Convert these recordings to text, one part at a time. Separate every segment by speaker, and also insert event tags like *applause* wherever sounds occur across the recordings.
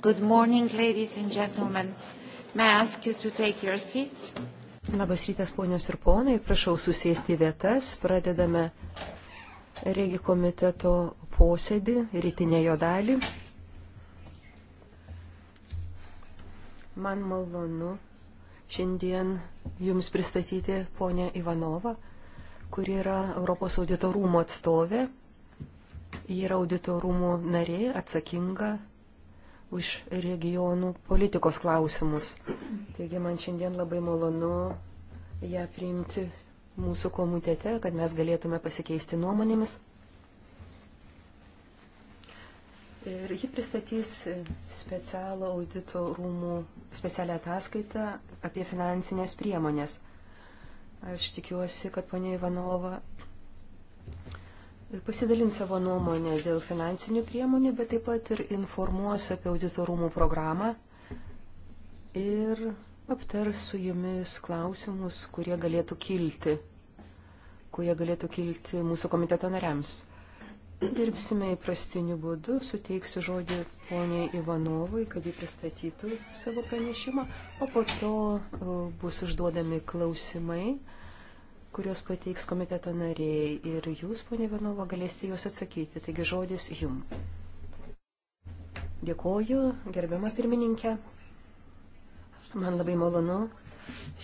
Speaker 1: Good morning, ladies and gentlemen. May I ask you to take your seats? Labas rytas,
Speaker 2: ponios ir ponai, prašau susėsti vietas, pradedame Regi komiteto posėdį, rytinę jo dalį. Man malonu šiandien Jums pristatyti ponę Ivanovą, kuri yra Europos audito rūmų atstovė. Ji yra audito rūmų narė, atsakinga už regionų politikos klausimus. Taigi man šiandien labai malonu ją priimti mūsų komitete, kad mes galėtume pasikeisti nuomonėmis. Ir ji pristatys specialą audito rūmų specialią ataskaitą apie finansinės priemonės. Aš tikiuosi, kad ponia Ivanova pasidalins savo nuomonę dėl finansinių priemonių, bet taip pat ir informuos apie auditorumų programą ir aptars su jumis klausimus, kurie galėtų kilti, kurie galėtų kilti mūsų komiteto nariams. Dirbsime įprastiniu būdu, suteiksiu žodį poniai Ivanovui, kad jį pristatytų savo pranešimą, o po to uh, bus užduodami klausimai kuriuos pateiks komiteto nariai ir jūs, ponė Vienova, galėsite juos atsakyti. Taigi žodis jum. Dėkoju, gerbiama pirmininkė. Man labai malonu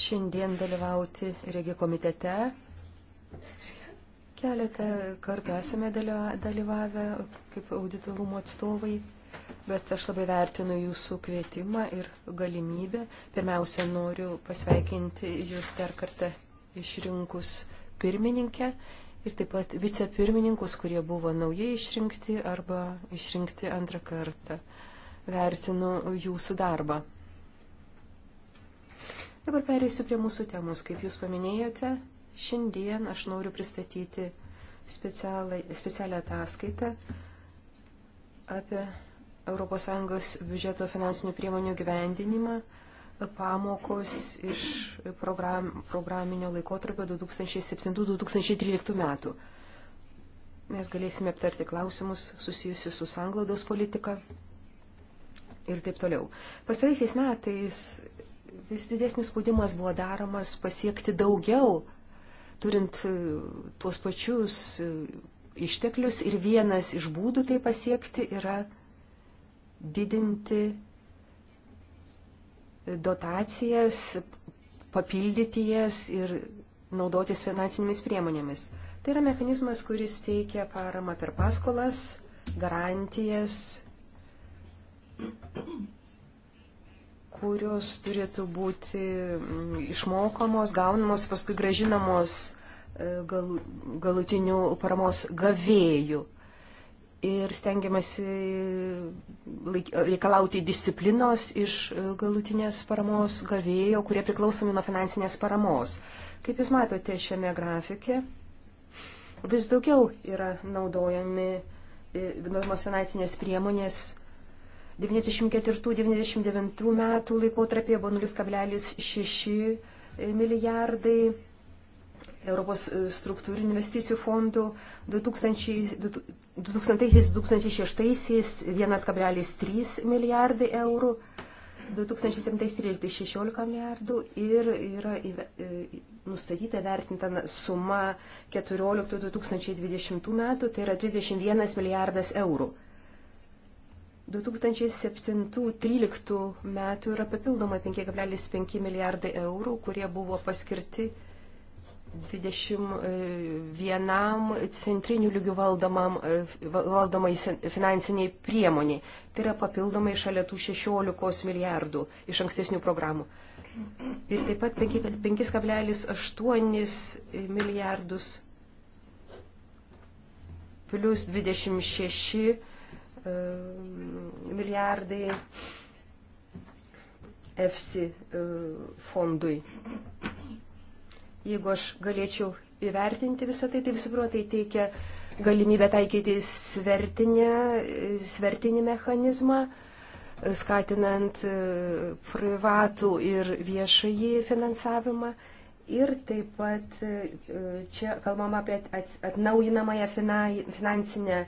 Speaker 2: šiandien dalyvauti regio komitete. Keletą kartų esame dalyvavę kaip auditorumo atstovai, bet aš labai vertinu jūsų kvietimą ir galimybę. Pirmiausia, noriu pasveikinti jūs dar kartą išrinkus pirmininkę ir taip pat vicepirmininkus, kurie buvo naujai išrinkti arba išrinkti antrą kartą. Vertinu jūsų darbą. Dabar pereisiu prie mūsų temus. Kaip jūs paminėjote, šiandien aš noriu pristatyti specialią ataskaitą apie ES biudžeto finansinių priemonių gyvendinimą pamokos iš program, programinio laikotarpio 2007-2013 metų. Mes galėsime aptarti klausimus susijusius su sanglaudos politika ir taip toliau. Pastaraisiais metais vis didesnis spaudimas buvo daromas pasiekti daugiau, turint e, tuos pačius e, išteklius ir vienas iš būdų tai pasiekti yra didinti dotacijas, papildyti jas ir naudotis finansinėmis priemonėmis. Tai yra mechanizmas, kuris teikia paramą per paskolas, garantijas, kurios turėtų būti mm, išmokamos, gaunamos, paskui gražinamos e, galutinių paramos gavėjų ir stengiamasi reikalauti disciplinos iš e, galutinės paramos gavėjo, kurie priklausomi nuo finansinės paramos. Kaip Jūs matote šiame grafike, vis daugiau yra naudojami e, naudojamos finansinės priemonės. 94-99 metų laikotarpėje buvo 0,6 e, milijardai Europos struktūrinių investicijų fondų 2000, 2000-2006 1,3 milijardai eurų, 2007-2016 milijardų ir yra e, nustatyta vertinta suma 14-2020 metų, tai yra 31 milijardas eurų. 2007-2013 metų yra papildoma 5,5 milijardai eurų, kurie buvo paskirti 21 e, centrinių lygių valdomam, e, valdomai finansiniai priemoniai. Tai yra papildomai šalia tų 16 milijardų iš ankstesnių programų. Ir taip pat 5,8 milijardus plus 26 e, milijardai EFSI fondui. Jeigu aš galėčiau įvertinti visą tai, tai visų pirma, tai teikia galimybę taikyti svertinę, svertinį mechanizmą, skatinant e, privatų ir viešąjį finansavimą. Ir taip pat e, čia kalbama apie atnaujinamąją finansinę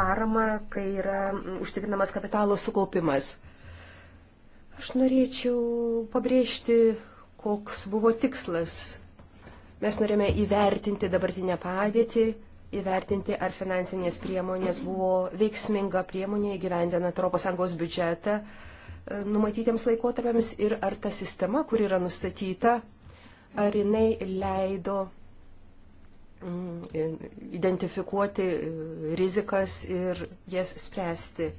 Speaker 2: paramą, kai yra užtikrinamas kapitalo sukaupimas. Aš norėčiau pabrėžti, koks buvo tikslas Mes norime įvertinti dabartinę padėtį, įvertinti, ar finansinės priemonės buvo veiksminga priemonė įgyvendinant ES biudžetą e, numatytiems laikotarpiams ir ar ta sistema, kur yra nustatyta, ar jinai leido mm, identifikuoti e, rizikas ir jas spręsti.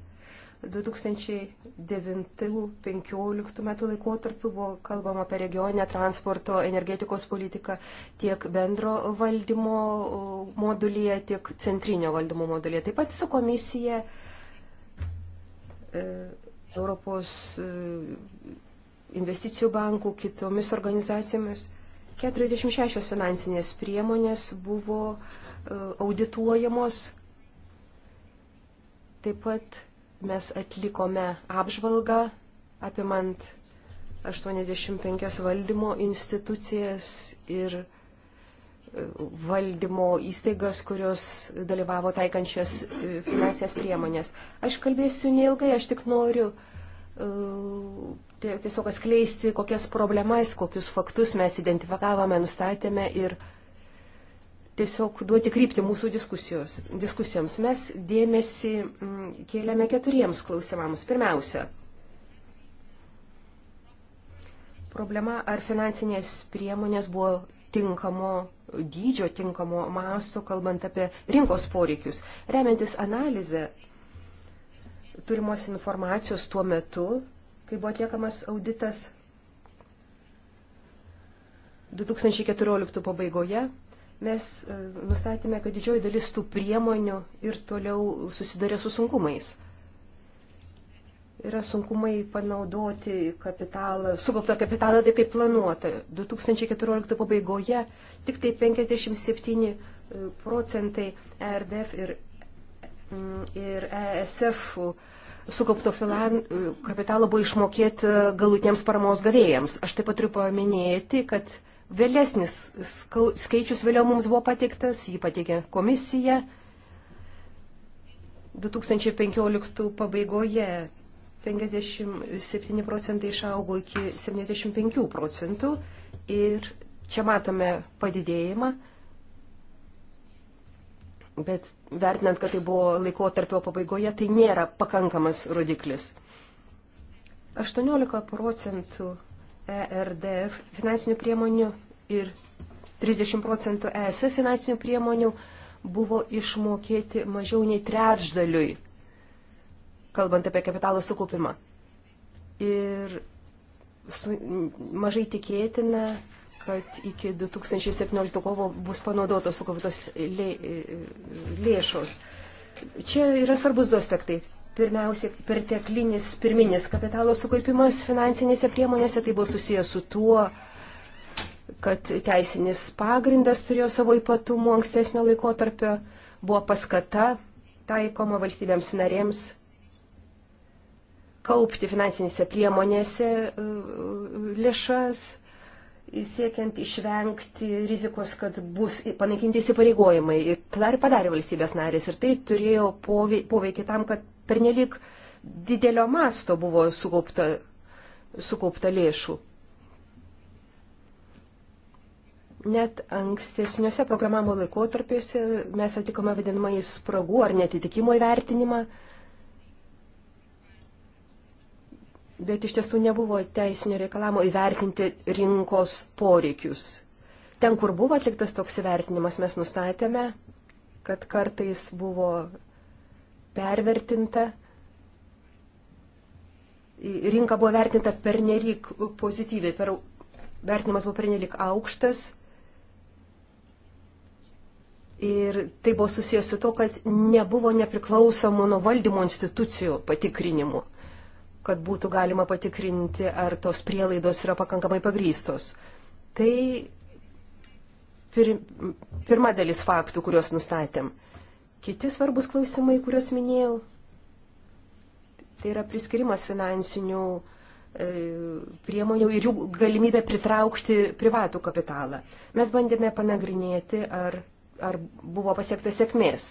Speaker 2: 2009-2015 metų laikotarpiu buvo kalbama apie regioninę transporto energetikos politiką tiek bendro valdymo modulyje, tiek centrinio valdymo modulyje. Taip pat su komisija e, Europos e, investicijų bankų kitomis organizacijomis 46 finansinės priemonės buvo e, audituojamos. Taip pat mes atlikome apžvalgą apimant 85 valdymo institucijas ir e, valdymo įstaigas, kurios dalyvavo taikančias e, finansinės priemonės. Aš kalbėsiu neilgai, aš tik noriu e, tiesiog atskleisti, kokias problemas, kokius faktus mes identifikavome, nustatėme ir tiesiog duoti krypti mūsų diskusijoms. Mes dėmesį mm, kėlėme keturiems klausimams. Pirmiausia, problema ar finansinės priemonės buvo tinkamo dydžio, tinkamo masto, kalbant apie rinkos poreikius. Remiantis analizę turimos informacijos tuo metu, kai buvo atliekamas auditas 2014 pabaigoje, mes e, nustatėme, kad didžioji dalis tų priemonių ir toliau susiduria su sunkumais. Yra sunkumai panaudoti kapitalą, sugauptą kapitalą taip kaip planuota. 2014 pabaigoje tik tai 57 e, procentai ERDF ir, mm, ir ESF sukaupto filan, e, kapitalo buvo išmokėti galutiniams paramos gavėjams. Aš taip pat turiu paminėti, kad Vėlesnis skaičius vėliau mums buvo pateiktas, jį pateikė komisija 2015 pabaigoje 57 procentai išaugo iki 75 procentų ir čia matome padidėjimą, bet vertinant, kad tai buvo laiko tarpio pabaigoje, tai nėra pakankamas rodiklis. 18 procentų ERDF finansinių priemonių ir 30 procentų ES finansinių priemonių buvo išmokėti mažiau nei trečdaliui, kalbant apie kapitalo sukaupimą. Ir su, mažai tikėtina, kad iki 2017 kovo bus panaudotos sukauptos lė, lėšos. Čia yra svarbus du aspektai. Pirmiausia, perteklinis pirminis kapitalo sukaupimas finansinėse priemonėse, tai buvo susijęs su tuo, kad teisinis pagrindas turėjo savo ypatumų ankstesnio laikotarpio, buvo paskata taikoma valstybėms narėms kaupti finansinėse priemonėse e, e, lėšas, siekiant išvengti rizikos, kad bus panaikinti įsipareigojimai. Ir dar padarė valstybės narės ir tai turėjo poveikį tam, kad pernelik didelio masto buvo sukaupta, sukaupta lėšų. Net ankstesniuose programavimo laikotarpiuose mes atlikome vadinamąjį spragų ar netitikimo įvertinimą, bet iš tiesų nebuvo teisinio reikalamo įvertinti rinkos poreikius. Ten, kur buvo atliktas toks įvertinimas, mes nustatėme, kad kartais buvo pervertinta, rinka buvo vertinta per nelik pozityviai, per, vertinimas buvo per nelik aukštas Ir tai buvo susijęs su to, kad nebuvo nepriklausomų nuo valdymo institucijų patikrinimų, kad būtų galima patikrinti, ar tos prielaidos yra pakankamai pagrystos. Tai pir, pirma dalis faktų, kuriuos nustatėm. Kiti svarbus klausimai, kuriuos minėjau, tai yra priskirimas finansinių e, priemonių ir jų galimybė pritraukti privatų kapitalą. Mes bandėme panagrinėti, ar ar buvo pasiekta sėkmės.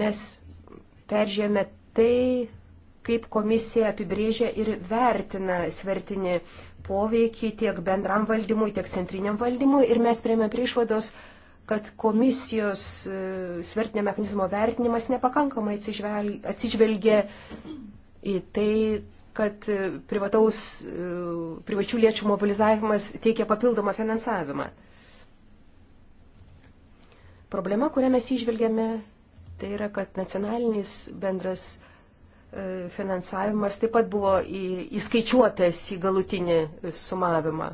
Speaker 2: Mes peržėjome tai, kaip komisija apibrėžia ir vertina svertinį poveikį tiek bendram valdymui, tiek centriniam valdymui ir mes prieėmė prie išvados, kad komisijos e, svertinio mechanizmo vertinimas nepakankamai atsižvelgia į tai, kad e, privataus, e, privačių lėčių mobilizavimas teikia papildomą finansavimą. Problema, kurią mes išvelgiame, tai yra, kad nacionalinis bendras e, finansavimas taip pat buvo į, įskaičiuotas į galutinį sumavimą.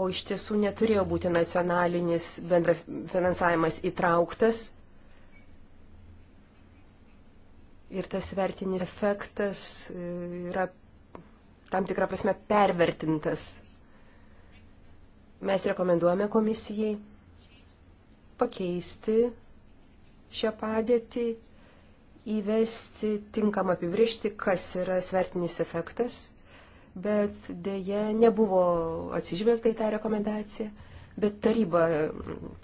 Speaker 2: O iš tiesų neturėjo būti nacionalinis bendra finansavimas įtrauktas. Ir tas vertinis efektas e, yra tam tikrą prasme pervertintas Mes rekomenduojame komisijai pakeisti šią padėtį, įvesti tinkamą apibriežti, kas yra svertinis efektas, bet dėje nebuvo atsižvelgta į tą rekomendaciją, bet taryba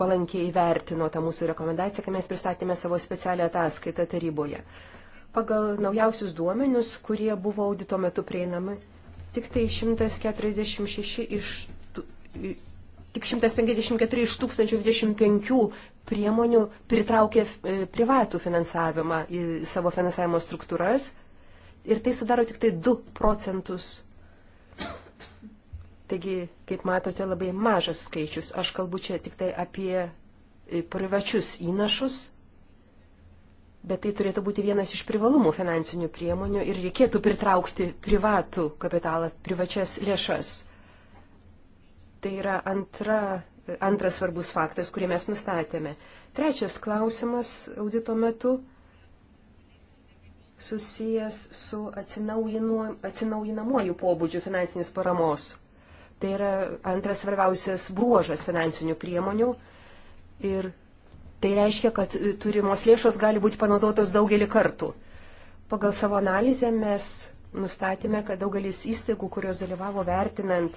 Speaker 2: palankiai įvertino tą mūsų rekomendaciją, kai mes pristatėme savo specialią ataskaitą taryboje. Pagal naujausius duomenius, kurie buvo audito metu prieinami, tik tai 146 iš tik 154 iš 1025 priemonių pritraukė e, privatų finansavimą į savo finansavimo struktūras ir tai sudaro tik tai 2 procentus. Taigi, kaip matote, labai mažas skaičius. Aš kalbu čia tik tai apie e, privačius įnašus, bet tai turėtų būti vienas iš privalumų finansinių priemonių ir reikėtų pritraukti privatų kapitalą, privačias lėšas. Tai yra antra, antras svarbus faktas, kurį mes nustatėme. Trečias klausimas audito metu susijęs su atsinaujinamuoju pobūdžiu finansinės paramos. Tai yra antras svarbiausias bruožas finansinių priemonių ir tai reiškia, kad turimos lėšos gali būti panaudotos daugelį kartų. Pagal savo analizę mes nustatėme, kad daugelis įstaigų, kurios dalyvavo vertinant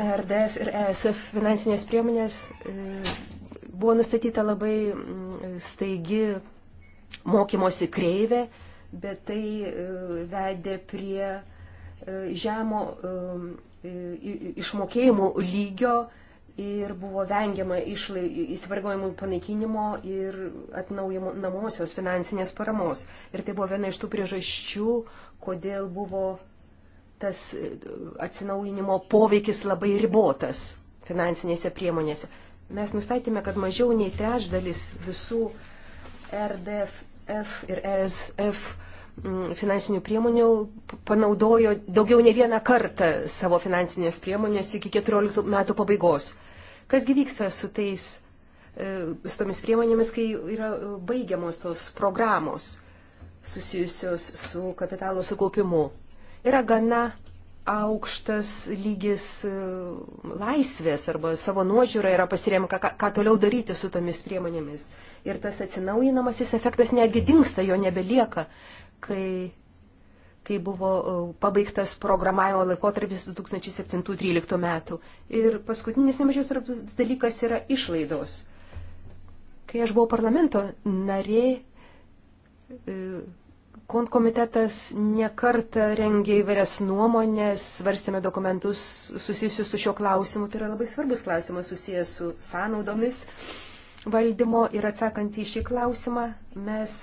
Speaker 2: RDF ir ESF finansinės priemonės e, buvo nustatyta labai mm, staigi mokymosi kreivė, bet tai e, vedė prie e, žemo išmokėjimų lygio ir buvo vengiama įsivargojimų panaikinimo ir atnaujinamosios finansinės paramos. Ir tai buvo viena iš tų priežasčių, kodėl buvo tas e, atsinaujinimo poveikis labai ribotas finansinėse priemonėse. Mes nustatėme, kad mažiau nei trečdalis visų RDF ir ESF finansinių priemonių panaudojo daugiau ne vieną kartą savo finansinės priemonės iki 14 metų pabaigos. Kasgi vyksta su tais, e, su tomis priemonėmis, kai yra e, baigiamos tos programos susijusios su kapitalo sukaupimu? yra gana aukštas lygis e, laisvės arba savo nuožiūra yra pasiremka, ką, ką toliau daryti su tomis priemonėmis. Ir tas atsinaujinamasis efektas netgi dinksta, jo nebelieka, kai, kai buvo e, pabaigtas programavimo laikotarpis 2007-2013 metų. Ir paskutinis nemažiau svarbus dalykas yra išlaidos. Kai aš buvau parlamento narė, e, Kon komitetas nekarta rengė įvairias nuomonės, svarstėme dokumentus susijusius su šiuo klausimu. Tai yra labai svarbus klausimas susijęs su sąnaudomis valdymo ir atsakant į šį klausimą mes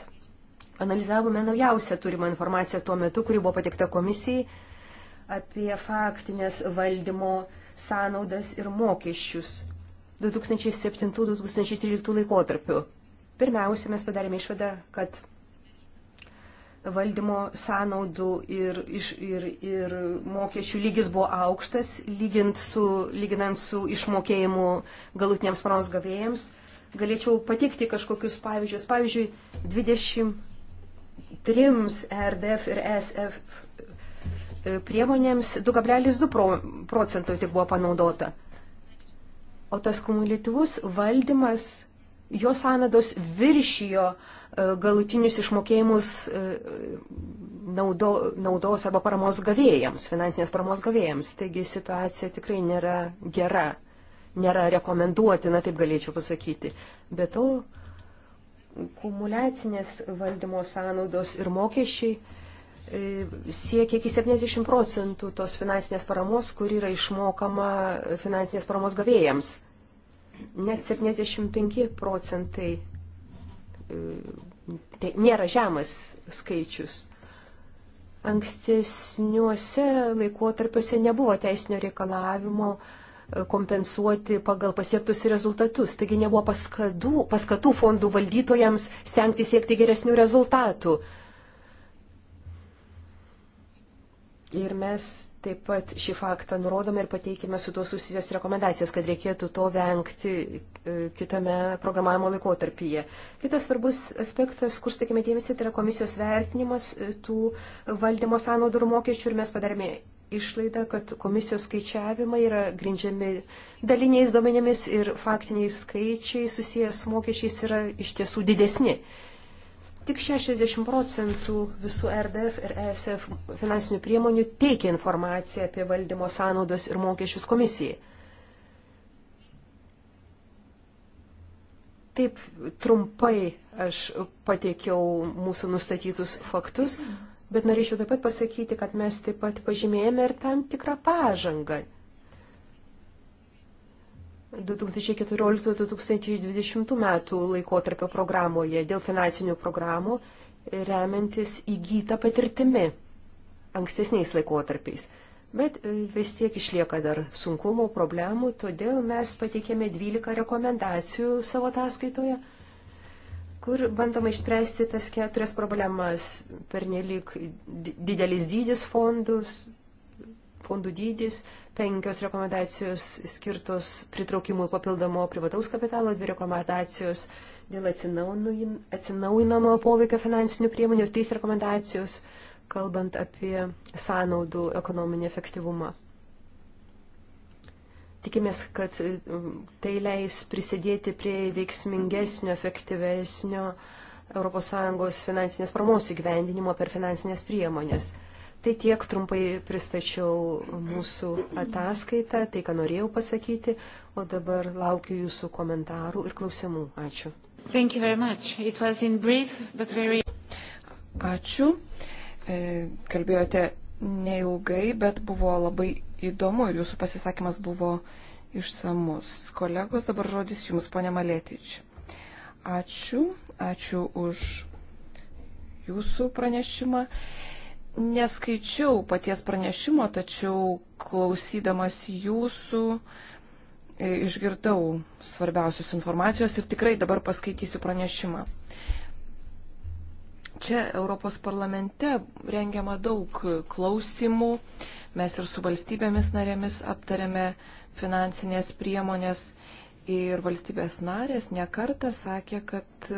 Speaker 2: analizavome naujausią turimą informaciją tuo metu, kuri buvo patikta komisijai apie faktinės valdymo sąnaudas ir mokesčius 2007-2013 laikotarpiu. Pirmiausia, mes padarėme išvadą, kad valdymo sąnaudų ir, iš, ir, ir mokesčių lygis buvo aukštas, su, lyginant su išmokėjimu galutiniams paramos gavėjams. Galėčiau patikti kažkokius pavyzdžius. Pavyzdžiui, 23 RDF ir SF priemonėms 2,2 procentų tik buvo panaudota. O tas kumuliatyvus valdymas, jo sąnados viršijo uh, E, galutinius išmokėjimus e, naudo, naudos arba paramos gavėjams, finansinės paramos gavėjams. Taigi situacija tikrai nėra gera, nėra rekomenduotina, taip galėčiau pasakyti. Be to, kumulacinės valdymo sąnaudos ir mokesčiai e, siekia iki 70 procentų tos finansinės paramos, kur yra išmokama finansinės paramos gavėjams. Net 75 procentai E, tai nėra žemas skaičius. Ankstesniuose laikotarpiuose nebuvo teisinio reikalavimo e, kompensuoti pagal pasiektus rezultatus. Taigi nebuvo paskatų, paskatų fondų valdytojams stengti siekti geresnių rezultatų. Ir mes Taip pat šį faktą nurodome ir pateikime su tuo susijusias rekomendacijas, kad reikėtų to vengti e, kitame programavimo laikotarpyje. Kitas svarbus aspektas, kur stakime dėmesį, tai yra komisijos vertinimas e, tų valdymo sąnaudų ir mokesčių ir mes padarėme išlaidą, kad komisijos skaičiavimai yra grindžiami daliniais duomenėmis ir faktiniai skaičiai susijęs su mokesčiais yra iš tiesų didesni. Uh, Tik 60 procentų visų RDF ir ESF finansinių priemonių teikia informaciją apie valdymo sąnaudas ir mokesčius komisijai. Taip trumpai aš pateikiau mūsų nustatytus faktus, bet norėčiau taip pat pasakyti, kad mes taip pat pažymėjome ir tam tikrą pažangą 2014-2020 metų laikotarpio programoje dėl finansinių programų remiantis įgytą patirtimi ankstesniais laikotarpiais. Bet e, vis tiek išlieka dar sunkumų, problemų, todėl mes pateikėme 12 rekomendacijų savo ataskaitoje, kur bandoma išspręsti tas keturias problemas - pernelyg didelis dydis fondus, fondų dydis, penkios rekomendacijos skirtos pritraukimui papildomo privataus kapitalo, dvi rekomendacijos dėl atsinaujinamo poveikio finansinių priemonių ir trys rekomendacijos, kalbant apie sąnaudų ekonominį efektyvumą. Tikimės, kad um, tai leis prisidėti prie veiksmingesnio, efektyvesnio ES finansinės paramos įgyvendinimo per finansinės priemonės. Tai tiek trumpai pristačiau mūsų ataskaitą, tai ką norėjau pasakyti, o dabar laukiu jūsų komentarų ir klausimų. Ačiū.
Speaker 3: Brief, very... Ačiū. E, kalbėjote neilgai, bet buvo labai įdomu ir jūsų pasisakymas buvo išsamus. Kolegos, dabar žodis jums, ponė Malėtič. Ačiū, ačiū už jūsų pranešimą neskaičiau paties pranešimo, tačiau klausydamas jūsų e, išgirdau svarbiausios informacijos ir tikrai dabar paskaitysiu pranešimą. Čia Europos parlamente rengiama daug klausimų, mes ir su valstybėmis narėmis aptarėme finansinės priemonės ir valstybės narės nekartą sakė, kad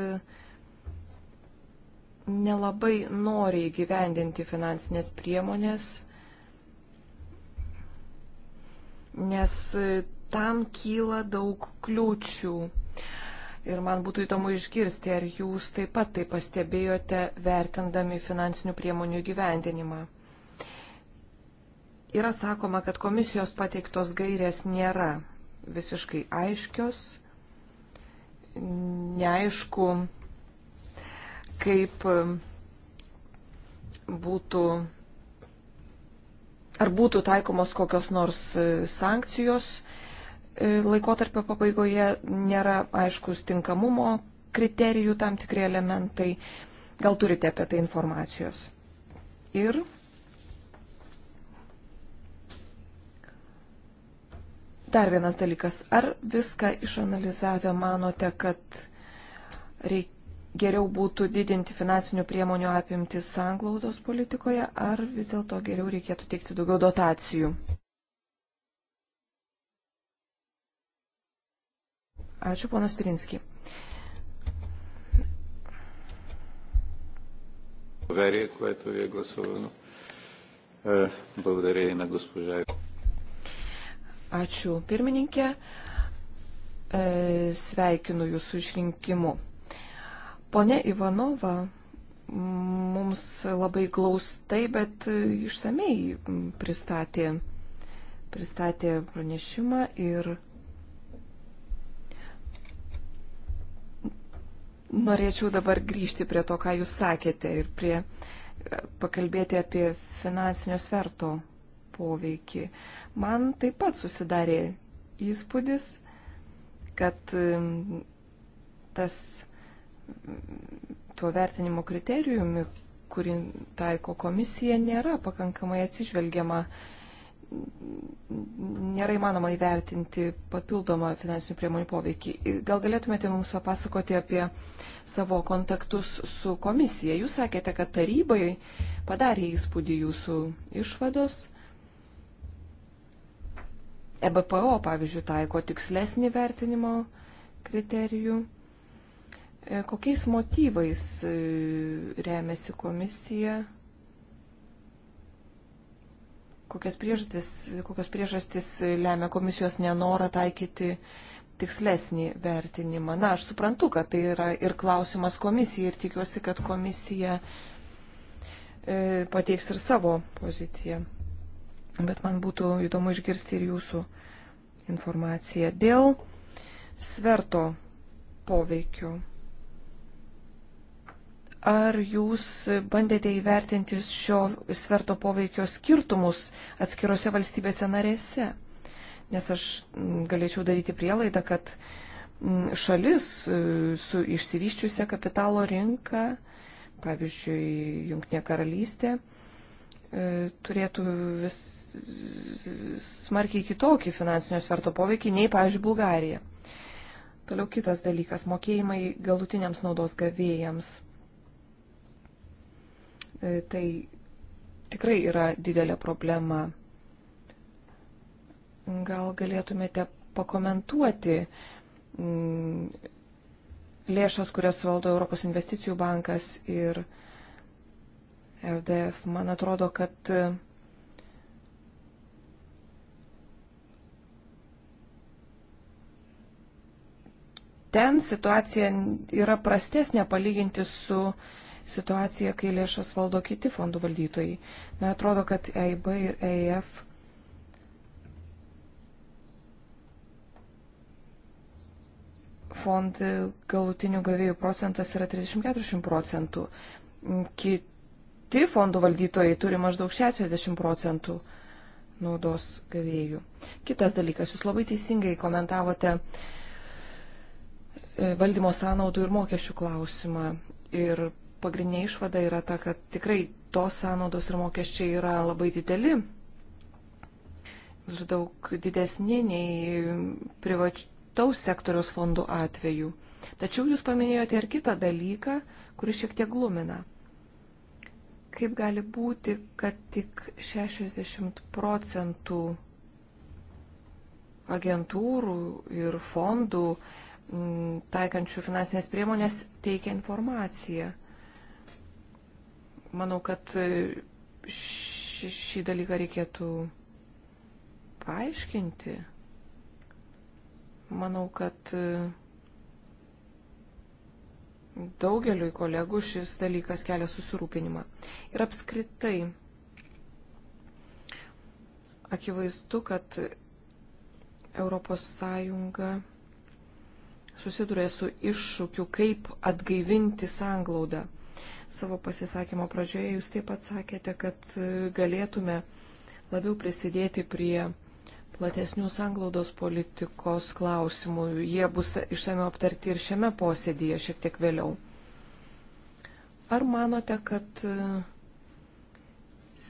Speaker 3: nelabai noriai gyvendinti finansinės priemonės, nes tam kyla daug kliūčių. Ir man būtų įdomu išgirsti, ar jūs taip pat tai pastebėjote, vertindami finansinių priemonių gyvendinimą. Yra sakoma, kad komisijos pateiktos gairės nėra visiškai aiškios, neaišku, kaip būtų, ar būtų taikomos kokios nors e, sankcijos e, laikotarpio pabaigoje, nėra aiškus tinkamumo kriterijų tam tikri elementai. Gal turite apie tai informacijos? Ir dar vienas dalykas. Ar viską išanalizavę manote, kad reikia geriau būtų didinti finansinių priemonių apimtis sanglaudos politikoje, ar vis dėlto geriau reikėtų teikti daugiau dotacijų? Ačiū, ponas Pirinski.
Speaker 4: Доверие, което ви е гласувано. Благодаря и на госпожа.
Speaker 3: Ačiū, pirmininkė. E, sveikinu jūsų išrinkimu. Pone Ivanova mums labai glaustai, bet išsamei pristatė, pristatė pranešimą ir norėčiau dabar grįžti prie to, ką jūs sakėte ir prie pakalbėti apie finansinio sverto poveikį. Man taip pat susidarė įspūdis, kad mm, tas tuo vertinimo kriterijumi, kurį taiko komisija, nėra pakankamai atsižvelgiama, nėra įmanoma įvertinti papildomą finansinių priemonių poveikį. Gal galėtumėte mums papasakoti apie savo kontaktus su komisija? Jūs sakėte, kad tarybai padarė įspūdį jūsų išvados. EBPO, pavyzdžiui, taiko tikslesnį vertinimo kriterijų. E, kokiais motyvais e, remiasi komisija? Kokias priežastis, kokios priežastis lemia komisijos nenorą taikyti tikslesnį vertinimą? Na, aš suprantu, kad tai yra ir klausimas komisijai ir tikiuosi, kad komisija e, pateiks ir savo poziciją. Bet man būtų įdomu išgirsti ir jūsų informaciją dėl sverto poveikio Ar jūs bandėte įvertinti šio sverto poveikio skirtumus atskirose valstybėse narėse? Nes aš galėčiau daryti prielaidą, kad šalis e, su išsivyščiusią kapitalo rinką, pavyzdžiui, Junktinė karalystė, e, turėtų vis smarkiai kitokį finansinio sverto poveikį nei, pavyzdžiui, Bulgarija. Toliau kitas dalykas - mokėjimai galutiniams naudos gavėjams E, tai tikrai yra didelė problema. Gal galėtumėte pakomentuoti mm, lėšas, kurias valdo Europos investicijų bankas ir FDF. Man atrodo, kad ten situacija yra prastesnė palyginti su uh, situaciją, kai lėšas valdo kiti fondų valdytojai. Na, atrodo, kad EIB ir EIF fond galutinių gavėjų procentas yra 30-40 procentų. Kiti fondų valdytojai turi maždaug 60 procentų naudos gavėjų. Kitas dalykas, jūs labai teisingai komentavote e, valdymo sąnaudų ir mokesčių klausimą. Ir pagrindinė išvada yra ta, kad tikrai tos sąnaudos ir mokesčiai yra labai dideli ir daug didesni nei privataus sektoriaus fondų atveju. Tačiau jūs paminėjote ir kitą dalyką, kuris šiek tiek glumina. Kaip gali būti, kad tik 60 procentų agentūrų ir fondų taikančių finansinės priemonės teikia informaciją? manau, kad e, šį, šį dalyką reikėtų paaiškinti. Manau, kad e, daugeliui kolegų šis dalykas kelia susirūpinimą. Ir apskritai, akivaizdu, kad ES susiduria su iššūkiu, kaip atgaivinti sanglaudą. Savo pasisakymo pradžioje jūs taip pat sakėte, kad e, galėtume labiau prisidėti prie platesnių sanglaudos politikos klausimų. Jie bus išsameu aptarti ir šiame posėdėje šiek tiek vėliau. Ar manote, kad e,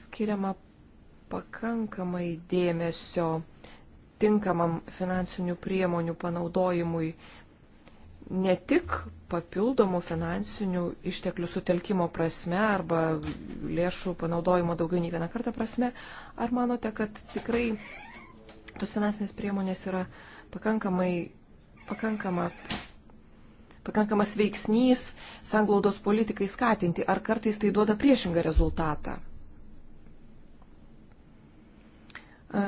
Speaker 3: skiriama pakankamai dėmesio tinkamam finansinių priemonių panaudojimui ne tik papildomų finansinių išteklių sutelkimo prasme arba lėšų panaudojimo daugiau nei vieną kartą prasme, ar manote, kad tikrai tos finansinės priemonės yra pakankamai, pakankama, pakankamas veiksnys sanglaudos politikai skatinti, ar kartais tai duoda priešingą rezultatą? E,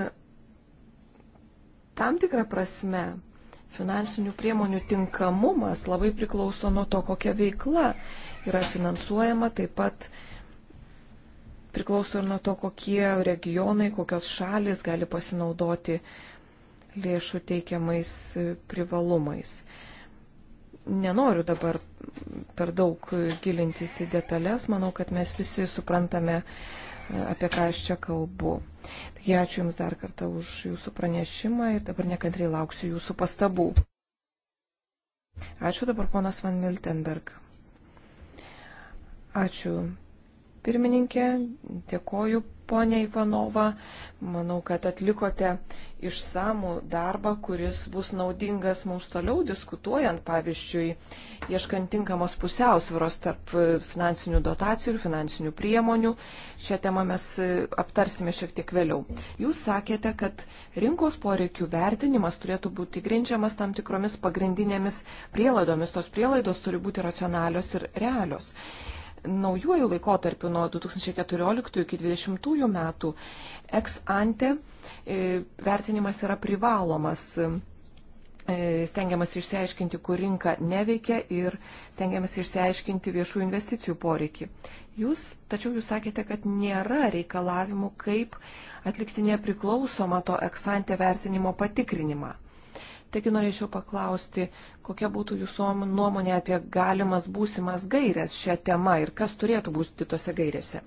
Speaker 3: tam tikrą prasme Finansinių priemonių tinkamumas labai priklauso nuo to, kokia veikla yra finansuojama, taip pat priklauso ir nuo to, kokie regionai, kokios šalis gali pasinaudoti lėšų teikiamais privalumais. Nenoriu dabar per daug gilintis į detalės, manau, kad mes visi suprantame, apie ką aš čia kalbu. Taigi ačiū Jums dar kartą už Jūsų pranešimą ir dabar nekantrai lauksiu Jūsų pastabų. Ačiū dabar ponas Van Miltenberg. Ačiū pirmininkė, dėkoju Pone Ivanova, manau, kad atlikote išsamų darbą, kuris bus naudingas mums toliau diskutuojant, pavyzdžiui, ieškant tinkamos pusiausviros tarp finansinių dotacijų ir finansinių priemonių. Šią temą mes e, aptarsime šiek tiek vėliau. Jūs sakėte, kad rinkos poreikių vertinimas turėtų būti grindžiamas tam tikromis pagrindinėmis prielaidomis. Tos prielaidos turi būti racionalios ir realios naujuoju laikotarpiu nuo 2014 iki 2020 metų ex ante e, vertinimas yra privalomas. E, stengiamas išsiaiškinti, kur rinka neveikia ir stengiamas išsiaiškinti viešų investicijų poreikį. Jūs, tačiau jūs sakėte, kad nėra reikalavimų, kaip atlikti nepriklausomą to eksantę vertinimo patikrinimą. Taigi norėčiau paklausti, kokia būtų jūsų nuomonė apie galimas būsimas gairias šią temą ir kas turėtų būti tose gairėse.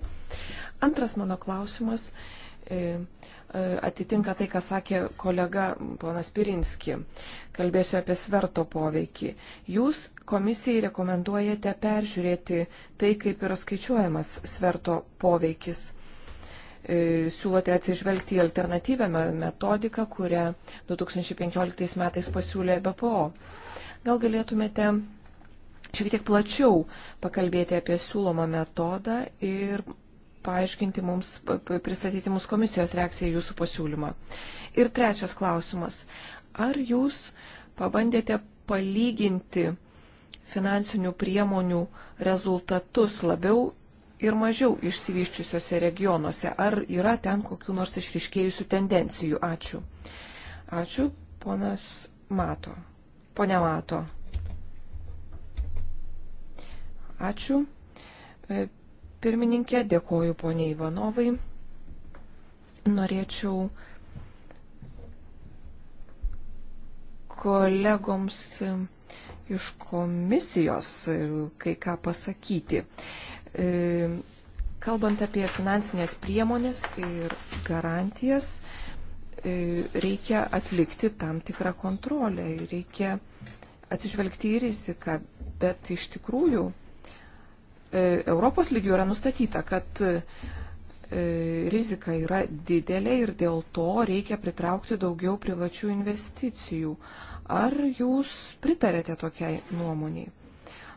Speaker 3: Antras mano klausimas e, e, atitinka tai, ką sakė kolega ponas Pirinski. Kalbėsiu apie sverto poveikį. Jūs komisijai rekomenduojate peržiūrėti tai, kaip yra skaičiuojamas sverto poveikis. E, siūlote atsižvelgti į alternatyvę metodiką, kurią 2015 metais pasiūlė BPO. Gal galėtumėte šiek tiek plačiau pakalbėti apie siūlomą metodą ir paaiškinti mums, pristatyti mums komisijos reakciją į jūsų pasiūlymą. Ir trečias klausimas. Ar jūs pabandėte palyginti finansinių priemonių rezultatus labiau ir mažiau išsivyščiusiuose regionuose. Ar yra ten kokiu nors išriškėjusių tendencijų? Ačiū. Ačiū, ponas Mato. Pone Mato. Ačiū. E, pirmininkė, dėkoju poniai Ivanovai. Norėčiau kolegoms iš komisijos e, kai ką pasakyti. E, kalbant apie finansinės priemonės ir garantijas, e, reikia atlikti tam tikrą kontrolę ir reikia atsižvelgti į riziką, bet iš tikrųjų e, Europos lygių yra nustatyta, kad rizika yra didelė ir dėl to reikia pritraukti daugiau privačių investicijų. Ar jūs pritarėte tokiai nuomoniai?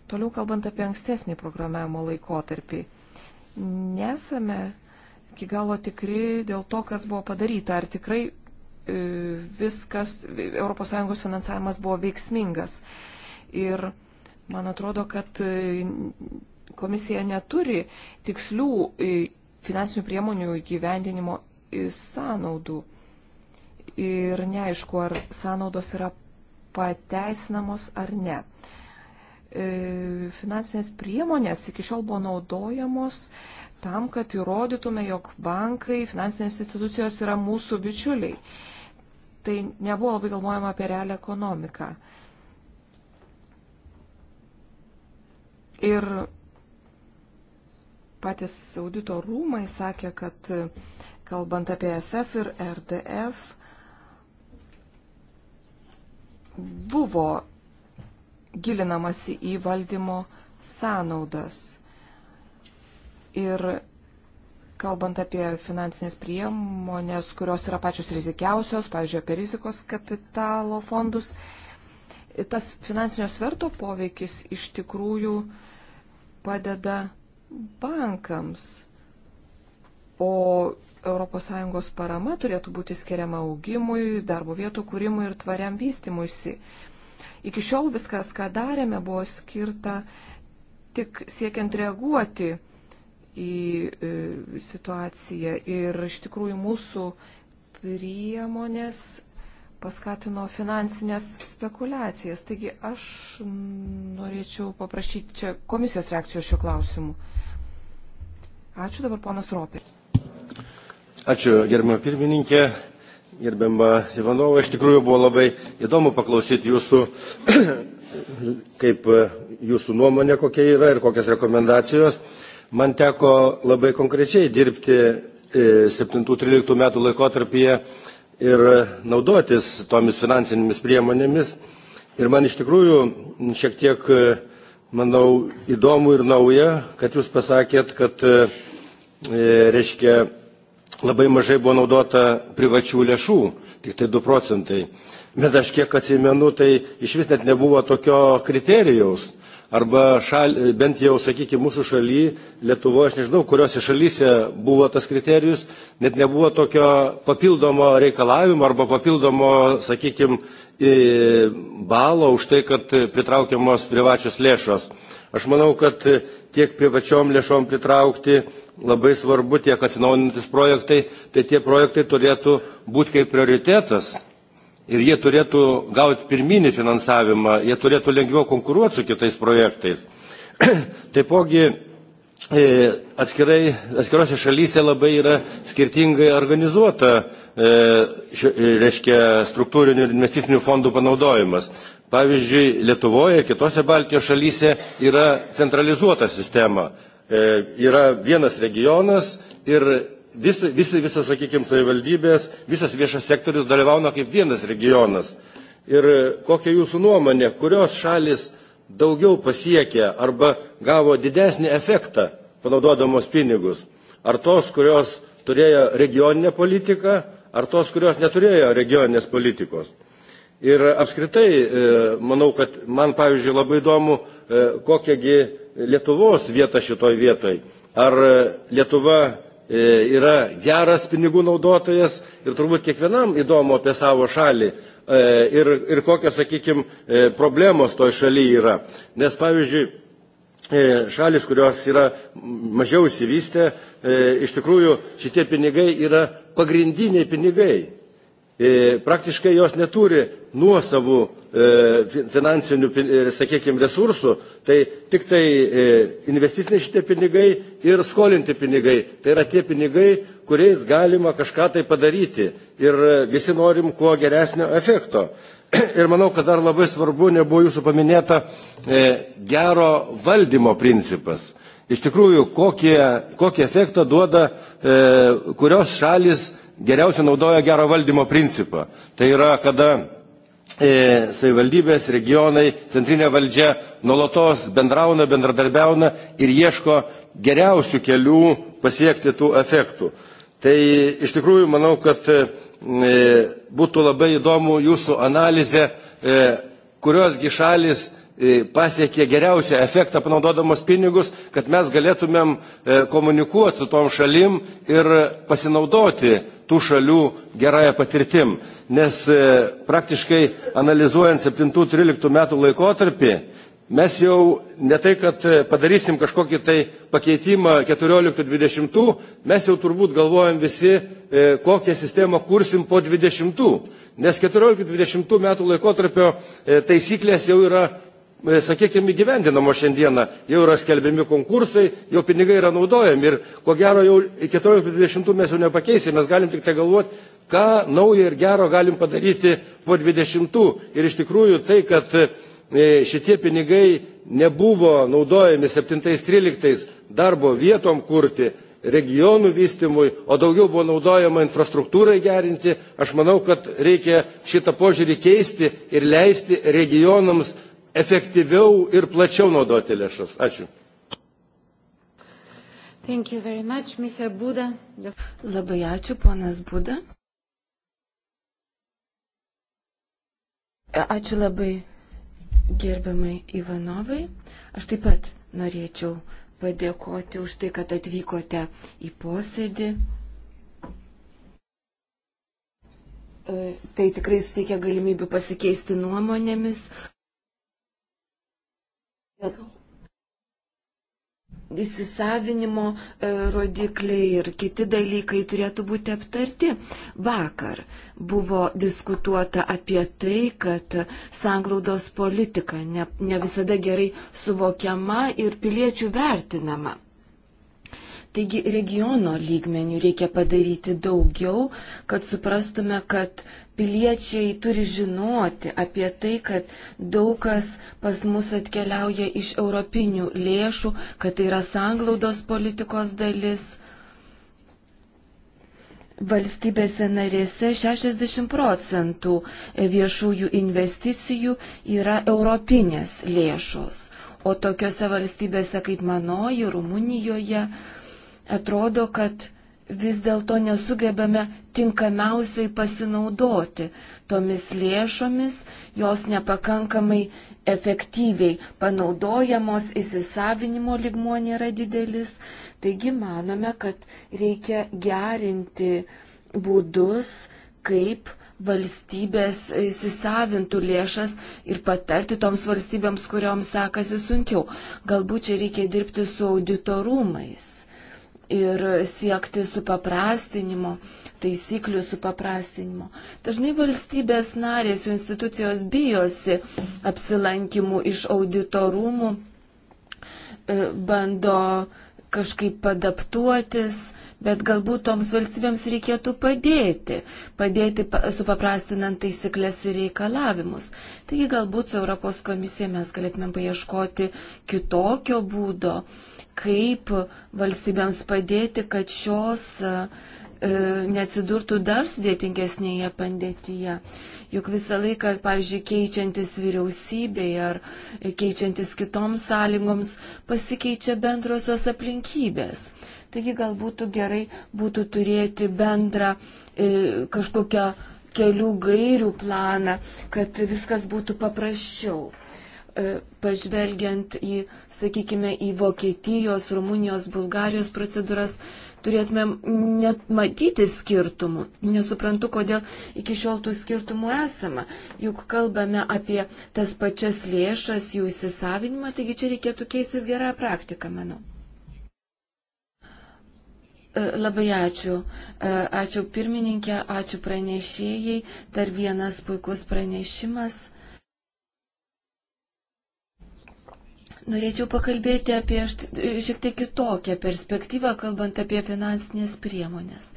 Speaker 3: Toliau kalbant apie ankstesnį programavimo laikotarpį, nesame iki galo tikri dėl to, kas buvo padaryta, ar tikrai e, viskas, ES finansavimas buvo veiksmingas. Ir man atrodo, kad e, komisija neturi tikslių e, finansinių priemonių įgyvendinimo sąnaudų. Ir neaišku, ar sąnaudos yra pateisinamos ar ne. Uh, E, finansinės priemonės iki šiol buvo naudojamos tam, kad įrodytume, jog bankai, finansinės institucijos yra mūsų bičiuliai. Tai nebuvo labai galvojama apie realią ekonomiką. Ir patys audito rūmai sakė, kad e, kalbant apie SF ir RDF, buvo gilinamasi į valdymo sąnaudas. Ir kalbant apie finansinės priemonės, kurios yra pačios rizikiausios, pavyzdžiui, apie rizikos kapitalo fondus, tas finansinio sverto poveikis iš tikrųjų padeda bankams. O ES parama turėtų būti skiriama augimui, darbo vietų kūrimui ir tvariam vystimuisi. Iki šiol viskas, ką darėme, buvo skirta tik siekiant reaguoti į e, situaciją ir iš tikrųjų mūsų priemonės paskatino finansinės spekulacijas. Taigi aš norėčiau paprašyti čia komisijos reakcijos šiuo klausimu. Ačiū dabar ponas Ropė.
Speaker 4: Ačiū gerbimo pirmininkė gerbėma Ivanova, iš tikrųjų buvo labai įdomu paklausyti jūsų, *clears throat* kaip e, jūsų nuomonė kokia yra ir kokias rekomendacijos. Man teko labai konkrečiai dirbti 7-13 e, metų laikotarpyje ir naudotis tomis finansinėmis priemonėmis. Ir man iš tikrųjų šiek tiek, e, manau, įdomu ir nauja, kad jūs pasakėt, kad, reiškia, labai mažai buvo naudota privačių lėšų, tik tai 2 procentai. Bet aš kiek atsimenu, tai iš vis net nebuvo tokio kriterijaus. Arba šal, bent jau, sakykime, mūsų šaly, Lietuvoje, aš nežinau, kuriuose šalyse buvo tas kriterijus, net nebuvo tokio papildomo reikalavimo arba papildomo, sakykime, balo už tai, kad pritraukiamos privačios lėšos. Aš manau, kad tiek privačiom lėšom pritraukti labai svarbu, tiek atsinaujantis projektai, tai tie projektai turėtų būti kaip prioritetas. Ir jie turėtų gauti pirminį finansavimą, jie turėtų lengviau konkuruoti su kitais projektais. *clears throat* Taipogi E, atskirai, atskirose šalyse labai yra skirtingai organizuota e, ši, e, reiškia, struktūrinių ir investicinių fondų panaudojimas. Pavyzdžiui, Lietuvoje, kitose Baltijos šalyse yra centralizuota sistema. E, yra vienas regionas ir vis, vis, visas, sakykime, savivaldybės, visas viešas sektorius dalyvauna kaip vienas regionas. Ir kokia jūsų nuomonė, kurios šalis daugiau pasiekė arba gavo didesnį efektą panaudodamos pinigus ar tos kurios turėjo regioninę politiką ar tos kurios neturėjo regioninės politikos ir apskritai e, manau kad man pavyzdžiui labai įdomu e, kokia gi lietuvos vieta šitoj vietoj ar e, lietuva yra geras pinigų naudotojas ir turbūt kiekvienam įdomu apie savo šalį E, ir, ir kokios, sakykime, problemos toje šalyje yra. Nes, pavyzdžiui, e, šalis, kurios yra mažiau įsivystę, e, iš tikrųjų šitie pinigai yra pagrindiniai pinigai E, praktiškai jos neturi nuosavų e, finansinių, e, sakykime, resursų, tai tik tai investiciniai šitie pinigai ir skolinti pinigai. Tai yra tie pinigai, kuriais galima kažką tai padaryti ir visi norim kuo geresnio efekto. *clears throat* Ir manau, kad dar labai svarbu, nebuvo jūsų paminėta, gero valdymo principas. Iš tikrųjų, kokie, kokį efektą duoda, kurios šalis geriausiai naudoja gero valdymo principą. Tai yra, kada e, savivaldybės, regionai, centrinė valdžia nuolatos bendrauna, bendradarbiauna ir ieško geriausių kelių pasiekti tų efektų. Tai iš tikrųjų manau, kad e, būtų labai įdomu jūsų analizė, e, kuriosgi šalis E, pasiekė geriausią efektą panaudodamos pinigus, kad mes galėtumėm e, komunikuoti su tom šalim ir pasinaudoti tų šalių gerąją patirtim. Nes e, praktiškai analizuojant 7-13 metų laikotarpį, mes jau ne tai, kad padarysim kažkokį tai pakeitimą 14-20, mes jau turbūt galvojam visi, kokią sistemą kursim po 20. Nes 14-20 metų laikotarpio taisyklės jau yra E, sakykime, įgyvendinamos šiandieną. Jau yra skelbiami konkursai, jau pinigai yra naudojami ir ko gero jau iki 2020 mes jau nepakeisime, mes galim tik tai galvoti, ką naujo ir gero galim padaryti po 2020. Ir iš tikrųjų tai, kad e, šitie pinigai nebuvo naudojami 17-13 darbo vietom kurti, regionų vystimui, o daugiau buvo naudojama infrastruktūrai gerinti. Aš manau, kad reikia šitą požiūrį keisti ir leisti regionams efektyviau ir plačiau naudoti lėšas. Ačiū.
Speaker 1: Much, Labai ačiū, ponas Būda. Ačiū labai gerbiamai Ivanovai. Aš taip pat norėčiau padėkoti už tai, kad atvykote į posėdį. E, tai tikrai suteikia galimybių pasikeisti nuomonėmis įsisavinimo e, rodikliai ir kiti dalykai turėtų būti aptarti. Vakar buvo diskutuota apie tai, kad sanglaudos politika ne, ne visada gerai suvokiama ir piliečių vertinama. Taigi regiono lygmenių reikia padaryti daugiau, kad suprastume, kad piliečiai turi žinoti apie tai, kad daug kas pas mus atkeliauja iš europinių lėšų, kad tai yra sanglaudos politikos dalis valstybėse narėse 60 procentų viešųjų investicijų yra europinės lėšos, o tokiose valstybėse kaip manoji, Rumunijoje, atrodo, kad vis dėlto nesugebame tinkamiausiai pasinaudoti tomis lėšomis, jos nepakankamai efektyviai panaudojamos, įsisavinimo ligmuo nėra didelis. Taigi manome, kad reikia gerinti būdus, kaip valstybės įsisavintų lėšas ir patarti toms valstybėms, kurioms sekasi sunkiau. Galbūt čia reikia dirbti su auditorumais ir siekti supaprastinimo, taisyklių supaprastinimo. Dažnai valstybės narės, jų institucijos bijosi apsilankimų iš auditorumų, e, bando kažkaip adaptuotis, bet galbūt toms valstybėms reikėtų padėti, padėti supaprastinant taisyklės ir reikalavimus. Taigi galbūt su Europos komisija mes galėtumėm paieškoti kitokio būdo, uh, kaip valstybėms padėti, kad šios e, e, neatsidurtų dar sudėtingesnėje pandėtyje. Juk visą laiką, pavyzdžiui, keičiantis vyriausybei ar keičiantis kitoms sąlygoms, pasikeičia bendrosios aplinkybės. Taigi gal būtų gerai būtų turėti bendrą e, kažkokią kelių gairių planą, kad viskas būtų paprasčiau. E, pažvelgiant į, sakykime, į Vokietijos, Rumunijos, Bulgarijos procedūras, turėtumėm net matyti skirtumų. Nesuprantu, kodėl iki šiol tų skirtumų esama. Juk kalbame apie tas pačias lėšas, jų įsisavinimą, taigi čia reikėtų keistis gerą praktiką, manau. E, labai ačiū. E, ačiū pirmininkė, ačiū pranešėjai. Dar vienas puikus pranešimas. Norėčiau pakalbėti apie šiek tiek kitokią perspektyvą, kalbant apie finansinės priemonės.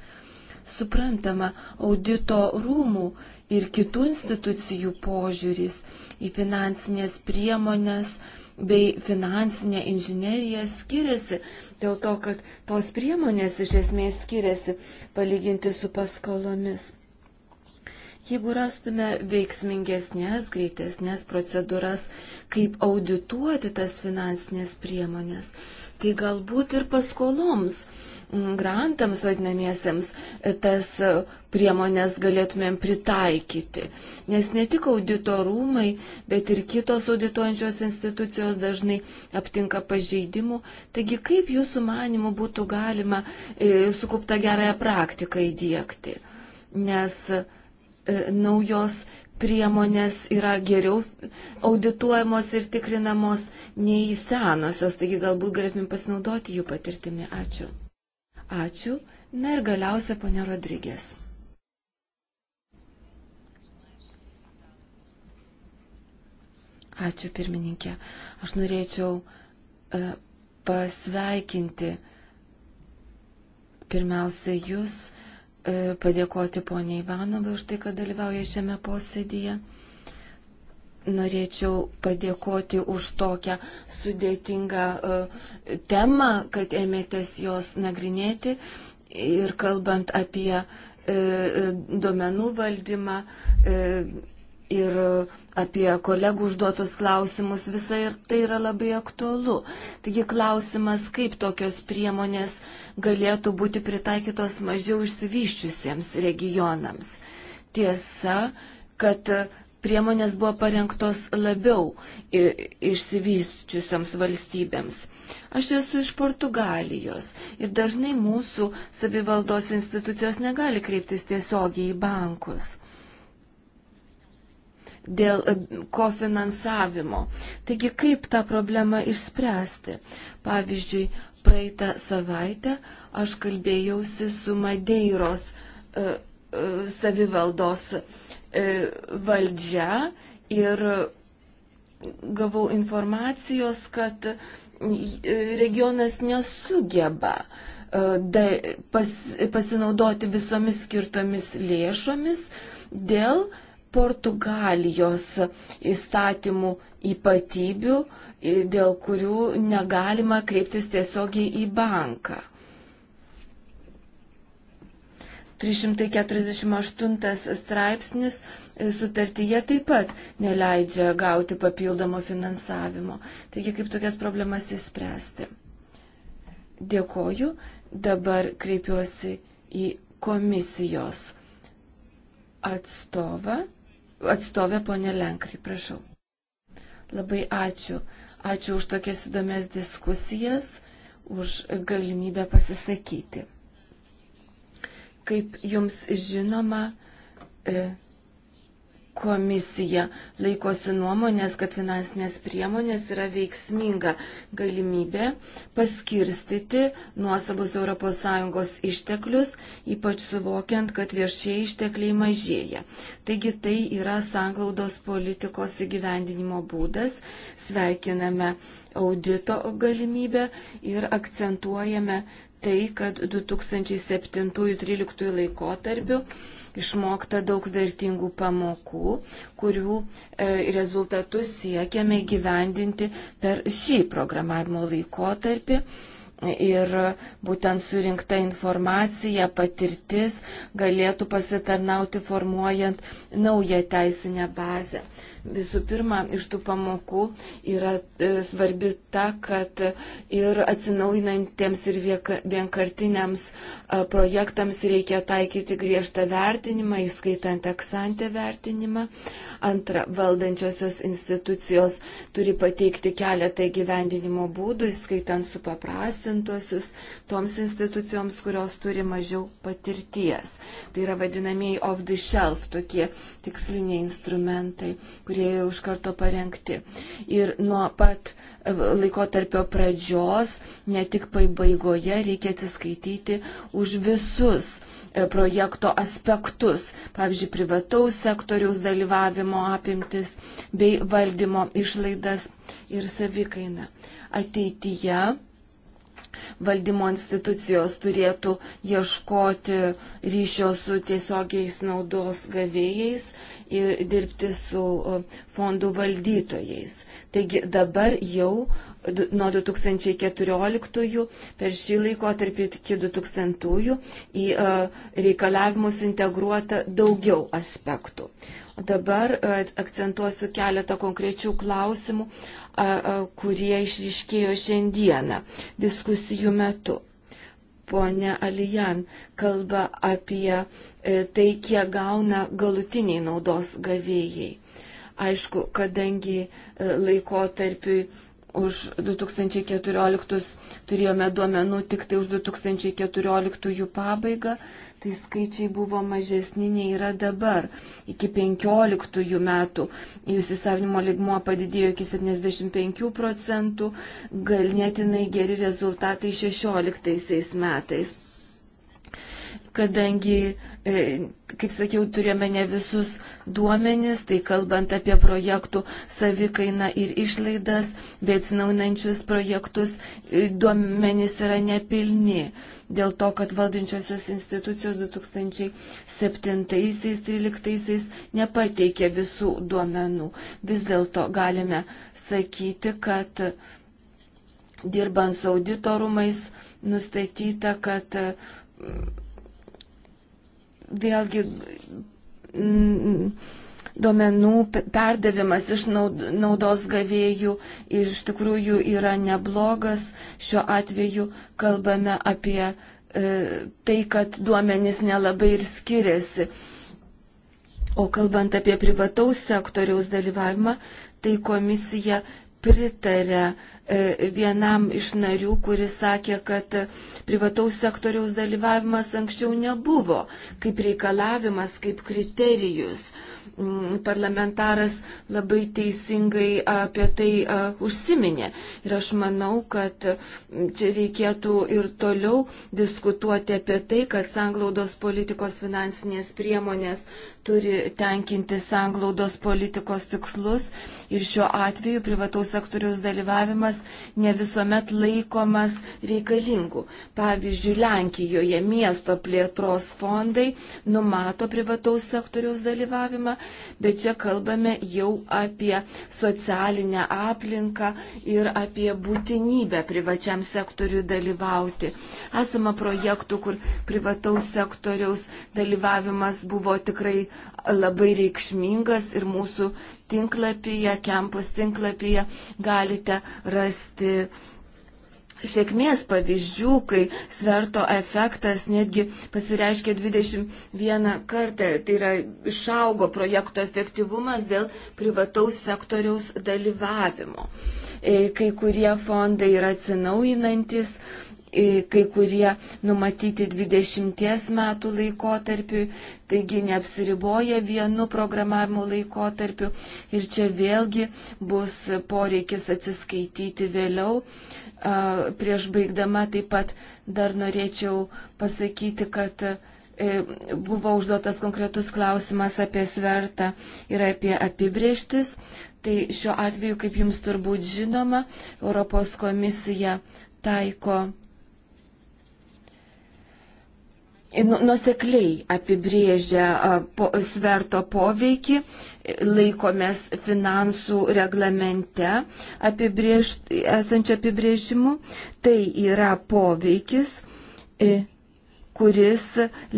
Speaker 1: Suprantama, audito rūmų ir kitų institucijų požiūris į finansinės priemonės bei finansinė inžinerija skiriasi dėl to, kad tos priemonės iš esmės skiriasi palyginti su paskolomis. Jeigu rastume veiksmingesnės, greitesnės procedūras, kaip audituoti tas finansinės priemonės, tai galbūt ir paskoloms, grantams vadinamiesiems, e, tas e, priemonės galėtumėm pritaikyti. Nes ne tik auditorumai, bet ir kitos audituojančios institucijos dažnai aptinka pažeidimų. Taigi, kaip jūsų manimų būtų galima e, sukauptą gerąją praktiką įdėkti? Nes e, E, naujos priemonės yra geriau audituojamos ir tikrinamos nei senosios, taigi galbūt galėtume pasinaudoti jų patirtimi. Ačiū. Ačiū. Na ir galiausia, ponė Rodrygės. Ačiū, pirmininkė. Aš norėčiau e, pasveikinti pirmiausia jūs E, padėkoti poniai Ivanovai už tai, kad dalyvauja šiame posėdyje. Norėčiau padėkoti už tokią sudėtingą e, temą, kad ėmėtės jos nagrinėti ir kalbant apie e, duomenų valdymą ir apie kolegų užduotus klausimus, visa ir tai yra labai aktualu. Taigi klausimas, kaip tokios priemonės galėtų būti pritaikytos mažiau išsivyščiusiems regionams. Tiesa, kad priemonės buvo parengtos labiau išsivysčiusiams valstybėms. Aš esu iš Portugalijos ir dažnai mūsų savivaldos institucijos negali kreiptis tiesiogiai į bankus dėl e, kofinansavimo. Taigi, kaip tą problemą išspręsti? Pavyzdžiui, praeitą savaitę aš kalbėjausi su Madeiros e, e, savivaldos e, valdžia ir gavau informacijos, kad regionas nesugeba e, da, pas, pasinaudoti visomis skirtomis lėšomis dėl uh, Portugalijos įstatymų ypatybių, dėl kurių negalima kreiptis tiesiogiai į banką. 348 straipsnis sutartyje taip pat neleidžia gauti papildomo finansavimo. Taigi kaip tokias problemas įspręsti. Dėkoju. Dabar kreipiuosi į komisijos atstovą atstovė ponė Lenkri, prašau. Labai ačiū. Ačiū už tokias įdomias diskusijas, už galimybę pasisakyti. Kaip jums žinoma, e, Komisija laikosi nuomonės, kad finansinės priemonės yra veiksminga galimybė paskirstyti nuosavus ES išteklius, ypač suvokiant, kad viešieji ištekliai mažėja. Taigi tai yra sanglaudos politikos įgyvendinimo būdas. Sveikiname audito galimybę ir akcentuojame tai, kad 2007-2013 laikotarpiu išmokta daug vertingų pamokų, kurių e, rezultatus siekiame gyvendinti per šį programavimo laikotarpį. Ir būtent surinkta informacija, patirtis galėtų pasitarnauti formuojant naują teisinę bazę. Visų pirma, iš tų pamokų yra e, svarbi ta, kad ir atsinaujinantiems ir vienkartiniams projektams reikia taikyti griežtą vertinimą, įskaitant eksantę vertinimą. Antra, valdančiosios institucijos turi pateikti keletą gyvendinimo būdų, įskaitant supaprastintuosius toms institucijoms, kurios turi mažiau patirties. Tai yra vadinamieji off the shelf, tokie tiksliniai instrumentai, kurie jau iš karto parengti. Ir nuo pat uh, laikotarpio pradžios, ne tik pabaigoje reikia atsiskaityti už visus e, projekto aspektus, pavyzdžiui, privataus sektoriaus dalyvavimo apimtis bei valdymo išlaidas ir savikainą. Ateityje valdymo institucijos turėtų ieškoti ryšio su tiesiogiais naudos gavėjais ir dirbti su e, fondų valdytojais. Taigi dabar jau nuo 2014 per šį laikotarpį iki 2000 į e, reikalavimus integruota daugiau aspektų. O dabar e, akcentuosiu keletą konkrečių klausimų, kurie išriškėjo šiandieną diskusijų metu. Pone Alijan kalba apie e, tai, kiek gauna galutiniai naudos gavėjai. Aišku, kadangi e, laikotarpiui už 2014 turėjome duomenų tik tai už 2014 pabaigą, tai skaičiai buvo mažesni nei yra dabar. Iki 15 metų įsisavinimo ligmuo padidėjo iki 75 procentų, galėtinai geri rezultatai 16 metais kadangi, e, kaip sakiau, turėjome ne visus duomenis, tai kalbant apie projektų savikainą ir išlaidas, bet atsinaunančius projektus, e, duomenys yra nepilni. Dėl to, kad valdančiosios institucijos 2007-2013 nepateikė visų duomenų. Vis dėlto galime sakyti, kad dirbant su auditorumais nustatyta, kad vėlgi mm, duomenų perdavimas iš naudos gavėjų iš tikrųjų yra neblogas. Šiuo atveju kalbame apie e, tai, kad duomenys nelabai ir skiriasi. O kalbant apie privataus sektoriaus dalyvavimą, tai komisija pritarė E, vienam iš narių, kuris sakė, kad privataus sektoriaus dalyvavimas anksčiau nebuvo kaip reikalavimas, kaip kriterijus. Mm, parlamentaras labai teisingai apie tai e, užsiminė. Ir aš manau, kad mm, čia reikėtų ir toliau diskutuoti apie tai, kad sanglaudos politikos finansinės priemonės turi tenkinti sanglaudos politikos tikslus ir šiuo atveju privataus sektoriaus dalyvavimas sprendimas ne visuomet laikomas reikalingu. Pavyzdžiui, Lenkijoje miesto plėtros fondai numato privataus sektoriaus dalyvavimą, bet čia kalbame jau apie socialinę aplinką ir apie būtinybę privačiam sektoriui dalyvauti. Esama projektų, kur privataus sektoriaus dalyvavimas buvo tikrai labai reikšmingas ir mūsų tinklapyje, kempus tinklapyje galite rasti sėkmės pavyzdžių, kai sverto efektas netgi pasireiškia 21 kartą, tai yra išaugo projekto efektyvumas dėl privataus sektoriaus dalyvavimo. E, kai kurie fondai yra atsinaujinantis, kai kurie numatyti 20 metų laikotarpiu, taigi neapsiriboja vienu programavimo laikotarpiu ir čia vėlgi bus poreikis atsiskaityti vėliau. Prieš baigdama taip pat dar norėčiau pasakyti, kad e, buvo užduotas konkretus klausimas apie svertą ir apie apibrieštis. Tai šiuo atveju, kaip jums turbūt žinoma, Europos komisija taiko nusekliai apibrėžia sverto poveikį, laikomės finansų reglamente apibrėž, esančio apibrėžimu, tai yra poveikis kuris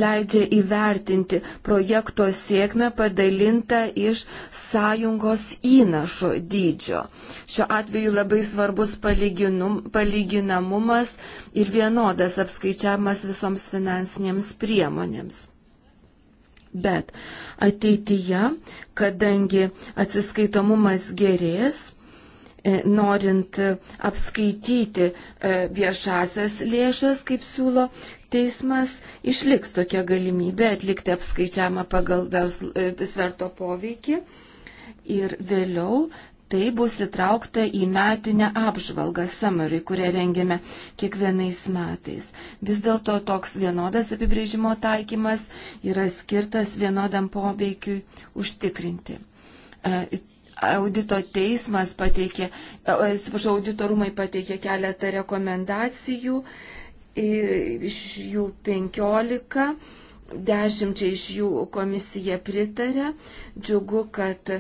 Speaker 1: leidžia įvertinti projekto sėkmę padalintą iš sąjungos įnašo dydžio. Šiuo atveju labai svarbus palyginamumas ir vienodas apskaičiavimas visoms finansinėms priemonėms. Bet ateityje, kadangi atsiskaitomumas gerės, e, norint apskaityti e, viešasias lėšas, kaip siūlo teismas išliks tokia galimybė atlikti apskaičiavimą pagal verslo, e, sverto poveikį ir vėliau tai bus įtraukta į metinę apžvalgą summary, kurią rengiame kiekvienais metais. Vis dėlto toks vienodas apibrėžimo taikymas yra skirtas vienodam poveikiui užtikrinti. E, audito teismas pateikė, e, atsiprašau, auditorumai pateikė keletą rekomendacijų iš jų 15, 10 iš jų komisija pritarė. Džiugu, kad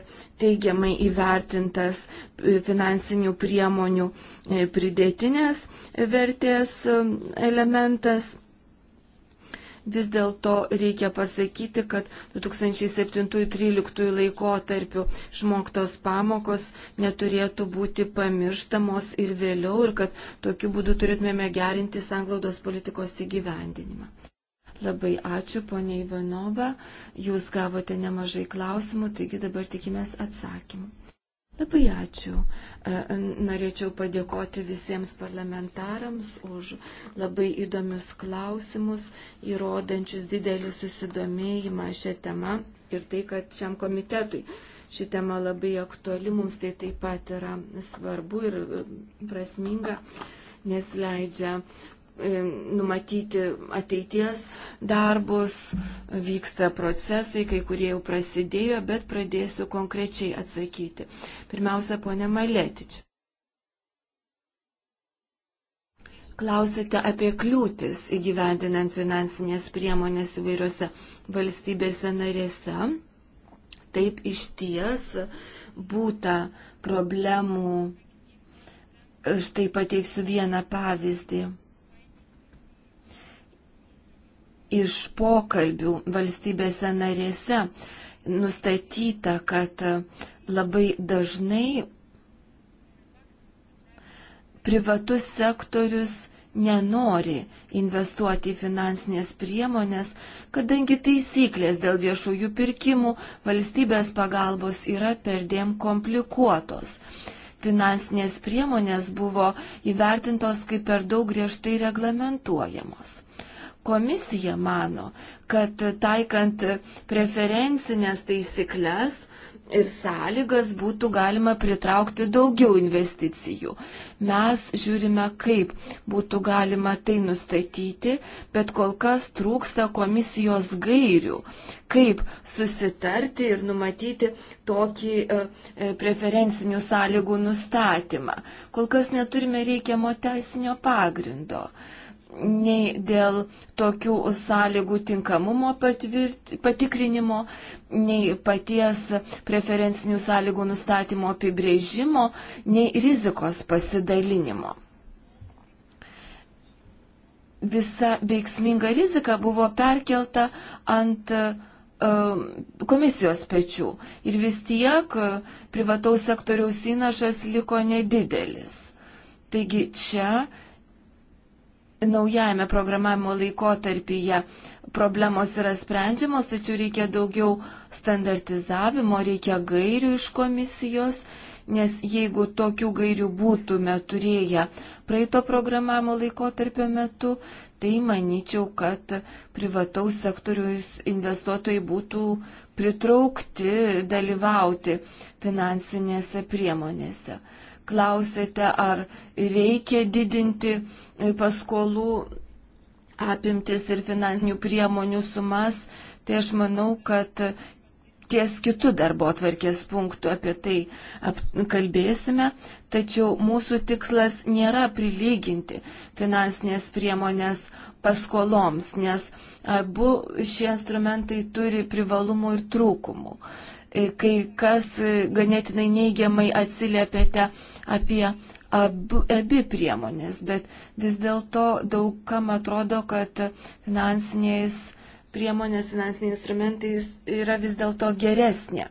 Speaker 1: teigiamai įvertintas e, finansinių priemonių e, pridėtinės vertės e, elementas vis dėlto reikia pasakyti, kad 2007-2013 laikotarpiu išmoktos pamokos neturėtų būti pamirštamos ir vėliau ir kad tokiu būdu turėtumėme gerinti sanglaudos politikos įgyvendinimą. Labai ačiū, ponia Ivanova. Jūs gavote nemažai klausimų, taigi dabar tikimės atsakymų. Labai ačiū. E, norėčiau padėkoti visiems parlamentarams už labai įdomius klausimus, įrodančius didelį susidomėjimą šią temą ir tai, kad šiam komitetui ši tema labai aktuali, mums tai taip pat yra svarbu ir e, prasminga, nes leidžia E, numatyti ateities darbus, vyksta procesai, kai kurie jau prasidėjo, bet pradėsiu konkrečiai atsakyti. Pirmiausia, ponė Maletič. Klausėte apie kliūtis įgyvendinant finansinės priemonės įvairiose valstybėse narėse. Taip iš ties būta problemų. Štai pateiksiu vieną pavyzdį iš pokalbių valstybėse narėse nustatyta, kad labai dažnai privatus sektorius nenori investuoti į finansinės priemonės, kadangi taisyklės dėl viešųjų pirkimų valstybės pagalbos yra perdėm komplikuotos. Finansinės priemonės buvo įvertintos kaip per daug griežtai reglamentuojamos. Komisija mano, kad taikant preferencinės taisyklės ir sąlygas būtų galima pritraukti daugiau investicijų. Mes žiūrime, kaip būtų galima tai nustatyti, bet kol kas trūksta komisijos gairių, kaip susitarti ir numatyti tokį e, e, preferencinių sąlygų nustatymą. Kol kas neturime reikiamo teisinio pagrindo nei dėl tokių sąlygų tinkamumo patikrinimo, nei paties preferencinių sąlygų nustatymo apibrėžimo, nei rizikos pasidalinimo. Visa veiksminga rizika buvo perkelta ant e, komisijos pečių ir vis tiek e, privataus sektoriaus įnašas liko nedidelis. Taigi čia naujajame programavimo laikotarpyje problemos yra sprendžiamos, tačiau reikia daugiau standartizavimo, reikia gairių iš komisijos, nes jeigu tokių gairių būtume turėję praeito programavimo laikotarpio metu, tai manyčiau, kad privataus sektorius investuotojai būtų pritraukti dalyvauti finansinėse priemonėse klausėte, ar reikia didinti e, paskolų apimtis ir finansinių priemonių sumas, tai aš manau, kad ties kitų darbo atvarkės punktų apie tai kalbėsime, tačiau mūsų tikslas nėra prilyginti finansinės priemonės paskoloms, nes abu šie instrumentai turi privalumų ir trūkumų. E, kai kas e, ganėtinai neigiamai atsiliepėte apie abu, abi priemonės, bet vis dėlto daug kam atrodo, kad finansiniais priemonės, finansiniai instrumentai yra vis dėlto geresnė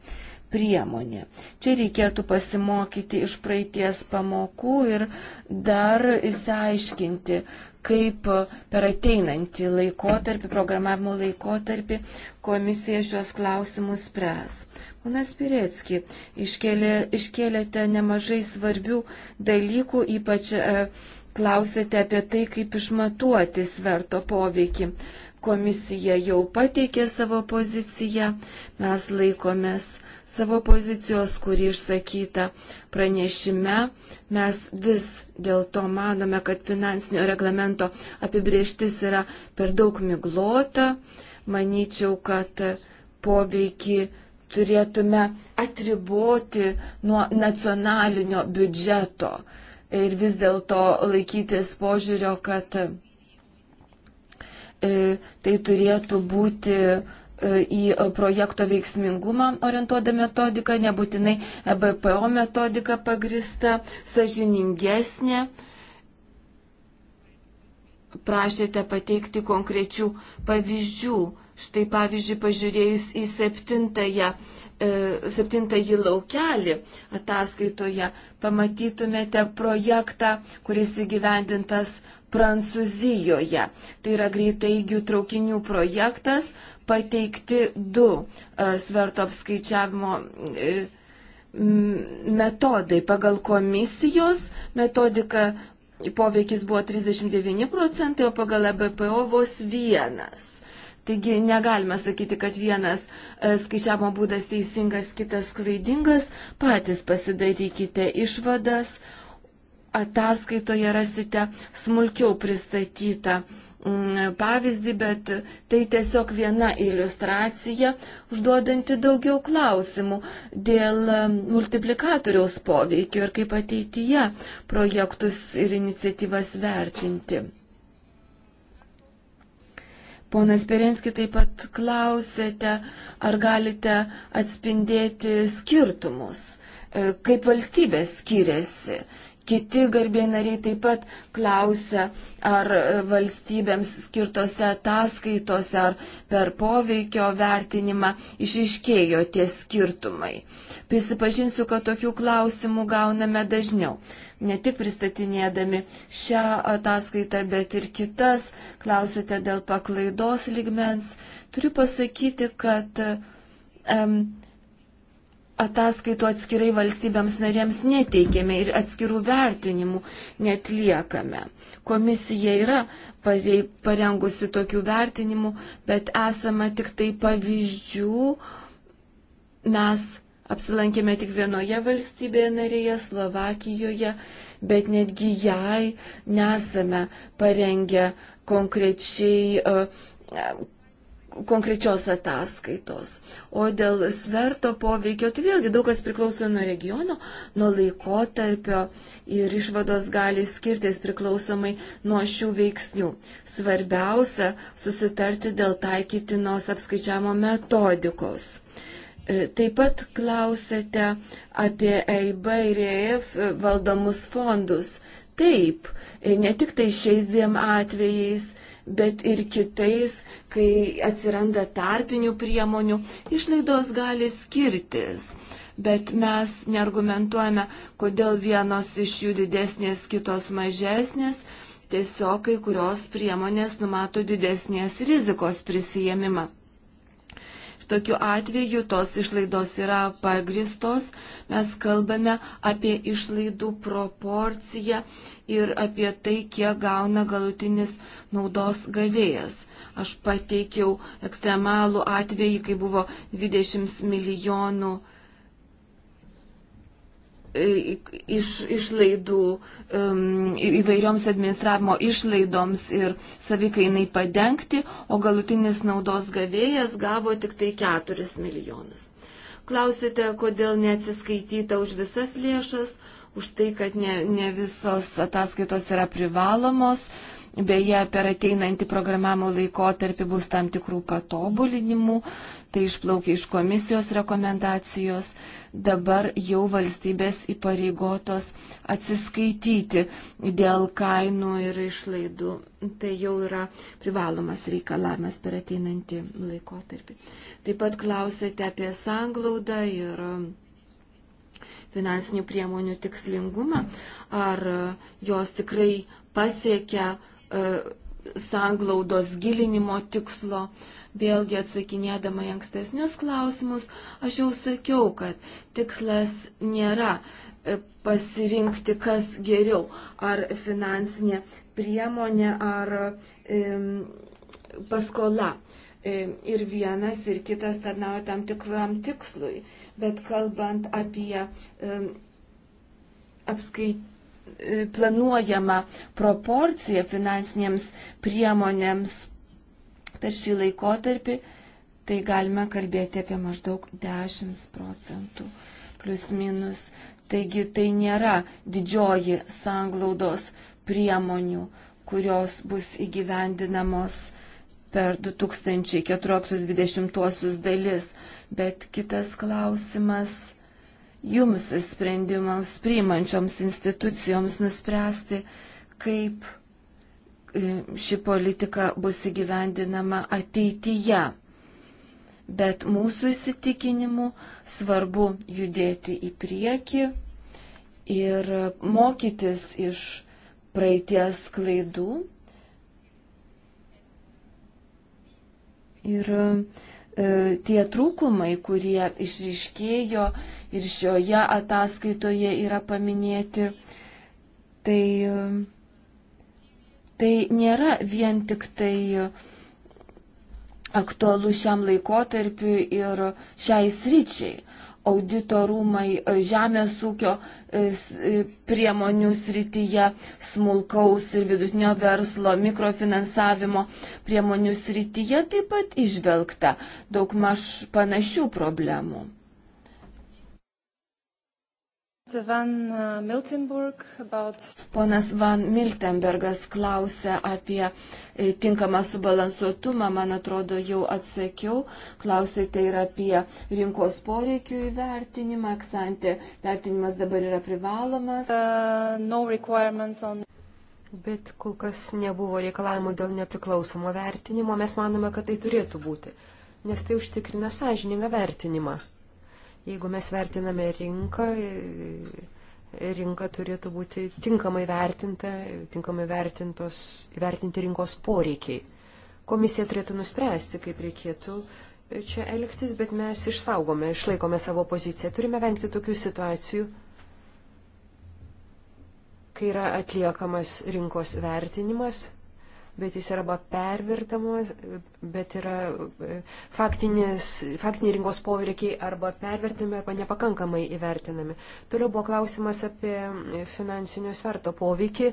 Speaker 1: priemonė. Čia reikėtų pasimokyti iš praeities pamokų ir dar įsiaiškinti, kaip per ateinantį laikotarpį, programavimo laikotarpį komisija šios klausimus spręs. Ponas Piretski, iškėlė, iškėlėte nemažai svarbių dalykų, ypač e, klausėte apie tai, kaip išmatuoti sverto poveikį. Komisija jau pateikė savo poziciją, mes laikomės savo pozicijos, kuri išsakyta pranešime. Mes vis dėl to manome, kad finansinio reglamento apibrieštis yra per daug miglota. Manyčiau, kad poveikį turėtume atriboti nuo nacionalinio biudžeto ir vis dėlto laikytis požiūrio, kad e, tai turėtų būti e, į projekto veiksmingumą orientuota metodika, nebūtinai e BPO metodika pagrista, sažiningesnė. Prašėte pateikti konkrečių pavyzdžių Štai pavyzdžiui, pažiūrėjus į septintąją, e, septintąjį laukelį ataskaitoje, pamatytumėte projektą, kuris įgyvendintas Prancūzijoje. Tai yra greitaigių traukinių projektas, pateikti du e, sverto apskaičiavimo. E, metodai pagal komisijos metodiką poveikis buvo 39 procentai, o pagal EBPO vos vienas. Taigi negalime sakyti, kad vienas e, skaičiavimo būdas teisingas, kitas klaidingas. Patys pasidarykite išvadas. Ataskaitoje rasite smulkiau pristatytą mm, pavyzdį, bet tai tiesiog viena iliustracija, užduodanti daugiau klausimų dėl e, multiplikatoriaus poveikio ir kaip ateityje projektus ir iniciatyvas vertinti. Ponas Perenski taip pat klausėte, ar galite atspindėti skirtumus, e, kaip valstybės skiriasi Kiti garbiai nariai taip pat klausia, ar valstybėms skirtose ataskaitose ar per poveikio vertinimą išiškėjo tie skirtumai. Prisipažinsiu, kad tokių klausimų gauname dažniau. Ne tik pristatinėdami šią ataskaitą, bet ir kitas, klausite dėl paklaidos ligmens. Turiu pasakyti, kad um, ataskaitų atskirai valstybėms narėms neteikėme ir atskirų vertinimų netliekame. Komisija yra parengusi tokių vertinimų, bet esama tik tai pavyzdžių. Mes apsilankėme tik vienoje valstybėje narėje, Slovakijoje, bet netgi jai nesame parengę konkrečiai e, konkrečios ataskaitos. O dėl sverto poveikio, tai vėlgi daug kas priklauso nuo regiono, nuo laikotarpio ir išvados gali skirtis priklausomai nuo šių veiksnių. Svarbiausia susitarti dėl taikytinos apskaičiavimo metodikos. E, taip pat klausėte apie EIB ir EF valdomus fondus. Taip, e, ne tik tai šiais dviem atvejais bet ir kitais, kai atsiranda tarpinių priemonių, išlaidos gali skirtis. Bet mes neargumentuojame, kodėl vienos iš jų didesnės, kitos mažesnės. Tiesiog kai kurios priemonės numato didesnės rizikos prisijėmimą. Tokiu atveju tos išlaidos yra pagristos. Mes kalbame apie išlaidų proporciją ir apie tai, kiek gauna galutinis naudos gavėjas. Aš pateikiau ekstremalų atvejį, kai buvo 20 milijonų e, iš, išlaidų um, įvairioms administravimo išlaidoms ir savikainai padengti, o galutinis naudos gavėjas gavo tik tai 4 milijonus. Klausite, kodėl neatsiskaityta už visas lėšas? už tai, kad ne, ne visos ataskaitos yra privalomos. Beje, per ateinantį programavimo laikotarpį bus tam tikrų patobulinimų, tai išplaukia iš komisijos rekomendacijos. Dabar jau valstybės įpareigotos atsiskaityti dėl kainų ir išlaidų. Tai jau yra privalomas reikalavimas per ateinantį laikotarpį. Taip pat klausėte apie sanglaudą ir finansinių priemonių tikslingumą, ar jos tikrai pasiekia e, sanglaudos gilinimo tikslo. Vėlgi atsakinėdama į ankstesnius klausimus, aš jau sakiau, kad tikslas nėra e, pasirinkti, kas geriau, ar finansinė priemonė, ar e, paskola. E, ir vienas, ir kitas tarnauja tam tikram tikslui. Bet kalbant apie apskait, e, planuojamą proporciją finansinėms priemonėms per šį laikotarpį, tai galime kalbėti apie maždaug 10 procentų plus minus. Taigi tai nėra didžioji sanglaudos priemonių, kurios bus įgyvendinamos per 2014-2020 dalis. Bet kitas klausimas jums sprendimams priimančioms institucijoms nuspręsti, kaip e, ši politika bus įgyvendinama ateityje. Bet mūsų įsitikinimu svarbu judėti į priekį ir mokytis iš praeities klaidų Ir e, tie trūkumai, kurie išriškėjo ir šioje ataskaitoje yra paminėti, tai, tai nėra vien tik tai aktualu šiam laikotarpiu ir šiai sričiai auditorumai e, žemės ūkio e, e, priemonių srityje, smulkaus ir vidutinio verslo, mikrofinansavimo priemonių srityje taip pat išvelgta daug maž panašių problemų.
Speaker 4: Van uh,
Speaker 1: about... Ponas Van Miltenbergas klausė apie e, tinkamą subalansuotumą, man atrodo, jau atsakiau. Klausėte ir apie rinkos poreikių įvertinimą, eksantė vertinimas dabar yra privalomas. Uh, no on... Bet kol
Speaker 2: kas nebuvo reikalavimų dėl nepriklausomo vertinimo, mes manome, kad tai turėtų būti, nes tai užtikrina sąžiningą vertinimą. Jeigu mes vertiname rinką, rinka turėtų būti tinkamai vertinta, tinkamai vertinti rinkos poreikiai. Komisija turėtų nuspręsti, kaip reikėtų čia elgtis, bet mes išsaugome, išlaikome savo poziciją. Turime vengti tokių situacijų, kai yra atliekamas rinkos vertinimas bet jis arba pervertamas, bet yra e, faktinis, faktiniai rinkos poveikiai arba pervertinami arba nepakankamai įvertinami. Toliau buvo klausimas apie e, finansinio sverto poveikį.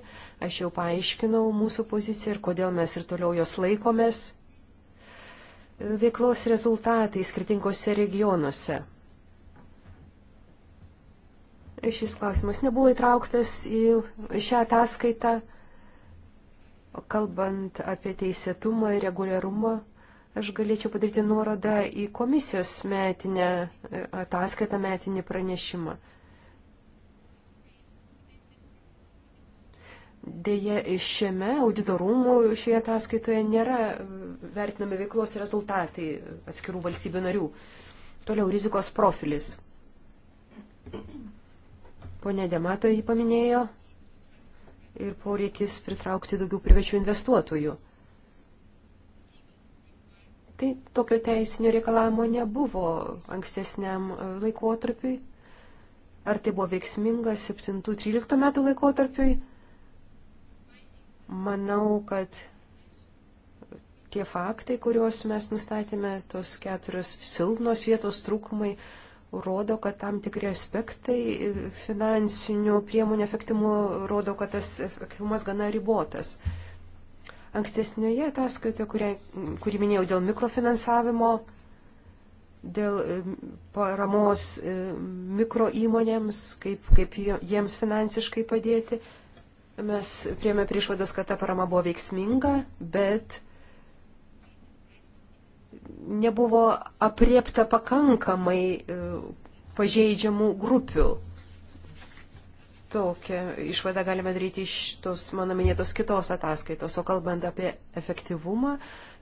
Speaker 2: Aš jau paaiškinau mūsų poziciją ir kodėl mes ir toliau jos laikomės. E, veiklos rezultatai skirtingose regionuose. Šis klausimas nebuvo įtrauktas į šią ataskaitą. Kalbant apie teisėtumą ir reguliarumą, aš galėčiau padaryti nuorodą į komisijos metinę e, ataskaitą, metinį pranešimą. Deja, šiame auditorumų šioje ataskaitoje nėra e, vertinami veiklos rezultatai atskirų valstybių narių. Toliau rizikos profilis. Pone Demato jį paminėjo, ir poreikis pritraukti daugiau privačių investuotojų. Tai tokio teisinio reikalavimo nebuvo ankstesniam e, laikotarpiui. Ar tai buvo veiksminga 7-13 metų laikotarpiui? Manau, kad tie faktai, kuriuos mes nustatėme, tos keturios silpnos vietos trūkumai, rodo, kad tam tikri aspektai finansinių priemonių efektyvumo rodo, kad tas efektyvumas gana ribotas. Ankstesnioje ataskaitoje, kurį minėjau dėl mikrofinansavimo, dėl e, paramos e, mikro įmonėms, kaip, kaip jiems finansiškai padėti, mes prieme priešvados, kad ta parama buvo veiksminga, bet nebuvo apriepta pakankamai e, pažeidžiamų grupių. Tokią išvadą galime daryti iš tos mano minėtos kitos ataskaitos. O kalbant apie efektyvumą,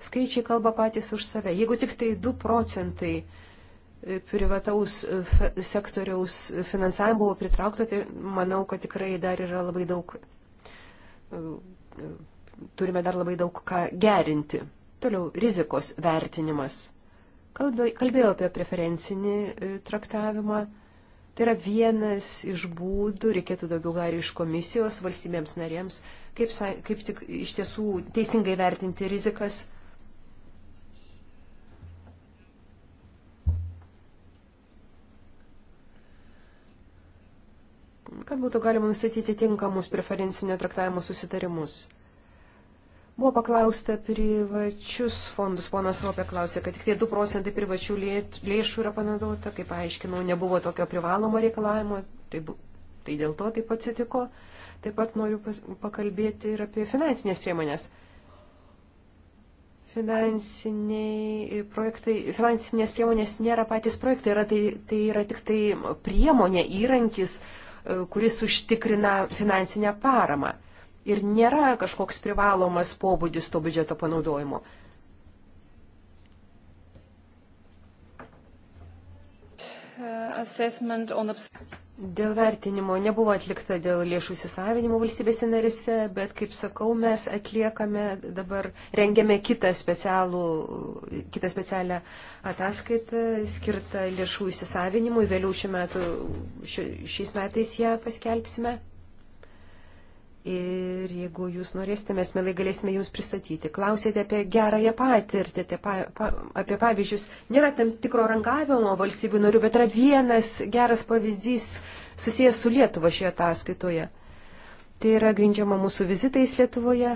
Speaker 2: skaičiai kalba patys už save. Jeigu tik tai 2 procentai e, privataus e, sektoriaus finansavimo buvo pritraukta, tai manau, kad tikrai dar yra labai daug, turime dar labai daug ką gerinti. Toliau rizikos vertinimas. Kalbėjau apie preferencinį e, traktavimą. Tai yra vienas iš būdų, reikėtų daugiau gari iš komisijos valstybėms narėms, kaip, kaip tik iš tiesų teisingai vertinti rizikas. Kad būtų galima nustatyti tinkamus preferencinio traktavimo susitarimus. Buvo paklausta privačius fondus. Ponas Ropė klausė, kad tik tai 2 procentai privačių lėšų yra panaudota. Kaip aiškinau, nebuvo tokio privalomo reikalavimo. Tai, tai dėl to taip atsitiko. Taip pat noriu pas, pakalbėti ir apie finansinės priemonės. Finansiniai projektai, finansinės priemonės nėra patys projektai, yra tai, tai yra tik tai priemonė, įrankis, e, kuris užtikrina finansinę paramą ir nėra kažkoks privalomas pobūdis to biudžeto panaudojimo.
Speaker 1: Uh, dėl
Speaker 2: vertinimo nebuvo atlikta dėl lėšų įsisavinimo valstybėse narise, bet, kaip sakau, mes atliekame dabar, rengiame kitą, specialų, kitą specialią ataskaitą skirtą lėšų įsisavinimui, vėliau šiuo metu, šiais metais ją paskelbsime. Ir jeigu jūs norėsite, mes mielai galėsime jums pristatyti. Klausėte apie gerąją patirtį, pa, pa, apie pavyzdžius. Nėra tam tikro rangavimo valstybių norių, bet yra vienas geras pavyzdys susijęs su Lietuva šioje ataskaitoje. Tai yra grindžiama mūsų vizitais Lietuvoje.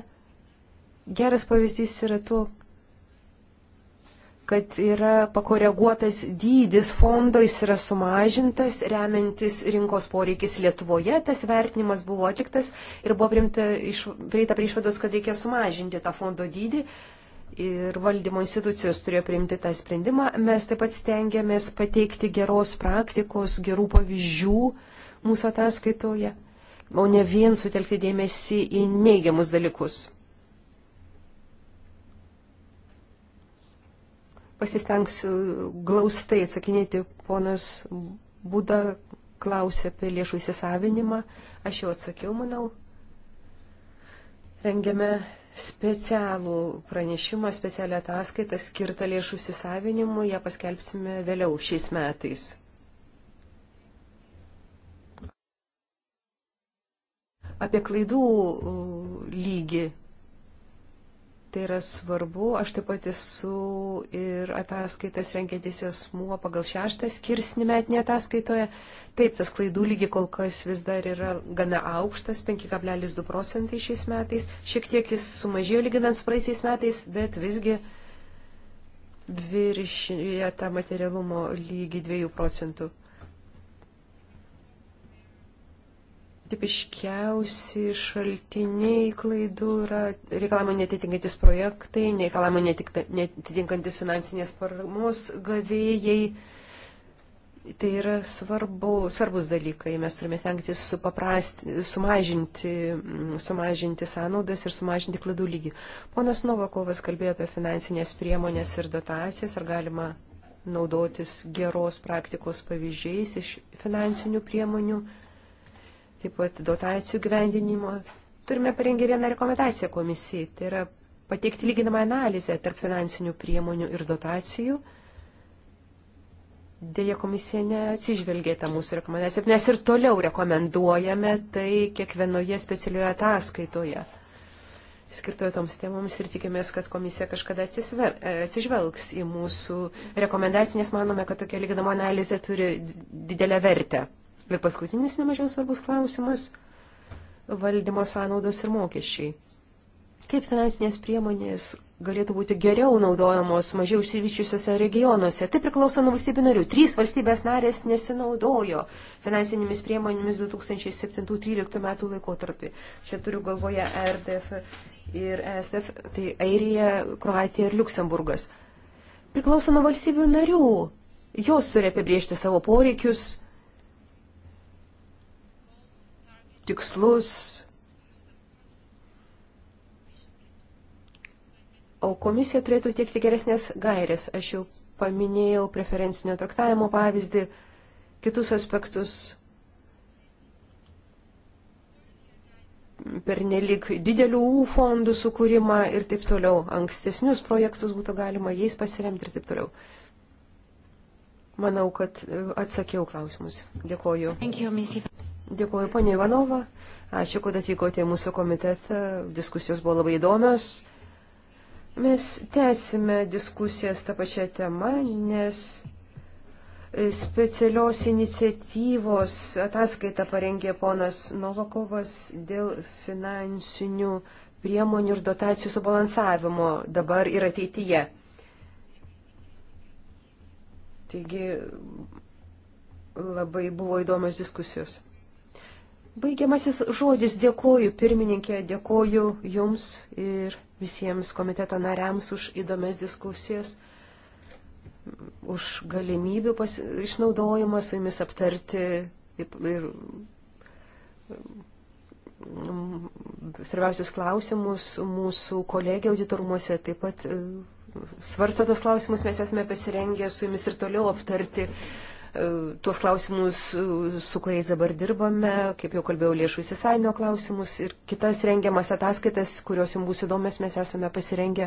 Speaker 2: Geras pavyzdys yra tuo, kad yra pakoreguotas dydis fondo, jis yra sumažintas, remiantis rinkos poreikis Lietuvoje, tas vertinimas buvo atliktas ir buvo prieita prie išvados, kad reikia sumažinti tą fondo dydį ir valdymo institucijos turėjo priimti tą sprendimą. Mes taip pat stengiamės pateikti geros praktikos, gerų pavyzdžių mūsų ataskaitoje, o ne vien sutelkti dėmesį į neigiamus dalykus. Pasistengsiu glaustai atsakinėti, ponas Būda klausė apie lėšų įsisavinimą. Aš jau atsakiau, manau. Rengiame specialų pranešimą, specialią ataskaitą skirtą lėšų įsisavinimui, ją paskelbsime vėliau šiais metais. Apie klaidų lygį Tai yra svarbu. Aš taip pat esu ir ataskaitas renkiantis asmuo pagal šeštą skirsnį metinį ataskaitoje. Taip, tas klaidų lygi kol kas vis dar yra gana aukštas, 5,2 procentai šiais metais. Šiek tiek jis sumažėjo lyginant su praeisiais metais, bet visgi viršyje tą materialumo lygį 2 procentų. tipiškiausi šaltiniai klaidų yra reikalavimo netitinkantis projektai, reikalavimo netitinkantis finansinės paramos gavėjai. Tai yra svarbu, svarbus dalykai. Mes turime stengtis sumažinti, mm, sumažinti sąnaudas ir sumažinti klaidų lygį. Ponas Novakovas kalbėjo apie finansinės priemonės ir dotacijas. Ar galima naudotis geros praktikos pavyzdžiais iš finansinių priemonių? taip pat dotacijų gyvendinimo. Turime parengę vieną rekomendaciją komisijai, tai yra pateikti lyginamą analizę tarp finansinių priemonių ir dotacijų. Deja, komisija neatsižvelgia tą mūsų rekomendaciją, nes ir toliau rekomenduojame tai kiekvienoje specialioje ataskaitoje skirtoje toms temoms ir tikimės, kad komisija kažkada atsisver, atsižvelgs į mūsų rekomendacijas, manome, kad tokia lyginamo analizė turi didelę vertę. Ir paskutinis nemažiau svarbus klausimas - valdymo sąnaudos ir mokesčiai. Kaip finansinės priemonės galėtų būti geriau naudojamos mažiau išsivyščiusiuose regionuose. Tai priklauso nuo valstybių narių. Trys valstybės narės nesinaudojo finansinėmis priemonėmis 2007-2013 metų laikotarpį. Čia turiu galvoje RDF ir ESF, tai Airija, Kroatija ir Luksemburgas. Priklauso nuo valstybių narių. Jos turi apibriežti savo poreikius tikslus. O komisija turėtų tiekti geresnės gairės. Aš jau paminėjau preferencinio traktavimo pavyzdį, kitus aspektus. pernelik didelių fondų sukūrimą ir taip toliau. Ankstesnius projektus būtų galima jais pasiremti ir taip toliau. Manau, kad atsakiau klausimus. Dėkoju. Thank you, Dėkuoju, ponė Ivanova. Ačiū, kad atvykote į mūsų komitetą. Diskusijos buvo labai įdomios. Mes tęsime diskusijas tą pačią temą, nes specialios iniciatyvos ataskaitą parengė ponas Novakovas dėl finansinių priemonių ir dotacijų subalansavimo dabar ir ateityje. Taigi labai buvo įdomios diskusijos. Baigiamasis žodis dėkoju pirmininkė, dėkoju Jums ir visiems komiteto nariams už įdomias diskusijas, už galimybių pas, išnaudojimą su Jumis aptarti ir mm, svarbiausius klausimus mūsų kolegė auditorumuose taip pat e, svarsto tos klausimus, mes esame pasirengę su Jumis ir toliau aptarti E, tuos klausimus, e, su kuriais dabar dirbame, kaip jau kalbėjau, lėšų įsisavinio klausimus ir kitas rengiamas ataskaitas, kurios jums bus įdomios, mes esame pasirengę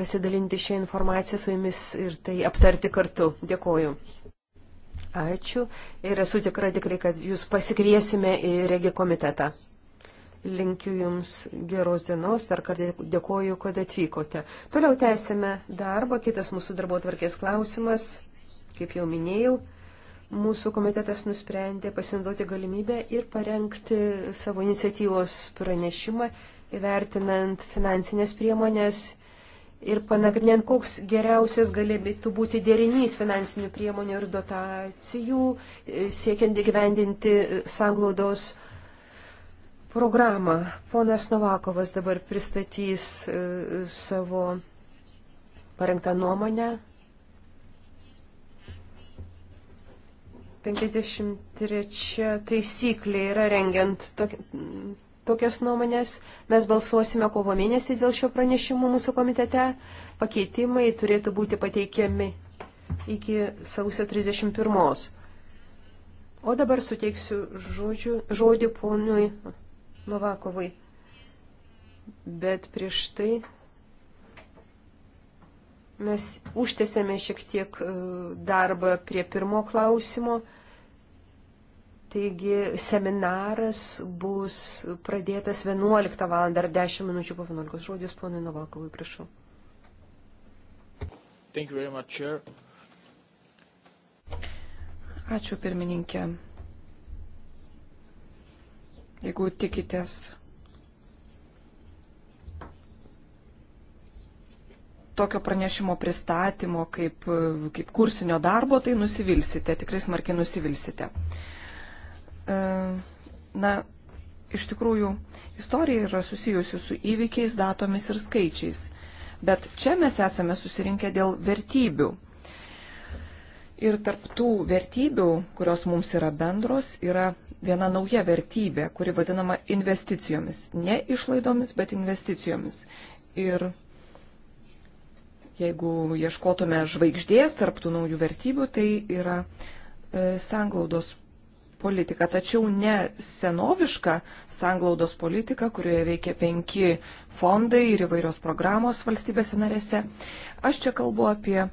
Speaker 2: pasidalinti šią informaciją su jumis ir tai aptarti kartu. Dėkoju. Ačiū ir esu tikra tikrai, kad jūs pasikviesime į regi komitetą. Linkiu Jums geros dienos, dar kartą dėkoju, kad atvykote. Toliau tęsime darbą, kitas mūsų darbo tvarkės klausimas. Kaip jau minėjau, mūsų komitetas nusprendė pasinaudoti galimybę ir parengti savo iniciatyvos pranešimą, įvertinant finansinės priemonės ir panagrinant, koks geriausias galėtų būti derinys finansinių priemonių ir dotacijų, e, siekiant įgyvendinti sanglaudos programą. Ponas Novakovas dabar pristatys e, savo parengtą nuomonę 53 taisyklė yra rengiant tokias nuomonės. Mes balsuosime kovo mėnesį dėl šio pranešimo mūsų komitete. Pakeitimai turėtų būti pateikiami iki sausio 31. O dabar suteiksiu žodžiu, žodį ponui Novakovai. Bet prieš tai Mes užtėsėme šiek tiek e, darbą prie pirmo klausimo. Taigi seminaras bus pradėtas 11 val. ar 10 minučių po
Speaker 3: 11 žodžius, ponui Novakovui, prašau.
Speaker 4: Much, sir.
Speaker 3: Ačiū pirmininkė. Jeigu tikitės tokio pranešimo pristatymo kaip, kaip kursinio darbo, tai nusivilsite, tikrai smarkiai nusivilsite. E, na, iš tikrųjų, istorija yra susijusi su įvykiais, datomis ir skaičiais. Bet čia mes esame susirinkę dėl vertybių. Ir tarptų vertybių, kurios mums yra bendros, yra viena nauja vertybė, kuri vadinama investicijomis. Ne išlaidomis, bet investicijomis. Ir Jeigu ieškotume žvaigždės tarptų naujų vertybių, tai yra e, sanglaudos politika, tačiau ne senoviška sanglaudos politika, kurioje veikia penki fondai ir įvairios programos valstybėse narėse. Aš čia kalbu apie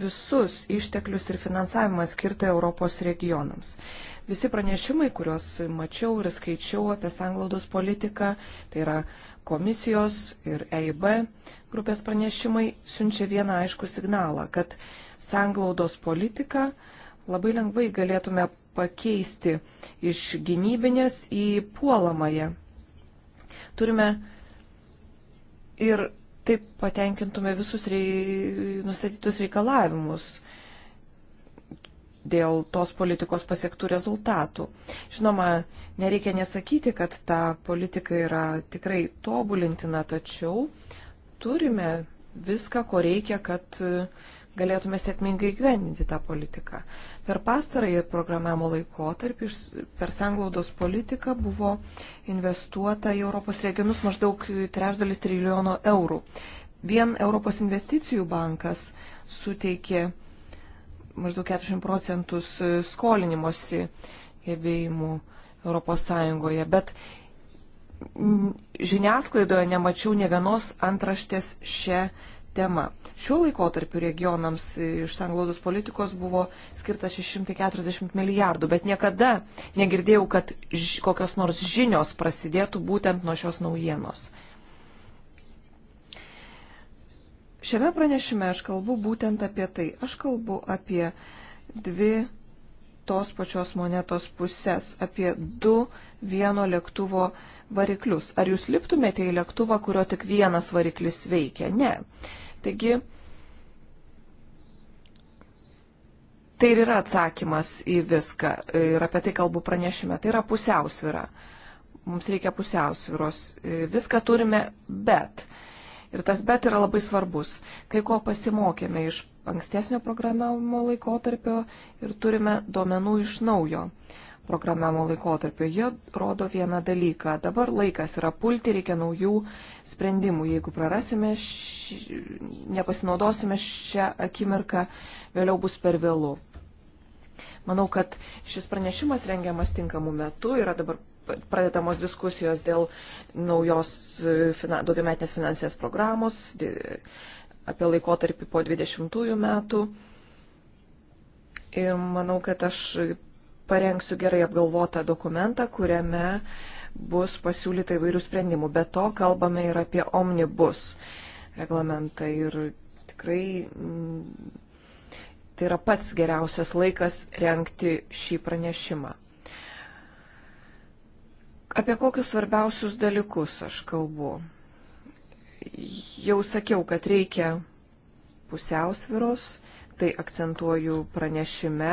Speaker 3: visus išteklius ir finansavimą skirtą Europos regionams. Visi pranešimai, kuriuos mačiau ir skaičiau apie sanglaudos politiką, tai yra komisijos ir EIB grupės pranešimai siunčia vieną aišku signalą, kad sanglaudos politiką labai lengvai galėtume pakeisti iš gynybinės į puolamąją. Turime ir taip patenkintume visus rei... nustatytus reikalavimus dėl tos politikos pasiektų rezultatų. Žinoma, Nereikia nesakyti, kad ta politika yra tikrai tobulintina, tačiau turime viską, ko reikia, kad e, galėtume sėkmingai gyveninti tą politiką. Per pastarąjį programavimo laikotarpį per sanglaudos politiką buvo investuota į Europos regionus maždaug trečdalis trilijono eurų. Vien Europos investicijų bankas suteikė maždaug 40 procentus skolinimuose gebėjimų ES, bet žiniasklaidoje nemačiau ne vienos antraštės šią temą. Šiuo laikotarpiu regionams iš sanglaudos politikos buvo skirta 640 milijardų, bet niekada negirdėjau, kad ž, kokios nors žinios prasidėtų būtent nuo šios naujienos. Šiame pranešime aš kalbu būtent apie tai. Aš kalbu apie dvi tos pačios monetos pusės, apie du vieno lėktuvo variklius. Ar jūs liptumėte į lėktuvą, kurio tik vienas variklis veikia? Ne. Taigi, tai ir yra atsakymas į viską ir apie tai kalbu pranešime. Tai yra pusiausvyra. Mums reikia pusiausvyros. Viską turime, bet. Ir tas bet yra labai svarbus. Kai ko pasimokėme iš ankstesnio programavimo laikotarpio ir turime duomenų iš naujo programavimo laikotarpio. Jie rodo vieną dalyką. Dabar laikas yra pulti, reikia naujų sprendimų. Jeigu prarasime, š... nepasinaudosime šią akimirką, vėliau bus per vėlų. Manau, kad šis pranešimas rengiamas tinkamu metu yra dabar pradedamos diskusijos dėl naujos e, fina, daugiametės finansinės programos, apie laikotarpį po 20 metų. Ir manau, kad aš parengsiu gerai apgalvotą dokumentą, kuriame bus pasiūlyta įvairių sprendimų. Be to kalbame ir apie omnibus reglamentą. Ir tikrai mm, tai yra pats geriausias laikas renkti šį pranešimą. Apie kokius svarbiausius dalykus aš kalbu? jau sakiau, kad reikia pusiausviros, tai akcentuoju pranešime.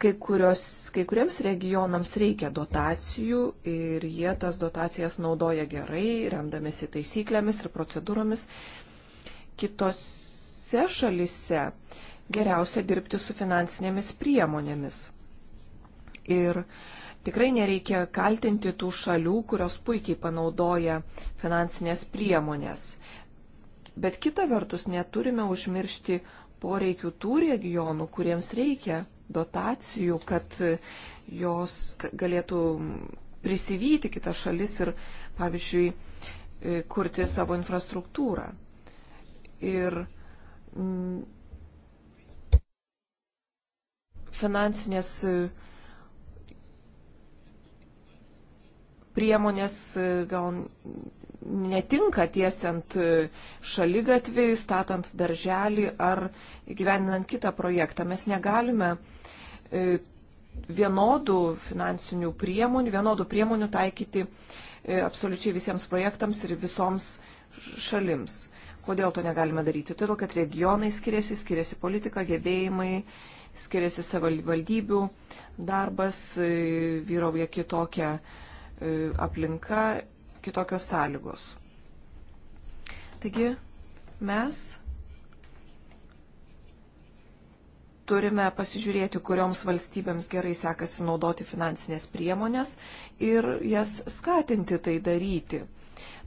Speaker 3: Kai, kurios, kai kuriems regionams reikia dotacijų ir jie tas dotacijas naudoja gerai, remdamėsi taisyklėmis ir procedūromis. Kitose šalise geriausia dirbti su finansinėmis priemonėmis. Ir uh, Tikrai nereikia kaltinti tų šalių, kurios puikiai panaudoja finansinės priemonės. Bet kita vertus neturime užmiršti poreikių tų regionų, kuriems reikia dotacijų, kad jos galėtų prisivyti kitas šalis ir, pavyzdžiui, e, kurti savo infrastruktūrą. Ir mm, finansinės priemonės e, gal netinka tiesiant e, šalygatvį, statant darželį ar gyveninant kitą projektą. Mes negalime e, vienodų finansinių priemonių, vienodų priemonių taikyti absoliučiai visiems projektams ir visoms šalims. Kodėl to negalime daryti? Todėl, kad regionai skiriasi, skiriasi politika, gebėjimai, skiriasi savivaldybių darbas, vyrauja kitokia E, aplinka, kitokios sąlygos. Taigi mes turime pasižiūrėti, kurioms valstybėms gerai sekasi naudoti finansinės priemonės ir jas skatinti tai daryti.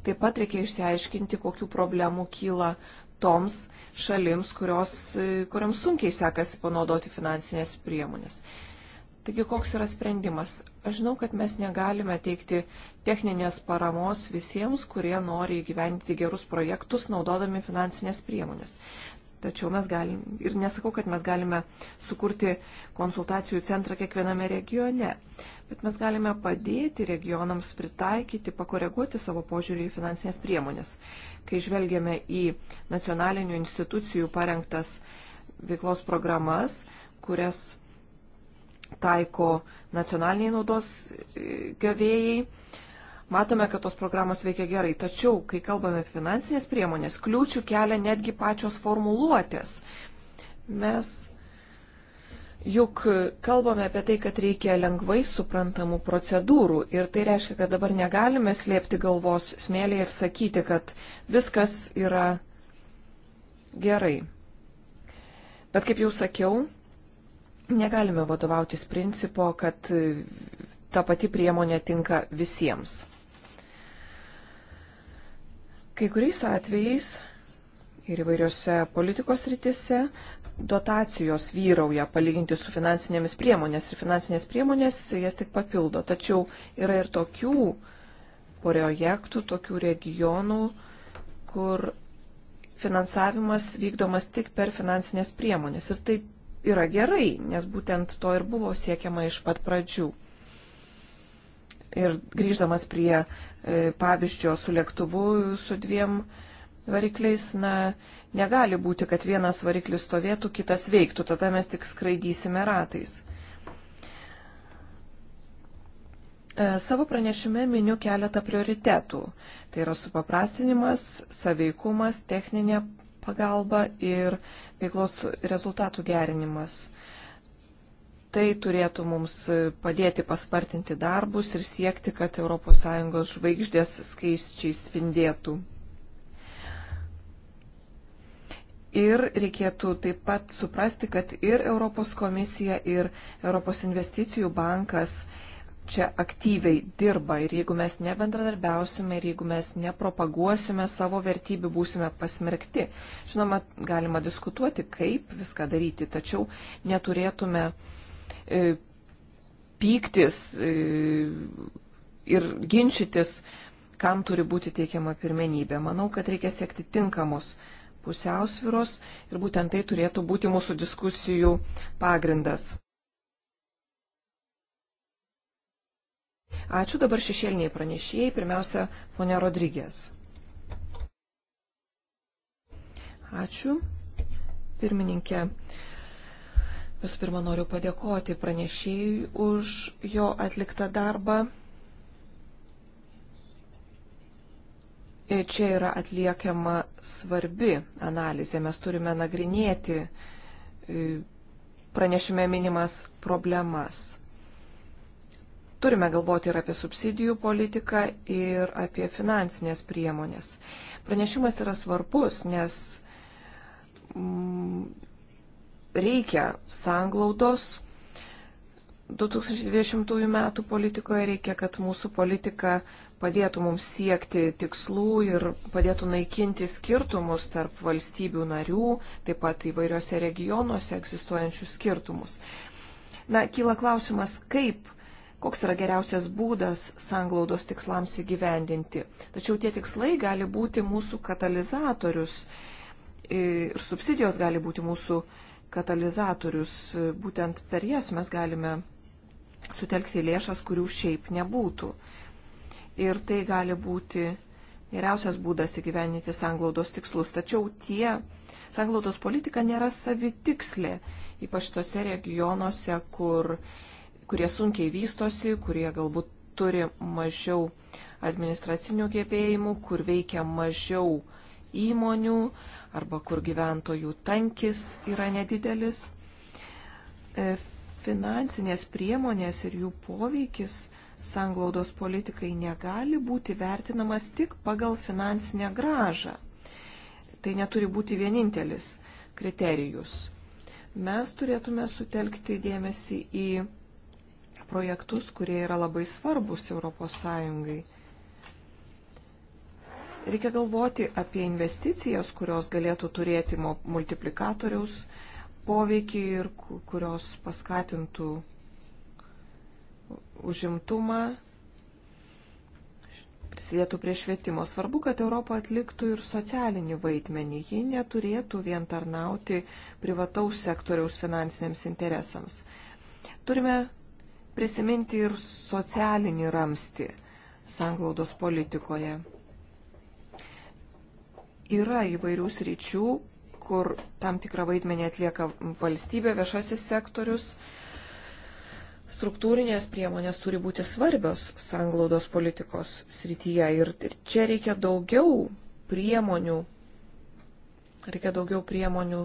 Speaker 3: Taip pat reikia išsiaiškinti, kokiu problemu kyla toms šalims, kurios, e, kuriams sunkiai sekasi panaudoti finansinės priemonės. Taigi, koks yra sprendimas? Aš žinau, kad mes negalime teikti techninės paramos visiems, kurie nori įgyvendyti gerus projektus, naudodami finansinės priemonės. Tačiau mes galime, ir nesakau, kad mes galime sukurti konsultacijų centrą kiekviename regione, bet mes galime padėti regionams pritaikyti, pakoreguoti savo požiūrį į finansinės priemonės. Kai žvelgiame į nacionalinių institucijų parengtas veiklos programas, kurias taiko nacionaliniai naudos e, gavėjai. Matome, kad tos programos veikia gerai, tačiau, kai kalbame apie finansinės priemonės, kliūčių kelia netgi pačios formuluotės. Mes Juk kalbame apie tai, kad reikia lengvai suprantamų procedūrų ir tai reiškia, kad dabar negalime slėpti galvos smėlėje ir sakyti, kad viskas yra gerai. Bet kaip jau sakiau, Negalime vadovautis principo, kad ta pati priemonė tinka visiems. Kai kuriais atvejais ir įvairiose politikos rytise dotacijos vyrauja palyginti su finansinėmis priemonės ir finansinės priemonės jas tik papildo. Tačiau yra ir tokių projektų, tokių regionų, kur finansavimas vykdomas tik per finansinės priemonės. Ir taip yra gerai, nes būtent to ir buvo siekiama iš pat pradžių. Ir grįždamas prie e, pavyzdžio su lėktuvu su dviem varikliais, na, negali būti, kad vienas variklis stovėtų, kitas veiktų, tada mes tik skraidysime ratais. E, savo pranešime miniu keletą prioritetų. Tai yra supaprastinimas, saveikumas, techninė pagalba ir veiklos rezultatų gerinimas. Tai turėtų mums padėti paspartinti darbus ir siekti, kad ES žvaigždės skaisčiai spindėtų. Ir reikėtų taip pat suprasti, kad ir Europos komisija, ir Europos investicijų bankas čia aktyviai dirba ir jeigu mes nebendradarbiausime ir jeigu mes nepropaguosime savo vertybių, būsime pasmerkti. Žinoma, galima diskutuoti, kaip viską daryti, tačiau neturėtume e, pyktis e, ir ginčytis, kam turi būti teikiama pirmenybė. Manau, kad reikia siekti tinkamos pusiausviros ir būtent tai turėtų būti mūsų diskusijų pagrindas. Ačiū dabar šešėliniai pranešėjai, pirmiausia, ponė Rodrygės. Ačiū. Pirmininkė, visų pirma, noriu padėkoti pranešėjui už jo atliktą darbą. Ir čia yra atliekama svarbi analizė. Mes turime nagrinėti e, pranešime minimas problemas. Turime galvoti ir apie subsidijų politiką, ir apie finansinės priemonės. Pranešimas yra svarbus, nes mm, reikia sanglaudos 2020 metų politikoje, reikia, kad mūsų politika padėtų mums siekti tikslų ir padėtų naikinti skirtumus tarp valstybių narių, taip pat įvairiose regionuose egzistuojančius skirtumus. Na, kyla klausimas, kaip koks yra geriausias būdas sanglaudos tikslams įgyvendinti. Tačiau tie tikslai gali būti mūsų katalizatorius e, ir subsidijos gali būti mūsų katalizatorius. Būtent per jas mes galime sutelkti lėšas, kurių šiaip nebūtų. Ir tai gali būti geriausias būdas įgyveninti sanglaudos tikslus. Tačiau tie sanglaudos politika nėra savitikslė, ypač tose regionuose, kur kurie sunkiai vystosi, kurie galbūt turi mažiau administracinių gebėjimų, kur veikia mažiau įmonių arba kur gyventojų tankis yra nedidelis. E, finansinės priemonės ir jų poveikis sanglaudos politikai negali būti vertinamas tik pagal finansinę gražą. Tai neturi būti vienintelis kriterijus. Mes turėtume sutelkti dėmesį į projektus, kurie yra labai svarbus ES. Reikia galvoti apie investicijas, kurios galėtų turėti multiplikatoriaus poveikį ir kurios paskatintų užimtumą, prisidėtų prie švietimo. Svarbu, kad Europa atliktų ir socialinį vaidmenį. Ji neturėtų vien tarnauti privataus sektoriaus finansiniams interesams. Turime prisiminti ir socialinį ramstį sanglaudos politikoje. Yra įvairių sričių, kur tam tikrą vaidmenį atlieka valstybė, viešasis sektorius. Struktūrinės priemonės turi būti svarbios sanglaudos politikos srityje ir čia reikia daugiau priemonių, reikia daugiau priemonių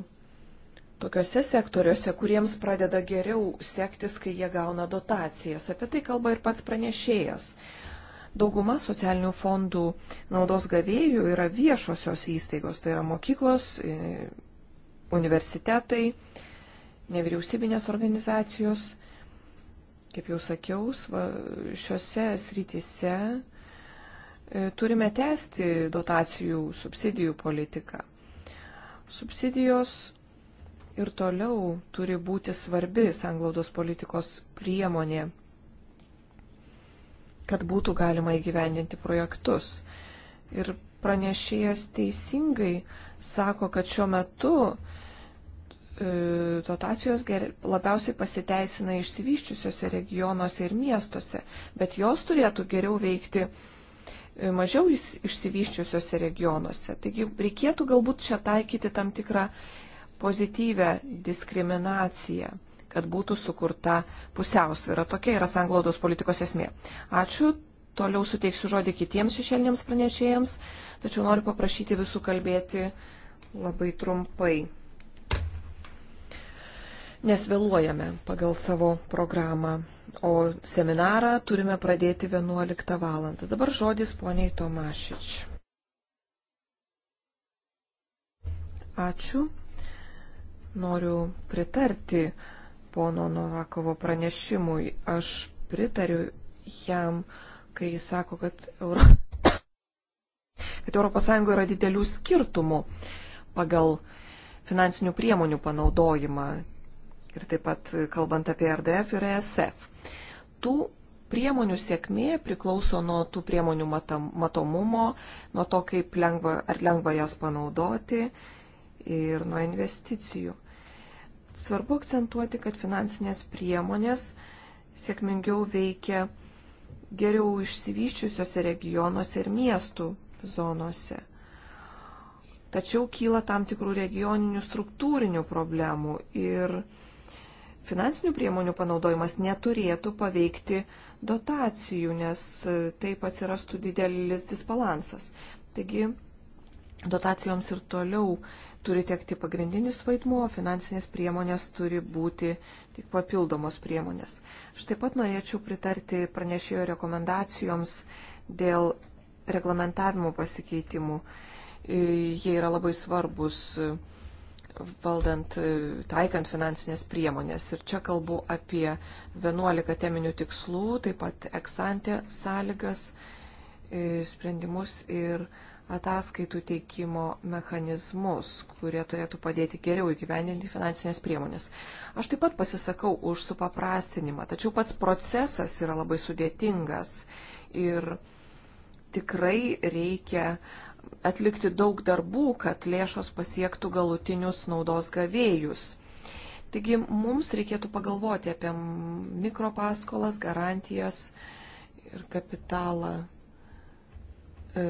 Speaker 3: tokiuose sektoriuose, kuriems pradeda geriau sektis, kai jie gauna dotacijas. Apie tai kalba ir pats pranešėjas. Dauguma socialinių fondų naudos gavėjų yra viešosios įstaigos, tai yra mokyklos, e, universitetai, nevyriausybinės organizacijos. Kaip jau sakiau, šiuose srityse e, turime tęsti dotacijų subsidijų politiką. Subsidijos ir toliau turi būti svarbi sanglaudos politikos priemonė, kad būtų galima įgyvendinti projektus. Ir pranešėjas teisingai sako, kad šiuo metu e, dotacijos labiausiai pasiteisina išsivyščiusiuose regionuose ir miestuose, bet jos turėtų geriau veikti e, mažiau išsivyščiusiuose regionuose. Taigi reikėtų galbūt čia taikyti tam tikrą pozityvę diskriminaciją, kad būtų sukurta pusiausvėra. Tokia yra sanglaudos politikos esmė. Ačiū. Toliau suteiksiu žodį kitiems šešėliniams pranešėjams, tačiau noriu paprašyti visų kalbėti labai trumpai, nes vėluojame pagal savo programą, o seminarą turime pradėti 11 val. Dabar žodis poniai Tomašič. Ačiū. Noriu pritarti pono Novakovo pranešimui. Aš pritariu jam, kai jis sako, kad, Euro... *coughs* kad ES yra didelių skirtumų pagal finansinių priemonių panaudojimą ir taip pat kalbant apie RDF ir ESF. Tų priemonių sėkmė priklauso nuo tų priemonių matom, matomumo, nuo to, kaip lengva, ar lengva jas panaudoti ir nuo investicijų. Svarbu akcentuoti, kad finansinės priemonės sėkmingiau veikia geriau išsivyščiusiuose regionuose ir miestų zonose. Tačiau kyla tam tikrų regioninių struktūrinių problemų ir finansinių priemonių panaudojimas neturėtų paveikti dotacijų, nes taip atsirastų didelis disbalansas. Taigi dotacijoms ir toliau turi tekti pagrindinis vaidmuo, finansinės priemonės turi būti tik papildomos priemonės. Aš taip pat norėčiau pritarti pranešėjo rekomendacijoms dėl reglamentavimo pasikeitimų. E, jie yra labai svarbus e, valdant, e, taikant finansinės priemonės. Ir čia kalbu apie 11 teminių tikslų, taip pat eksantė sąlygas, sprendimus ir ataskaitų teikimo mechanizmus, kurie turėtų padėti geriau įgyvendinti finansinės priemonės. Aš taip pat pasisakau už supaprastinimą, tačiau pats procesas yra labai sudėtingas ir tikrai reikia atlikti daug darbų, kad lėšos pasiektų galutinius naudos gavėjus. Taigi mums reikėtų pagalvoti apie mikropaskolas, garantijas ir kapitalą. E,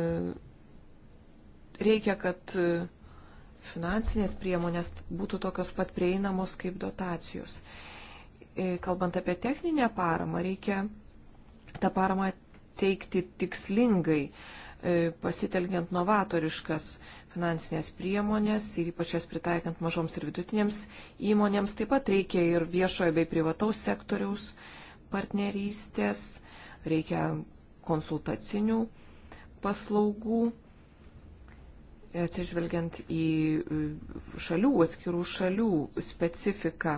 Speaker 3: reikia, kad e, finansinės priemonės būtų tokios pat prieinamos kaip dotacijos. E, kalbant apie techninę paramą, reikia tą paramą teikti tikslingai, e, pasitelkiant novatoriškas finansinės priemonės ir ypač jas pritaikant mažoms ir vidutinėms įmonėms. Taip pat reikia ir viešojo bei privataus sektoriaus partnerystės, reikia konsultacinių paslaugų atsižvelgiant į e, šalių, atskirų šalių specifiką.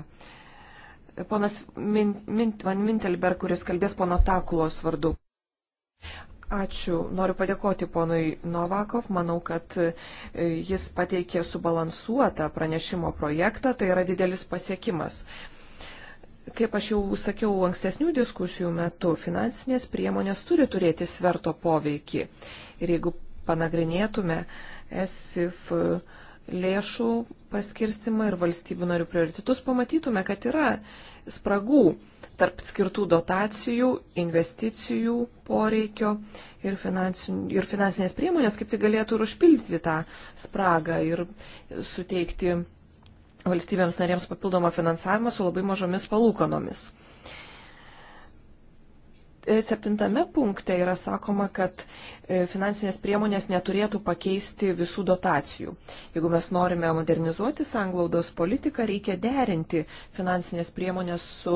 Speaker 3: Ponas Min, Min, Van Mintelberg, kuris kalbės pono Takulos vardu. Ačiū. Noriu padėkoti ponui Novakov. Manau, kad e, jis pateikė subalansuotą pranešimo projektą. Tai yra didelis pasiekimas. Kaip aš jau sakiau ankstesnių diskusijų metu, finansinės priemonės turi turėti sverto poveikį. Ir jeigu panagrinėtume, uh, ESIF e, lėšų paskirstimą ir valstybių narių prioritetus, pamatytume, kad yra spragų tarp skirtų dotacijų, investicijų poreikio ir, ir finansinės priemonės, kaip tai galėtų ir užpildyti tą spragą ir suteikti valstybėms narėms papildomą finansavimą su labai mažomis palūkanomis. E, septintame punkte yra sakoma, kad e, finansinės priemonės neturėtų pakeisti visų dotacijų. Jeigu mes norime modernizuoti sanglaudos politiką, reikia derinti finansinės priemonės su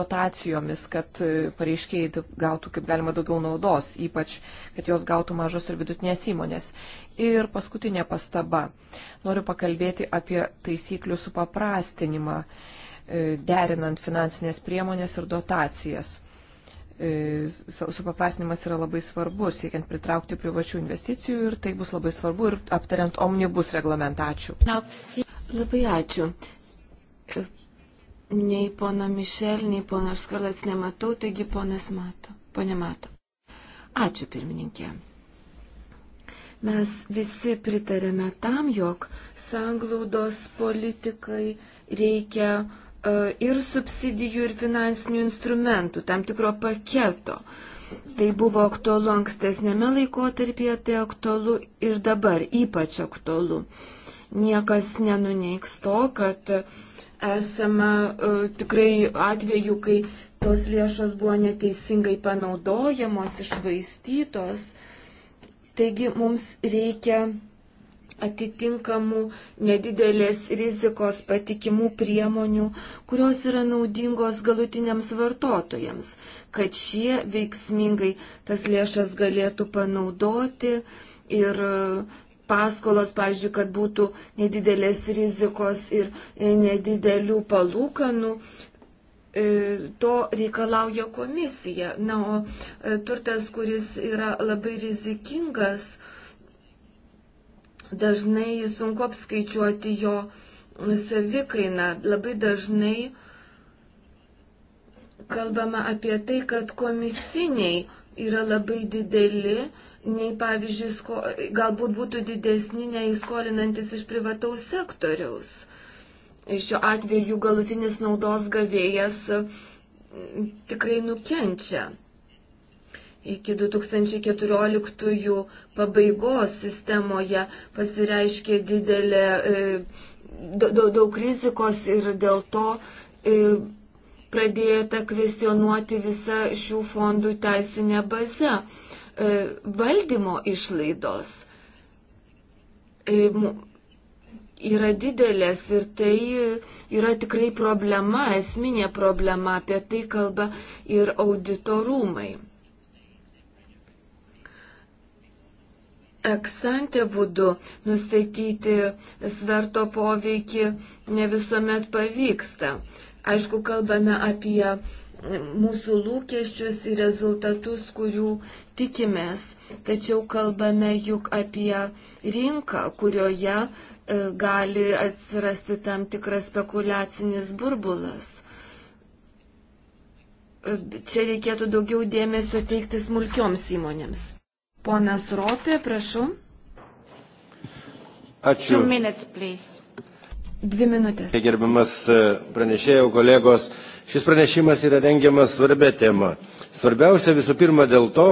Speaker 3: dotacijomis, kad e, pareiškiai gautų kaip galima daugiau naudos, ypač, kad jos gautų mažos ir vidutinės įmonės. Ir paskutinė pastaba. Noriu pakalbėti apie taisyklių supaprastinimą, derinant finansinės priemonės ir dotacijas E, supaprastinimas yra labai svarbus, siekiant pritraukti privačių investicijų ir tai bus labai svarbu ir aptariant omnibus reglamentačių. Labai ačiū. E,
Speaker 1: nei pono Mišel, nei pono Skarlats nematau, taigi ponas mato. Pone mato. Ačiū pirmininkė. Mes visi pritarėme tam, jog sanglaudos politikai reikia uh, E, ir subsidijų, ir finansinių instrumentų, tam tikro paketo. Tai buvo aktualu ankstesnėme laikotarpyje, tai aktualu ir dabar ypač aktualu. Niekas nenuneiks to, kad esame uh, tikrai atveju, kai tos lėšos buvo neteisingai panaudojamos, išvaistytos. Taigi mums reikia atitinkamų nedidelės rizikos patikimų priemonių, kurios yra naudingos galutiniams vartotojams, kad šie veiksmingai tas lėšas galėtų panaudoti ir e, paskolos, pavyzdžiui, kad būtų nedidelės rizikos ir e, nedidelių palūkanų. E, to reikalauja komisija. Na, o turtas, kuris yra labai rizikingas, dažnai sunku apskaičiuoti jo savikainą. Labai dažnai kalbama apie tai, kad komisiniai yra labai dideli, nei pavyzdžiui, sko, galbūt būtų didesni nei skolinantis iš privataus sektoriaus. Šiuo atveju galutinis naudos gavėjas tikrai nukenčia iki 2014 pabaigos sistemoje pasireiškė didelė e, daug rizikos ir dėl to e, pradėta kvestionuoti visą šių fondų teisinę bazę. E, valdymo išlaidos yra didelės ir tai yra tikrai problema, esminė problema, apie tai kalba ir auditorumai. eksantė būdu nustatyti sverto poveikį ne visuomet pavyksta. Aišku, kalbame apie mūsų lūkesčius ir rezultatus, kurių tikimės, tačiau kalbame juk apie rinką, kurioje e, gali atsirasti tam tikras spekulacinis burbulas. E, čia reikėtų daugiau dėmesio teikti smulkioms įmonėms. Ponas Ropė, prašau. Ačiū. Minutes, Dvi minutės.
Speaker 4: Gerbiamas e, pranešėjų kolegos, šis pranešimas yra rengiamas svarbia tema. Svarbiausia visų pirma dėl to,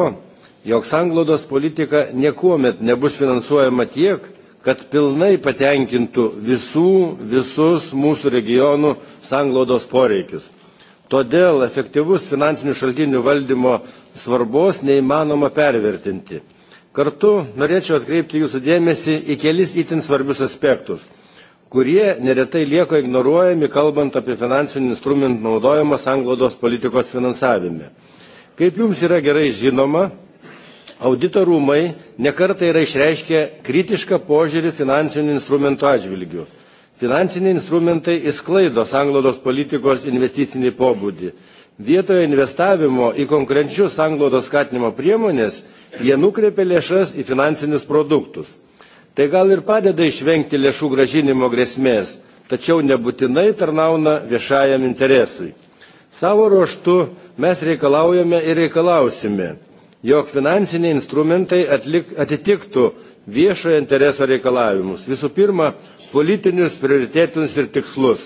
Speaker 4: jog sanglodos politika niekuomet nebus finansuojama tiek, kad pilnai patenkintų visų, visus mūsų regionų sanglodos poreikius. Todėl efektyvus finansinių šaltinių valdymo svarbos neįmanoma pervertinti. Kartu norėčiau atkreipti jūsų dėmesį į kelis itin svarbius aspektus, kurie neretai lieka ignoruojami, kalbant apie finansinių instrumentų naudojimą sanglaudos politikos finansavime. Kaip jums yra gerai žinoma, audito rūmai nekartai yra išreiškę kritišką požiūrį finansinių instrumentų atžvilgių Finansiniai instrumentai įsklaido sanglaudos politikos investicinį pobūdį. Vietoje investavimo į konkrečius sanglaudos skatinimo priemonės jie nukreipia lėšas į finansinius produktus. Tai gal ir padeda išvengti lėšų gražinimo grėsmės, tačiau nebūtinai tarnauna viešajam interesui. Savo ruoštų mes reikalaujame ir reikalausime, jog finansiniai instrumentai atlik, atitiktų viešojo intereso reikalavimus. Visų pirma, politinius prioritetinius ir tikslus.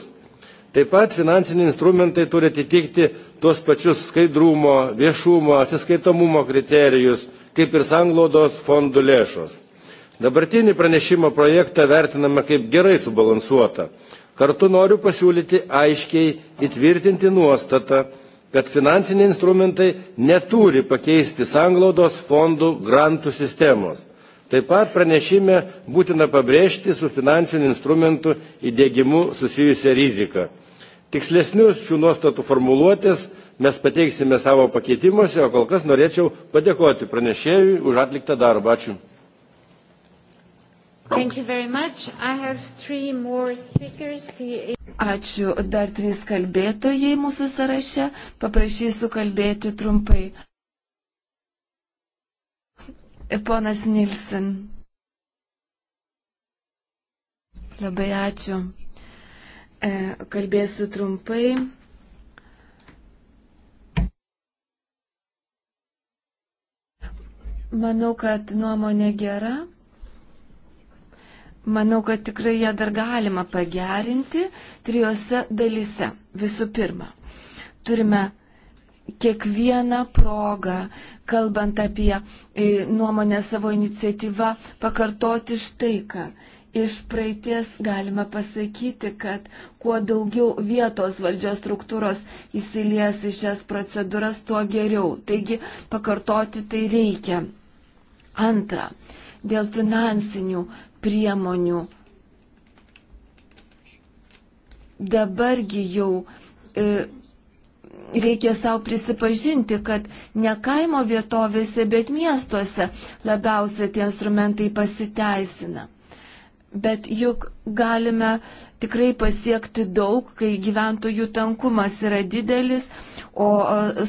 Speaker 4: Taip pat finansiniai instrumentai turi atitikti tuos pačius skaidrumo, viešumo, atsiskaitomumo kriterijus, kaip ir sanglaudos fondų lėšos. Dabartinį pranešimo projektą vertiname kaip gerai subalansuotą. Kartu noriu pasiūlyti aiškiai įtvirtinti nuostatą, kad finansiniai instrumentai neturi pakeisti sanglaudos fondų grantų sistemos. Taip pat pranešime būtina pabrėžti su finansinių instrumentų įdėgymu susijusią riziką. Tikslesnius šių nuostatų formuluotės mes pateiksime savo pakeitimuose, o kol kas norėčiau padėkoti pranešėjui už atliktą darbą. Ačiū.
Speaker 1: Ačiū. Dar trys kalbėtojai mūsų sąraše. Paprašysiu kalbėti trumpai. E, ponas Nilsen. Labai ačiū. E, kalbėsiu trumpai. Manau, kad nuomonė gera. Manau, kad tikrai ją dar galima pagerinti trijose dalyse. Visų pirma, turime kiekvieną progą, kalbant apie e, nuomonę savo iniciatyvą, pakartoti štai ką. Iš praeities galima pasakyti, kad kuo daugiau vietos valdžios struktūros įsilies į šias procedūras, tuo geriau. Taigi pakartoti tai reikia. Antra, dėl finansinių priemonių. Dabargi jau e, reikia savo prisipažinti, kad ne kaimo vietovėse, bet miestuose labiausiai tie instrumentai pasiteisina. Bet juk galime tikrai pasiekti daug, kai gyventojų tankumas yra didelis, o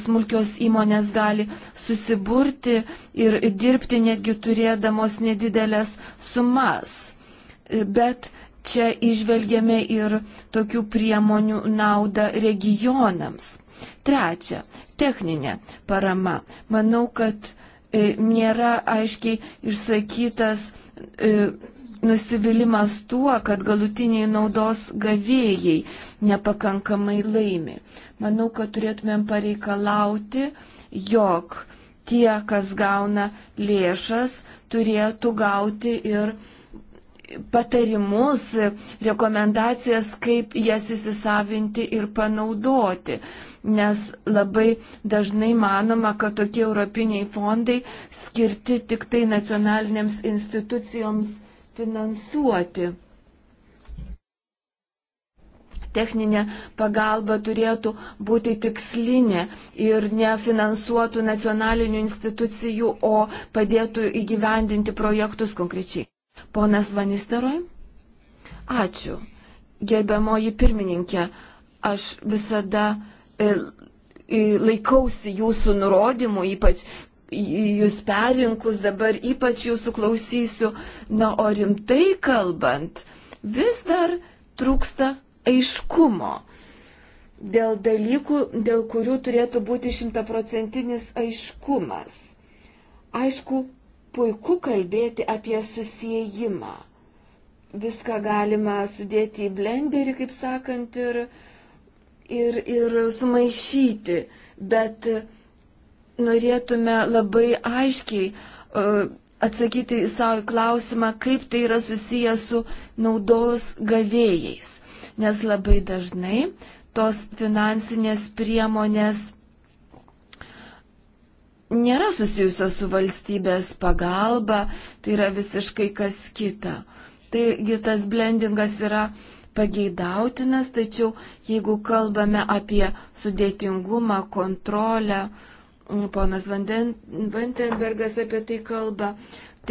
Speaker 1: smulkios įmonės gali susiburti ir dirbti netgi turėdamos nedidelės sumas. Bet čia išvelgiame ir tokių priemonių naudą regionams. Trečia, techninė parama. Manau, kad e, nėra aiškiai išsakytas e, nusivylimas tuo, kad galutiniai naudos gavėjai nepakankamai laimi. Manau, kad turėtumėm pareikalauti, jog tie, kas gauna lėšas, turėtų gauti ir patarimus, rekomendacijas, kaip jas įsisavinti ir panaudoti. Nes labai dažnai manoma, kad tokie europiniai fondai skirti tik tai nacionalinėms institucijoms finansuoti. Techninė pagalba turėtų būti tikslinė ir nefinansuotų nacionalinių institucijų, o padėtų įgyvendinti projektus konkrečiai. Ponas Vanisteroj, ačiū. Gerbiamoji pirmininkė, aš visada e, laikausi jūsų nurodymų, ypač jūs perinkus, dabar ypač jūsų klausysiu. Na, o rimtai kalbant, vis dar trūksta aiškumo dėl dalykų, dėl kurių turėtų būti šimtaprocentinis aiškumas. Aišku, puiku kalbėti apie susijimą. Viską galima sudėti į blenderį, kaip sakant, ir, ir, ir sumaišyti, bet norėtume labai aiškiai uh, atsakyti į savo klausimą, kaip tai yra susijęs su naudos gavėjais. Nes labai dažnai tos finansinės priemonės nėra susijusios su valstybės pagalba, tai yra visiškai kas kita. Taigi tas blendingas yra pageidautinas, tačiau jeigu kalbame apie sudėtingumą, kontrolę, mm, ponas Vanden, Vandenbergas apie tai kalba,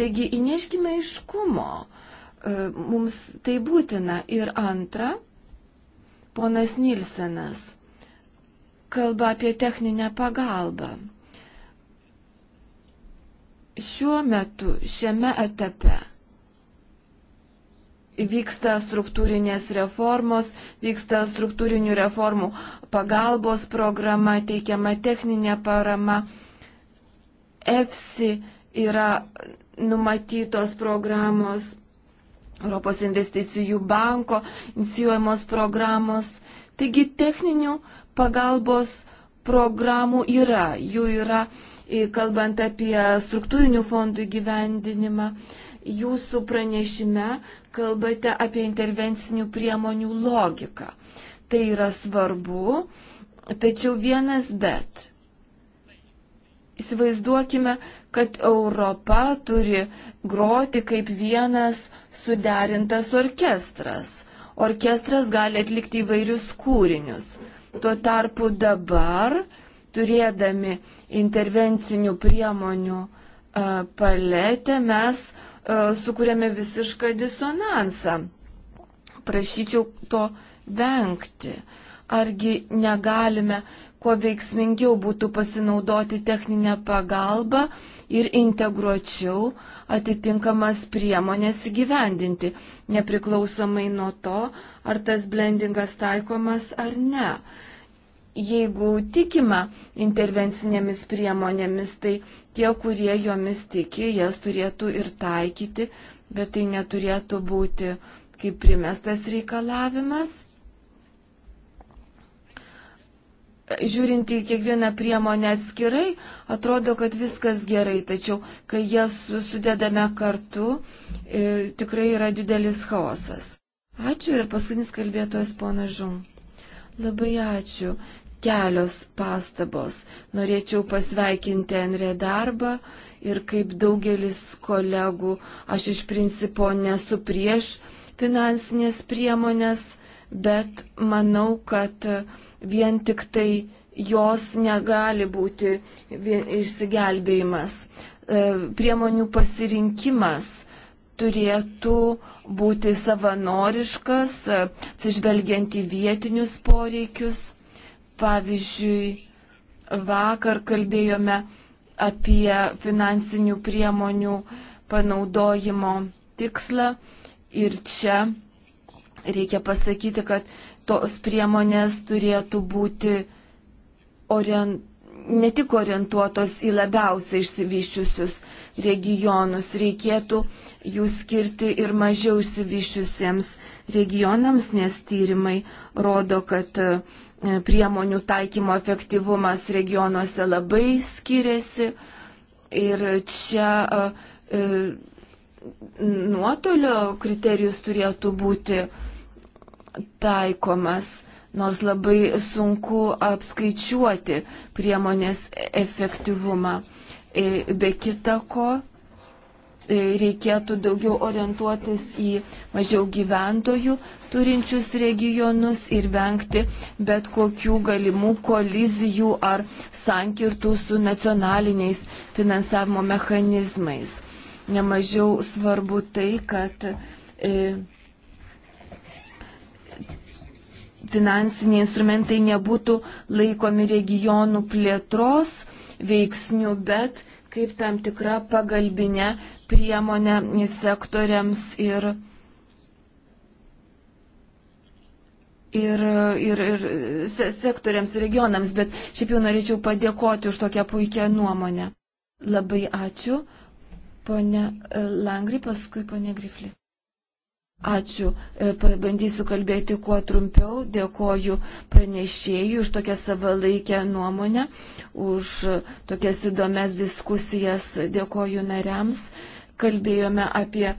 Speaker 1: taigi įneškime iškumo, e, mums tai būtina. Ir antra, ponas Nilsenas kalba apie techninę pagalbą. Šiuo metu, šiame etape vyksta struktūrinės reformos, vyksta struktūrinių reformų pagalbos programa, teikiama techninė parama. EFSI yra numatytos programos, Europos investicijų banko inicijuojamos programos. Taigi techninių pagalbos programų yra, jų yra kalbant apie struktūrinių fondų gyvendinimą, jūsų pranešime kalbate apie intervencinių priemonių logiką. Tai yra svarbu, tačiau vienas bet. Įsivaizduokime, kad Europa turi groti kaip vienas suderintas orkestras. Orkestras gali atlikti įvairius kūrinius. Tuo tarpu dabar uh, turėdami intervencinių priemonių e, paletę, mes e, sukūrėme visišką disonansą. Prašyčiau to vengti. Argi negalime kuo veiksmingiau būtų pasinaudoti techninę pagalbą ir integruočiau atitinkamas priemonės įgyvendinti, nepriklausomai nuo to, ar tas blendingas taikomas ar ne jeigu tikima intervencinėmis priemonėmis, tai tie, kurie jomis tiki, jas turėtų ir taikyti, bet tai neturėtų būti kaip primestas reikalavimas. Žiūrint į kiekvieną priemonę atskirai, atrodo, kad viskas gerai, tačiau kai jas sudedame kartu, e, tikrai yra didelis chaosas. Ačiū ir paskutinis kalbėtojas ponas Žung. Labai ačiū kelios pastabos. Norėčiau pasveikinti Enrė darbą ir kaip daugelis kolegų aš iš principo nesu prieš finansinės priemonės, bet manau, kad vien tik tai jos negali būti išsigelbėjimas. E, priemonių pasirinkimas turėtų būti savanoriškas, atsižvelgiant į vietinius poreikius Pavyzdžiui, vakar kalbėjome apie finansinių priemonių panaudojimo tikslą ir čia reikia pasakyti, kad tos priemonės turėtų būti orient, ne tik orientuotos į labiausiai išsivyščiusius regionus, reikėtų jų skirti ir mažiau išsivyščiusiems regionams, nes tyrimai rodo, kad uh, E, priemonių taikymo efektyvumas regionuose labai skiriasi. Ir čia e, e, nuotolio kriterijus turėtų būti taikomas, nors labai sunku apskaičiuoti priemonės efektyvumą. Be kita ko, E, reikėtų daugiau orientuotis į mažiau gyventojų turinčius regionus ir vengti bet kokių galimų kolizijų ar sankirtų su nacionaliniais finansavimo mechanizmais. Nemažiau svarbu tai, kad e, finansiniai instrumentai nebūtų laikomi regionų plėtros veiksnių, bet kaip tam tikra pagalbinė priemonę sektoriams ir ir, ir, ir sektoriams, regionams, bet šiaip jau norėčiau padėkoti už tokią puikią nuomonę. Labai ačiū, ponė e, Langri, paskui ponė Grifli. Ačiū, e, pabandysiu kalbėti kuo trumpiau, dėkoju pranešėjui už tokią savalaikę nuomonę, už tokias įdomias diskusijas, dėkoju nariams kalbėjome apie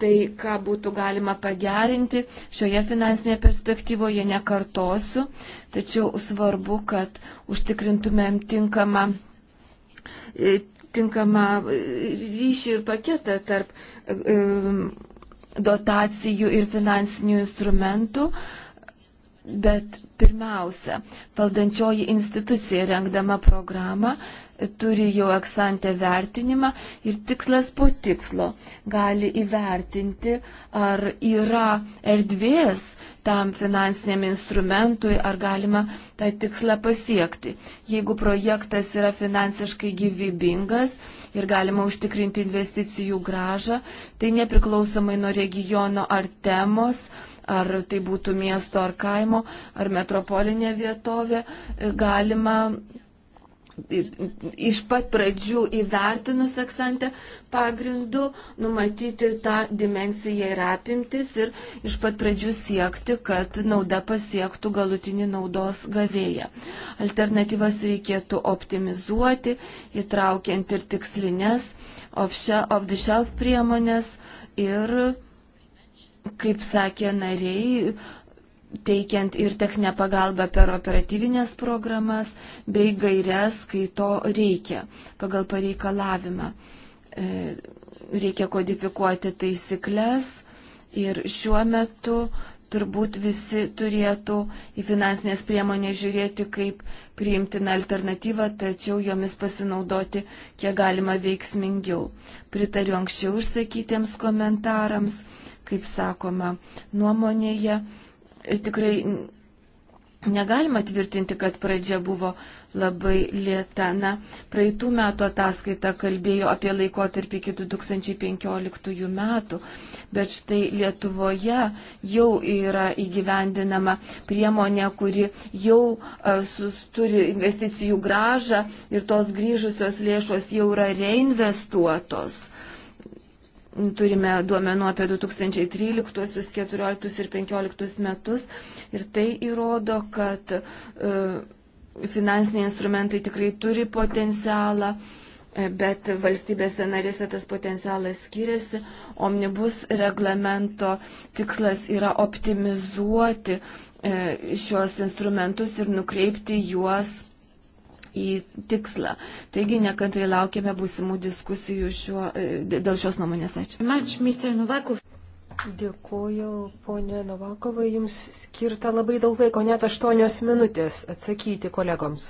Speaker 1: tai, ką būtų galima pagerinti šioje finansinėje perspektyvoje, nekartosiu, tačiau svarbu, kad užtikrintumėm tinkamą, e, tinkamą ryšį ir paketą tarp e, dotacijų ir finansinių instrumentų. Bet pirmiausia, valdančioji institucija rengdama programą turi jau eksantę vertinimą ir tikslas po tikslo gali įvertinti, ar yra erdvės tam finansiniam instrumentui, ar galima tą tikslą pasiekti. Jeigu projektas yra finansiškai gyvybingas ir galima užtikrinti investicijų gražą, tai nepriklausomai nuo regiono ar temos, ar tai būtų miesto ar kaimo, ar metropolinė vietovė, galima iš pat pradžių įvertinus aksantę pagrindu, numatyti tą dimensiją ir apimtis ir iš pat pradžių siekti, kad nauda pasiektų galutinį naudos gavėją. Alternatyvas reikėtų optimizuoti, įtraukiant ir tikslinės off-the-shelf priemonės ir, kaip sakė nariai, teikiant ir techninę pagalbą per operatyvinės programas bei gairias, kai to reikia, pagal pareikalavimą. E, reikia kodifikuoti taisyklės ir šiuo metu turbūt visi turėtų į finansinės priemonės žiūrėti kaip priimtiną alternatyvą, tačiau jomis pasinaudoti kiek galima veiksmingiau. Pritariu anksčiau užsakytiems komentarams, kaip sakoma, nuomonėje tikrai negalima tvirtinti, kad pradžia buvo labai lėta. Na, praeitų metų ataskaita kalbėjo apie laikotarpį iki 2015 metų, bet štai Lietuvoje jau yra įgyvendinama priemonė, kuri jau a, e, sus, turi investicijų gražą ir tos grįžusios lėšos jau yra reinvestuotos. Turime duomenų apie 2013, 2014 ir 2015 metus ir tai įrodo, kad e, finansiniai instrumentai tikrai turi potencialą, e, bet valstybėse narėse tas potencialas skiriasi. Omnibus reglamento tikslas yra optimizuoti e, šios instrumentus ir nukreipti juos į tikslą. Taigi nekantrai laukiame būsimų diskusijų šiuo, e, dėl šios nuomonės. Ačiū.
Speaker 2: Dėkuoju, ponė Novakovai, jums skirta labai daug laiko, net aštuonios minutės atsakyti kolegoms.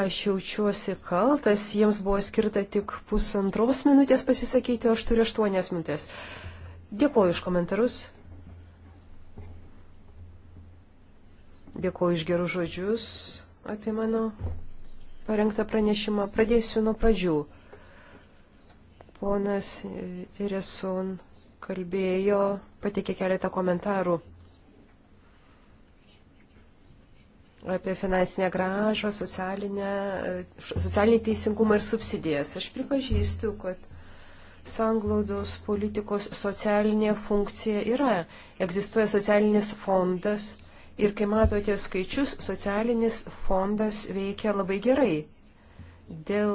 Speaker 2: Aš jaučiuosi kaltas, jiems buvo skirta tik pusantros minutės pasisakyti, o aš turiu aštuonias minutės. Dėkuoju už komentarus. Dėkuoju už gerus žodžius apie mano parengtą pranešimą. Pradėsiu nuo pradžių. Ponas Tereson kalbėjo, pateikė keletą komentarų apie finansinę gražą, socialinį teisingumą ir subsidijas. Aš pripažįstu, kad sanglaudos politikos socialinė funkcija yra. Egzistuoja socialinis fondas Ir kai matote skaičius, socialinis fondas veikia labai gerai. Dėl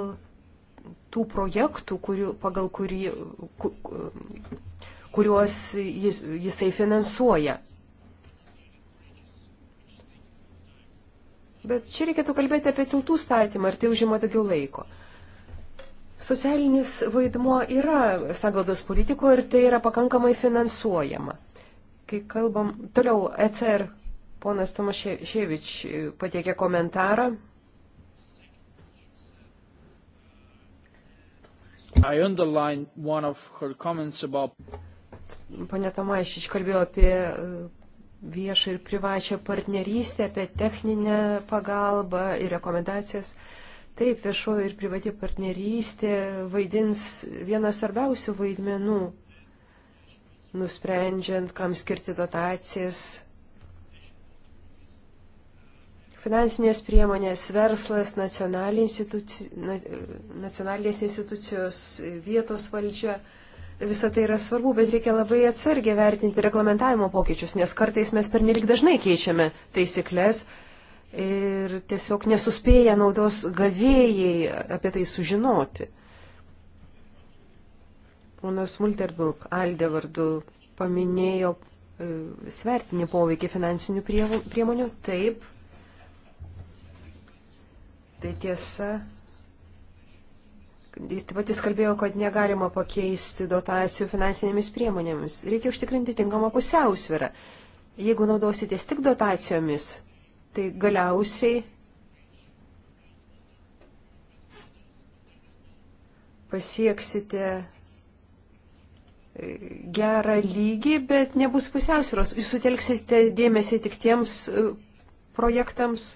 Speaker 2: tų projektų, kurių, pagal kurį, ku, kuriuos jis, jisai finansuoja. Bet čia reikėtų kalbėti apie tiltų statymą, ar tai užima daugiau laiko. Socialinis vaidmuo yra sagaldos politikoje ir tai yra pakankamai finansuojama. Kai kalbam toliau ECR Ponas Tomaševič patiekė komentarą. Pane Tomaišič kalbėjo apie e, viešą ir privačią partnerystę, apie techninę pagalbą ir rekomendacijas. Taip, viešoji ir privati partnerystė vaidins vieną svarbiausių vaidmenų, nusprendžiant, kam skirti dotacijas, finansinės priemonės, verslas, nacionalinės institucijos, nacionalinės institucijos vietos valdžia. Visą tai yra svarbu, bet reikia labai atsargiai vertinti reglamentavimo pokyčius, nes kartais mes pernelik dažnai keičiame taisyklės ir tiesiog nesuspėja naudos gavėjai apie tai sužinoti. Ponas Multerbuk Alde vardu paminėjo e, svertinį poveikį finansinių priemonių. Taip, Bet tai tiesa, jis taip pat jis kalbėjo, kad negalima pakeisti dotacijų finansinėmis priemonėmis. Reikia užtikrinti tinkamą pusiausvirą. Jeigu naudositės tik dotacijomis, tai galiausiai pasieksite e, gerą lygį, bet nebus pusiausvėros. Jūs sutelksite dėmesį tik tiems e, projektams,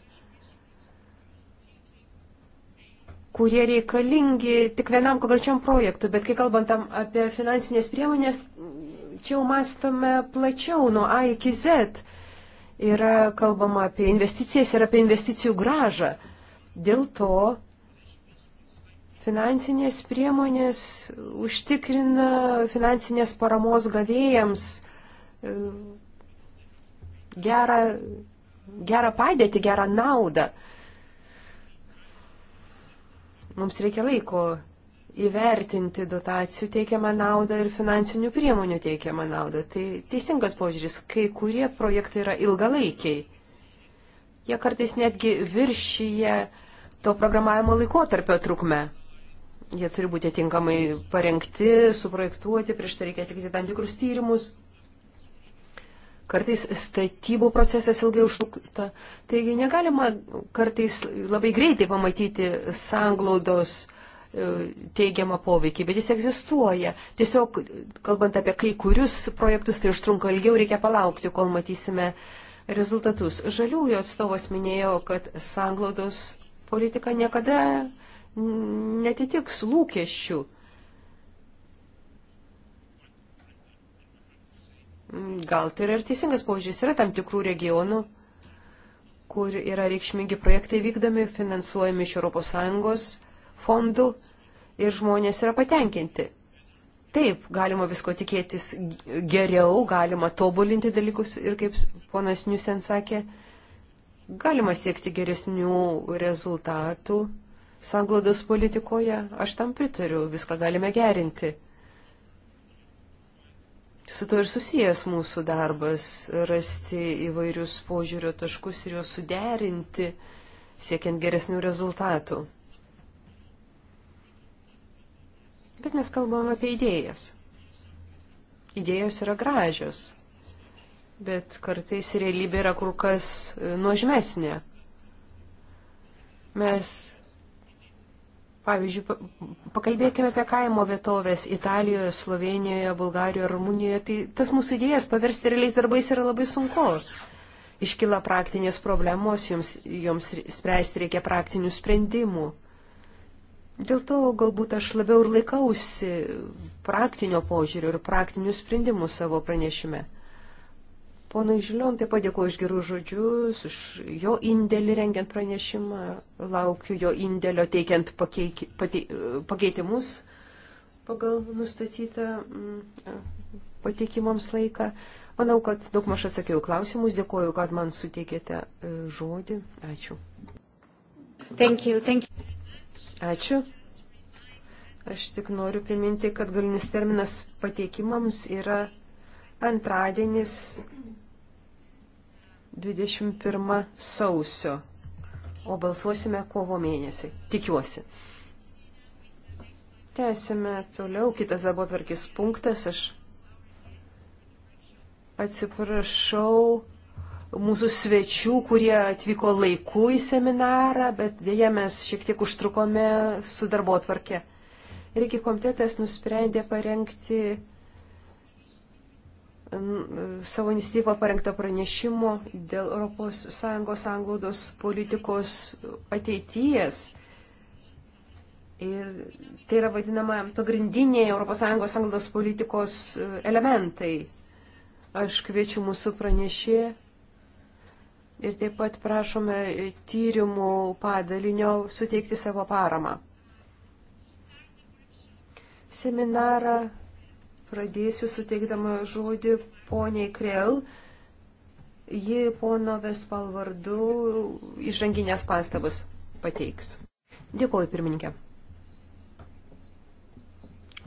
Speaker 2: kurie reikalingi tik vienam konkrečiam projektui, bet kai kalbant apie finansinės priemonės, čia jau mastome plačiau nuo A iki Z. Yra kalbama apie investicijas ir apie investicijų gražą. Dėl to finansinės priemonės užtikrina finansinės paramos gavėjams e, gerą, gerą padėtį, gerą naudą. Mums reikia laiko įvertinti dotacijų teikiamą naudą ir finansinių priemonių teikiamą naudą. Tai teisingas požiūris, kai kurie projektai yra ilgalaikiai. Jie kartais netgi viršyje to programavimo laikotarpio trukmę. Jie turi būti tinkamai parengti, suprojektuoti, prieš tai reikia atlikti tam tikrus tyrimus. Kartais statybų procesas ilgai užtrukta. Taigi negalima kartais labai greitai pamatyti sanglaudos e, teigiamą poveikį, bet jis egzistuoja. Tiesiog, kalbant apie kai kurius projektus, tai užtrunka ilgiau, reikia palaukti, kol matysime rezultatus. Žaliųjų atstovas minėjo, kad sanglaudos politika niekada netitiks lūkesčių Gal tai yra ir teisingas požiūris. Yra tam tikrų regionų, kur yra reikšmingi projektai vykdami, finansuojami iš ES fondų ir žmonės yra patenkinti. Taip, galima visko tikėtis geriau, galima tobulinti dalykus ir kaip ponas Niusen sakė, galima siekti geresnių rezultatų sanglaudos politikoje. Aš tam pritariu, viską galime gerinti. Su to ir susijęs mūsų darbas - rasti įvairius požiūrio taškus ir juos suderinti, siekiant geresnių rezultatų. Bet mes kalbam apie idėjas. Idėjos yra gražios, bet kartais realybė yra kur kas nuožmesnė. Mes Pavyzdžiui, pakalbėkime apie kaimo vietovės Italijoje, Slovenijoje, Bulgarijoje, Rumunijoje. Tai tas mūsų idėjas paversti realiais darbais yra labai sunku. Iškyla praktinės problemos, joms, joms spręsti reikia praktinių sprendimų. Dėl to galbūt aš labiau ir laikausi praktinio požiūrio ir praktinių sprendimų savo pranešime. Ponui Žilion taip pat dėkuoju už gerus žodžius, už jo indėlį rengiant pranešimą, laukiu jo indėlio teikiant pakeik, pate, pakeitimus pagal nustatytą mm, pateikimams laiką. Manau, kad daug maž atsakiau klausimus, dėkuoju, kad man suteikėte e, žodį. Ačiū. Thank you, thank you. Ačiū. Aš tik noriu priminti, kad galinis terminas pateikimams yra antradienis 21 sausio, o balsuosime kovo mėnesį. Tikiuosi. Tęsime toliau. Kitas darbo tvarkis punktas. Aš atsiprašau mūsų svečių, kurie atvyko laiku į seminarą, bet dėja mes šiek tiek užtrukome su darbo tvarkė. Irgi komitetas nusprendė parengti savo iniciatyvą parengtą pranešimo dėl ES anglaudos politikos ateities. Ir tai yra vadinama pagrindinė ES anglaudos politikos e, elementai. Aš kviečiu mūsų pranešėją ir taip pat prašome tyrimų padalinio suteikti savo paramą. Seminarą Pradėsiu suteikdama žodį poniai Krell. Ji pono Vespal vardu išranginės pastabas pateiks. Dėkuoju, pirmininkė.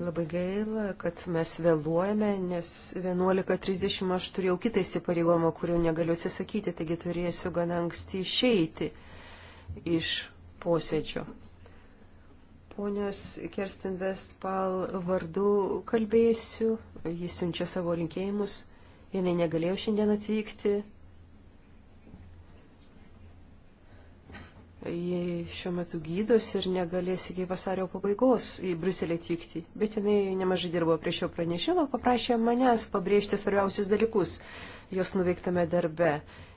Speaker 2: Labai gaila, kad mes vėluojame, nes 11.30 aš turėjau kitą įsipareigojimą, kurio negaliu atsisakyti, taigi turėsiu gana anksti išeiti iš posėdžio ponios Kerstin Westpal vardu kalbėsiu. Jis siunčia savo linkėjimus. Jinai negalėjo šiandien atvykti. Jie šiuo metu gydos ir negalės iki vasario pabaigos į Bruselį atvykti. Bet jinai nemažai dirbo prie šio pranešimo, paprašė manęs pabrėžti svarbiausius dalykus jos nuveiktame darbe.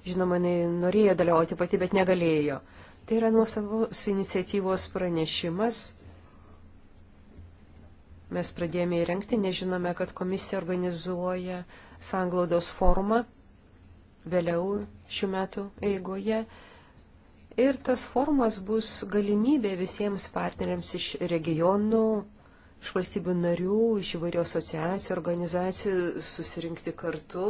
Speaker 2: Žinoma, jinai norėjo dalyvauti pati, bet negalėjo. Tai yra nuosavos iniciatyvos pranešimas mes pradėjome įrengti, nežinome, kad komisija organizuoja sanglaudos formą vėliau šių metų eigoje. Ir tas formas bus galimybė visiems partneriams iš regionų, iš valstybių narių, iš įvairių asociacijų, organizacijų susirinkti kartu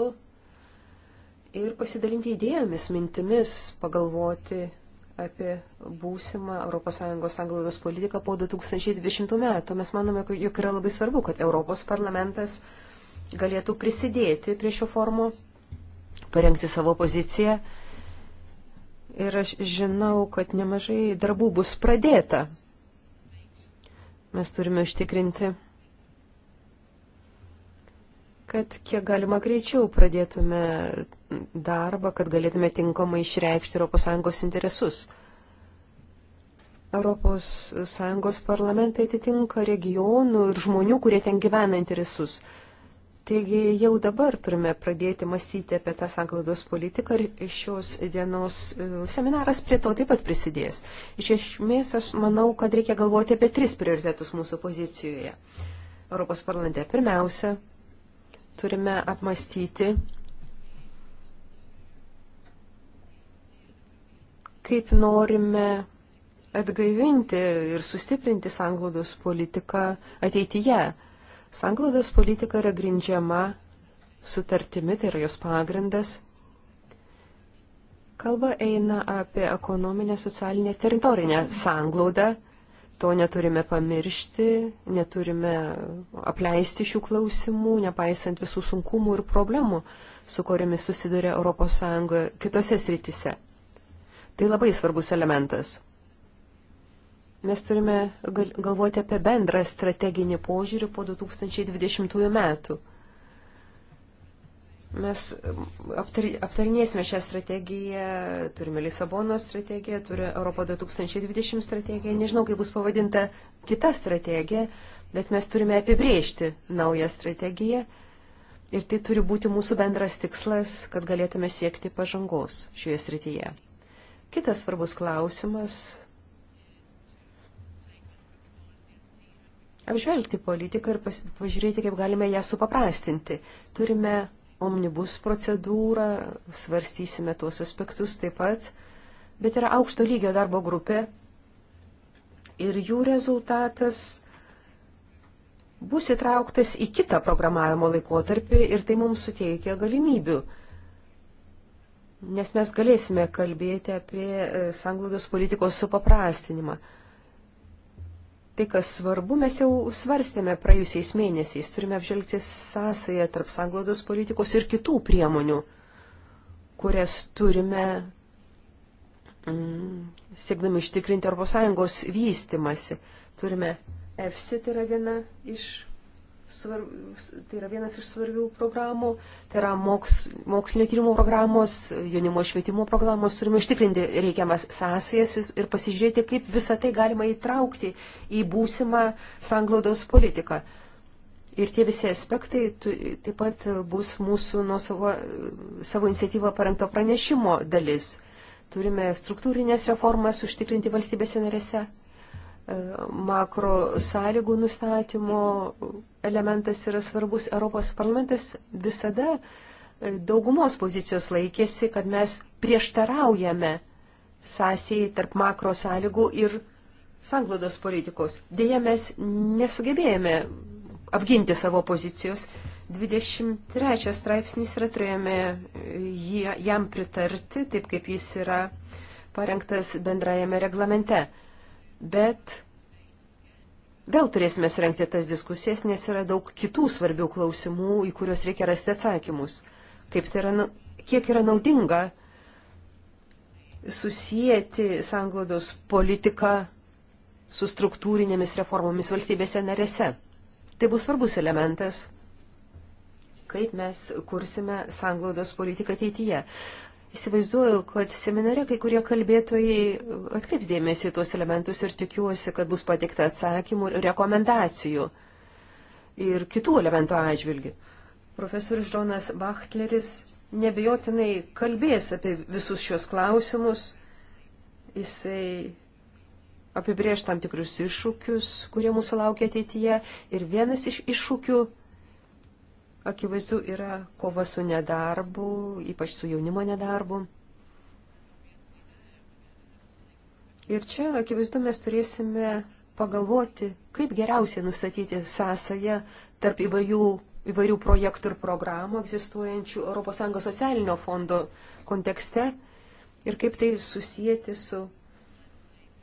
Speaker 2: ir pasidalinti idėjomis, mintimis, pagalvoti apie būsimą ES anglodos politiką po 2020 metų. Mes manome, jog yra labai svarbu, kad Europos parlamentas galėtų prisidėti prie šio formo, parengti savo poziciją. Ir aš žinau, kad nemažai darbų bus pradėta. Mes turime užtikrinti kad kiek galima greičiau pradėtume darbą, kad galėtume tinkamai išreikšti ES interesus. ES parlamentai atitinka regionų ir žmonių, kurie ten gyvena interesus. Taigi jau dabar turime pradėti mąstyti apie tą sanklaidos politiką ir šios dienos e, seminaras prie to taip pat prisidės. Iš esmės aš manau, kad reikia galvoti apie tris prioritetus mūsų pozicijoje. Europos parlamente pirmiausia, turime apmastyti, kaip norime atgaivinti ir sustiprinti sanglaudos politiką ateityje. Sanglaudos politika yra grindžiama sutartimi, tai yra jos pagrindas. Kalba eina apie ekonominę, socialinę, teritorinę sanglaudą To neturime pamiršti, neturime apleisti šių klausimų, nepaisant visų sunkumų ir problemų, su kuriomis susiduria ES kitose sritise. Tai labai svarbus elementas. Mes turime galvoti apie bendrą strateginį požiūrį po 2020 metų. Mes aptarinėsime šią strategiją, turime Lisabono strategiją, turime Europo 2020 strategiją, nežinau, kaip bus pavadinta kita strategija, bet mes turime apibriežti naują strategiją ir tai turi būti mūsų bendras tikslas, kad galėtume siekti pažangos šioje srityje. Kitas svarbus klausimas apžvelgti politiką ir pažiūrėti, kaip galime ją supaprastinti. Turime omnibus procedūrą, svarstysime tuos aspektus taip pat, bet yra aukšto lygio darbo grupė ir jų rezultatas bus įtrauktas į kitą programavimo laikotarpį ir tai mums suteikia galimybių, nes mes galėsime kalbėti apie e, sanglaudos politikos supaprastinimą tai, kas svarbu, mes jau svarstėme praėjusiais mėnesiais, turime apžvelgti sąsąją tarp sanglados politikos ir kitų priemonių, kurias turime mm, siekdami ištikrinti ES vystimasi. Turime EFSI, tai yra viena iš svarb, tai yra vienas iš svarbių programų, tai yra moks, mokslinio tyrimo programos, jaunimo švietimo programos, turime ištikrinti reikiamas sąsajas ir pasižiūrėti, kaip visą tai galima įtraukti į būsimą sanglaudos politiką. Ir tie visi aspektai taip pat bus mūsų nuo savo, savo iniciatyvą parengto pranešimo dalis. Turime struktūrinės reformas užtikrinti valstybėse narėse makro sąlygų nustatymo elementas yra svarbus. Europos parlamentas visada e, daugumos pozicijos laikėsi, kad mes prieštaraujame sąsijai tarp makro sąlygų ir sanglodos politikos. Deja, mes nesugebėjome apginti savo pozicijos. 23 straipsnis yra turėjome e, jam pritarti, taip kaip jis yra parengtas bendrajame reglamente bet vėl turėsime surenkti tas diskusijas, nes yra daug kitų svarbių klausimų, į kuriuos reikia rasti atsakymus. Kaip tai yra, kiek yra naudinga susijęti sanglaudos politiką su struktūrinėmis reformomis valstybėse narėse. Tai bus svarbus elementas, kaip mes kursime sanglaudos politiką ateityje. Įsivaizduoju, kad seminare kai kurie kalbėtojai atkreips dėmesį į tuos elementus ir tikiuosi, kad bus pateikta atsakymų ir rekomendacijų ir kitų elementų atžvilgių. Profesorius Džonas Bachtleris nebejotinai kalbės apie visus šios klausimus. Jisai apibrėž tam tikrus iššūkius, kurie mūsų laukia ateityje. Ir vienas iš iššūkių akivaizdu yra kova su nedarbu, ypač su jaunimo nedarbu. Ir čia akivaizdu mes turėsime pagalvoti, kaip geriausiai nustatyti sąsają tarp įvairių, įvairių projektų ir programų egzistuojančių ES socialinio fondo kontekste ir kaip tai susijęti su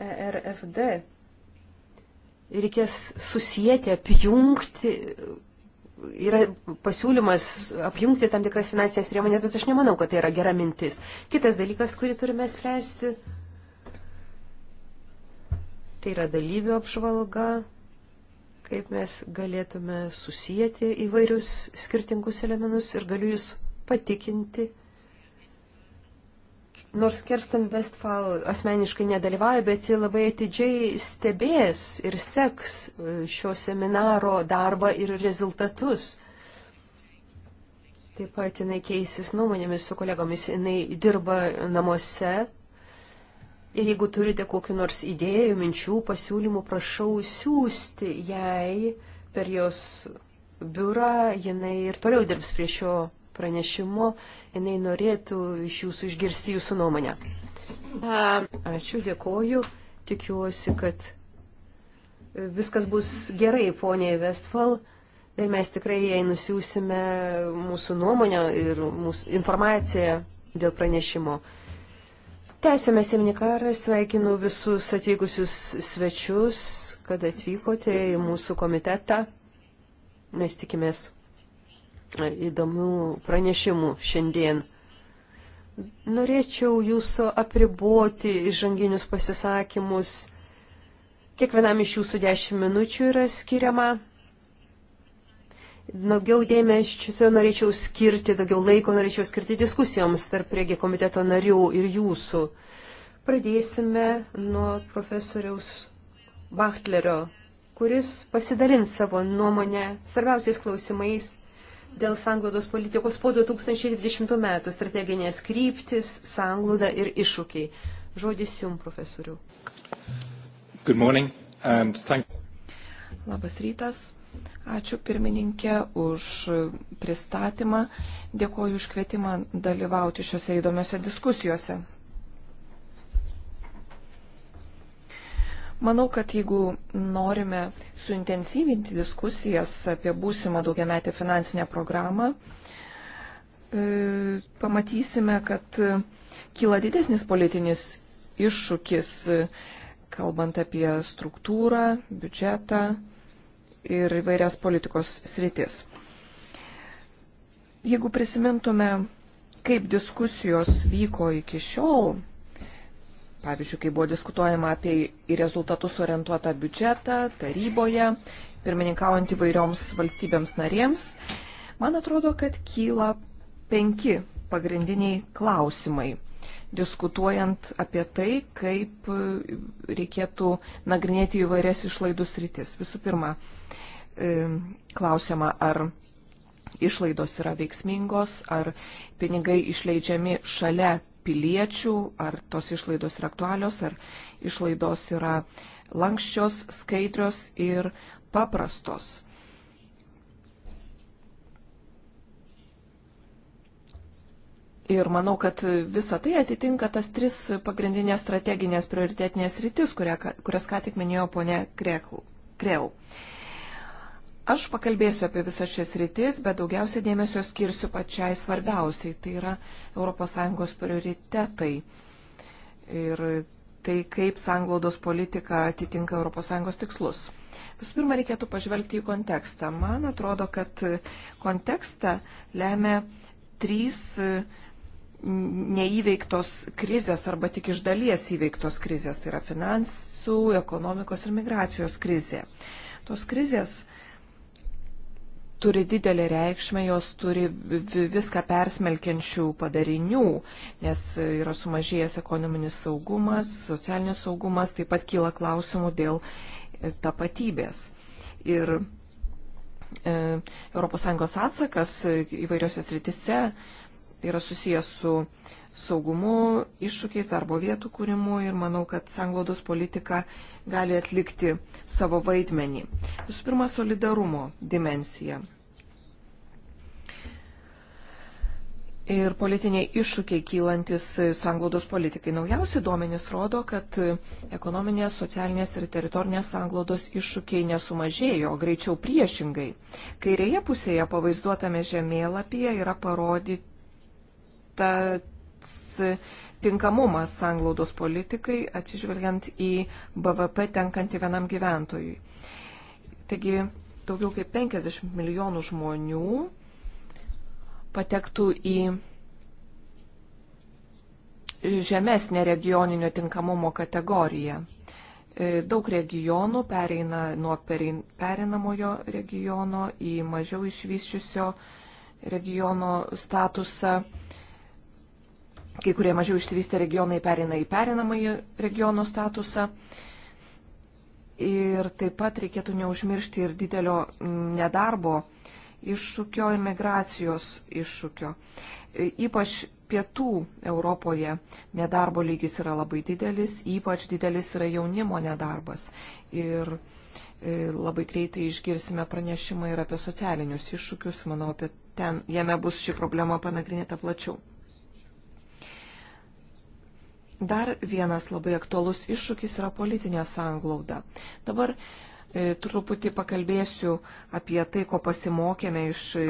Speaker 2: ERFD. Reikės susijęti, apjungti yra pasiūlymas apjungti tam tikras finansinės priemonės, bet aš nemanau, kad tai yra gera mintis. Kitas dalykas, kurį turime spręsti, tai yra dalyvių apžvalga, kaip mes galėtume susijęti įvairius skirtingus elementus ir galiu jūs patikinti, Nors Kersten Westfall asmeniškai nedalyvauja, bet ji labai atidžiai stebės ir seks e, šio seminaro darbą ir rezultatus. Taip pat jinai keisis nuomonėmis su kolegomis, jinai dirba namuose. Ir jeigu turite kokiu nors idėjų, minčių, pasiūlymų, prašau siūsti jai per jos biurą, jinai ir toliau dirbs prie šio pranešimo jinai norėtų iš jūsų išgirsti jūsų nuomonę. Ačiū, dėkoju. Tikiuosi, kad viskas bus gerai, ponė Vestfal. Ir mes tikrai jai nusiūsime mūsų nuomonę ir mūsų informaciją dėl pranešimo. Tęsėme seminarą, sveikinu visus atvykusius svečius, kad atvykote į mūsų komitetą. Mes tikimės įdomių pranešimų šiandien. Norėčiau jūsų apriboti įžanginius pasisakymus. Kiekvienam iš jūsų 10 minučių yra skiriama. Daugiau dėmesio norėčiau skirti, daugiau laiko norėčiau skirti diskusijoms tarp regi komiteto narių ir jūsų. Pradėsime nuo profesoriaus Bachtlerio, kuris pasidalins savo nuomonę svarbiausiais klausimais dėl sanglaudos politikos po 2020 metų strateginės kryptis, sanglauda ir iššūkiai. Žodis jum,
Speaker 3: profesoriu.
Speaker 4: Good morning and thank
Speaker 3: Labas rytas. Ačiū pirmininkė už pristatymą. Dėkoju už kvietimą dalyvauti šiuose įdomiuose diskusijuose. Manau, kad jeigu norime suintensyvinti diskusijas apie būsimą daugiametę finansinę programą, e, pamatysime, kad kyla didesnis politinis iššūkis, e, kalbant apie struktūrą, biudžetą ir įvairias politikos sritis. Jeigu prisimintume, kaip diskusijos vyko iki šiol, Pavyzdžiui, kai buvo diskutuojama apie į rezultatus orientuotą biudžetą taryboje, pirmininkaujant įvairioms valstybėms narėms, man atrodo, kad kyla penki pagrindiniai klausimai, diskutuojant apie tai, kaip reikėtų nagrinėti įvairias išlaidų sritis. Visų pirma, e, klausiama, ar išlaidos yra veiksmingos, ar pinigai išleidžiami šalia piliečių, ar tos išlaidos yra aktualios, ar išlaidos yra lankščios, skaidrios ir paprastos. Ir manau, kad visa tai atitinka tas tris pagrindinės strateginės prioritetinės rytis, kurias ką tik minėjo ponė Krell. Aš pakalbėsiu apie visas šias rytis, bet daugiausia dėmesio skirsiu pačiai svarbiausiai, tai yra ES prioritetai ir tai, kaip sanglaudos politika atitinka ES tikslus. Visų pirma, reikėtų pažvelgti į kontekstą. Man atrodo, kad kontekstą lemia trys neįveiktos krizės arba tik iš dalies įveiktos krizės, tai yra finansų, ekonomikos ir migracijos krizė. Tos krizės turi didelį reikšmę, jos turi viską persmelkiančių padarinių, nes yra sumažėjęs ekonominis saugumas, socialinis saugumas, taip pat kyla klausimų dėl e, tapatybės. Ir ES atsakas e, įvairiose sritise yra susijęs su saugumu, iššūkiais, darbo vietų kūrimu ir manau, kad sanglaudos politika gali atlikti savo vaidmenį. Visų pirma, solidarumo dimensija. Ir politiniai iššūkiai kylantis sanglaudos politikai. Naujausi duomenys rodo, kad ekonominės, socialinės ir teritorinės sanglaudos iššūkiai nesumažėjo, greičiau priešingai. Kairėje pusėje pavaizduotame žemėlapyje yra parodyti ta pats tinkamumas sanglaudos politikai atsižvelgiant į BVP tenkantį vienam gyventojui. Taigi daugiau kaip 50 milijonų žmonių patektų į žemesnę regioninio tinkamumo kategoriją. E, daug regionų pereina nuo pereinamojo regiono į mažiau išvyščiusio regiono statusą kai kurie mažiau išsivystę regionai perina į perinamąjį regiono statusą. Ir taip pat reikėtų neužmiršti ir didelio nedarbo iššūkio, imigracijos iššūkio. E, ypač pietų Europoje nedarbo lygis yra labai didelis, ypač didelis yra jaunimo nedarbas. Ir e, labai greitai išgirsime pranešimą ir apie socialinius iššūkius, manau, apie ten jame bus ši problema panagrinėta plačiau. Dar vienas labai aktualus iššūkis yra politinė sanglauda. Dabar e, truputį pakalbėsiu apie tai, ko pasimokėme iš e,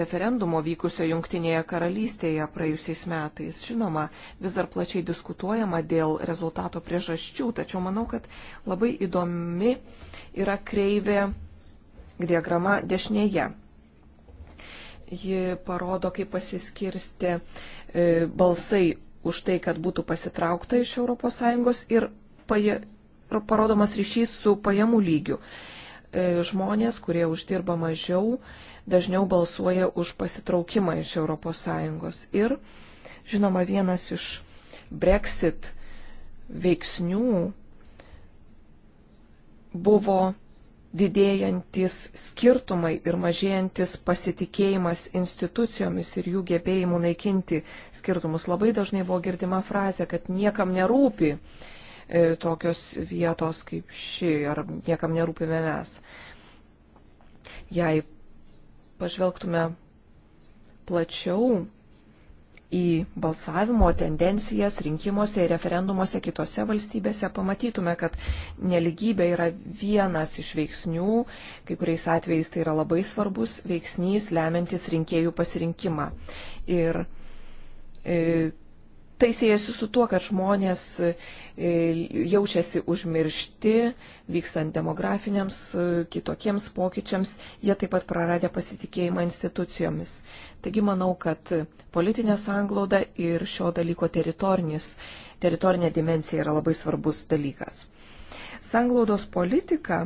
Speaker 3: referendumo vykusio Junktinėje karalystėje praėjusiais metais. Žinoma, vis dar plačiai diskutuojama dėl rezultato priežasčių, tačiau manau, kad labai įdomi yra kreivė diagrama dešinėje. Ji parodo, kaip pasiskirsti e, balsai už tai, kad būtų pasitraukta iš ES ir, paja, ir parodomas ryšys su pajamų lygiu. E, žmonės, kurie uždirba mažiau, dažniau balsuoja už pasitraukimą iš ES. Ir, žinoma, vienas iš Brexit veiksnių buvo didėjantis skirtumai ir mažėjantis pasitikėjimas institucijomis ir jų gebėjimų naikinti skirtumus. Labai dažnai buvo girdima frazė, kad niekam nerūpi e, tokios vietos kaip ši ar niekam nerūpime mes. Jei pažvelgtume plačiau, į balsavimo tendencijas rinkimuose ir referendumuose kitose valstybėse, pamatytume, kad neligybė yra vienas iš veiksnių, kai kuriais atvejais tai yra labai svarbus veiksnys, lemiantis rinkėjų pasirinkimą. Ir e, tai siejasi su tuo, kad žmonės e, jaučiasi užmiršti, vykstant demografiniams, e, kitokiems pokyčiams, jie taip pat praradę pasitikėjimą institucijomis. E, Taigi manau, kad politinė sanglauda ir šio dalyko teritorinė dimensija yra labai svarbus dalykas. Sanglaudos politika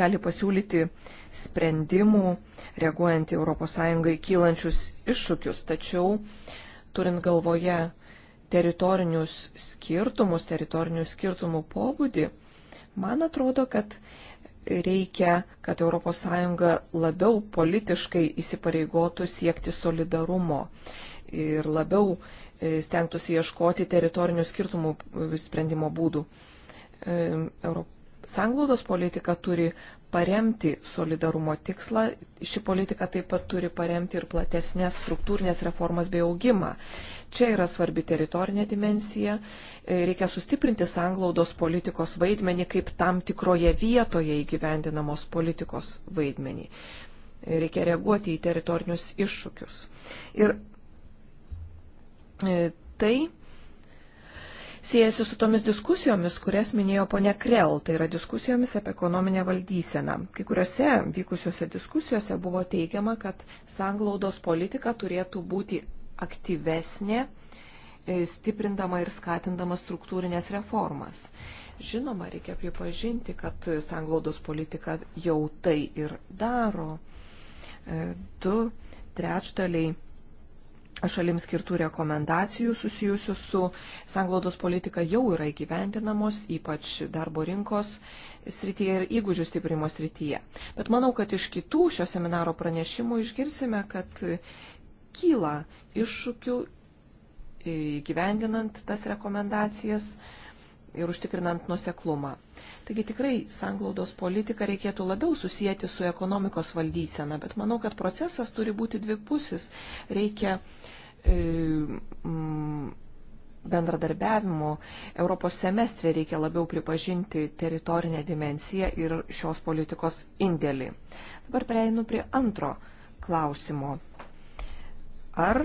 Speaker 3: gali pasiūlyti sprendimų, reaguojant į ES kylančius iššūkius, tačiau turint galvoje teritorinius skirtumus, teritorinių skirtumų pobūdį, man atrodo, kad reikia, kad ES labiau politiškai įsipareigotų siekti solidarumo ir labiau e, stengtųsi ieškoti teritorinių skirtumų e, sprendimo būdų. E, Sanglaudos politika turi paremti solidarumo tikslą, ši politika taip pat turi paremti ir platesnės struktūrinės reformas bei augimą. Čia yra svarbi teritorinė dimensija. E, reikia sustiprinti sanglaudos politikos vaidmenį kaip tam tikroje vietoje įgyvendinamos politikos vaidmenį. E, reikia reaguoti į teritorinius iššūkius. Ir e, tai siejasi su tomis diskusijomis, kurias minėjo ponia Krell, tai yra diskusijomis apie ekonominę valdyseną. Kai kuriuose vykusiuose diskusijose buvo teigiama, kad sanglaudos politika turėtų būti aktyvesnė, e, stiprindama ir skatindama struktūrinės reformas. Žinoma, reikia pripažinti, kad sanglaudos politika jau tai ir daro. E, du trečdaliai šalims skirtų rekomendacijų susijusių su sanglaudos politika jau yra įgyvendinamos, ypač darbo rinkos srityje ir įgūdžių stiprimo srityje. Bet manau, kad iš kitų šio seminaro pranešimų išgirsime, kad kyla iššūkių įgyvendinant tas rekomendacijas ir užtikrinant nuseklumą. Taigi tikrai sanglaudos politiką reikėtų labiau susijęti su ekonomikos valdysena, bet manau, kad procesas turi būti dvipusis. Reikia e, m, bendradarbiavimo. Europos semestrė reikia labiau pripažinti teritorinę dimensiją ir šios politikos indėlį. Dabar prieinu prie antro klausimo ar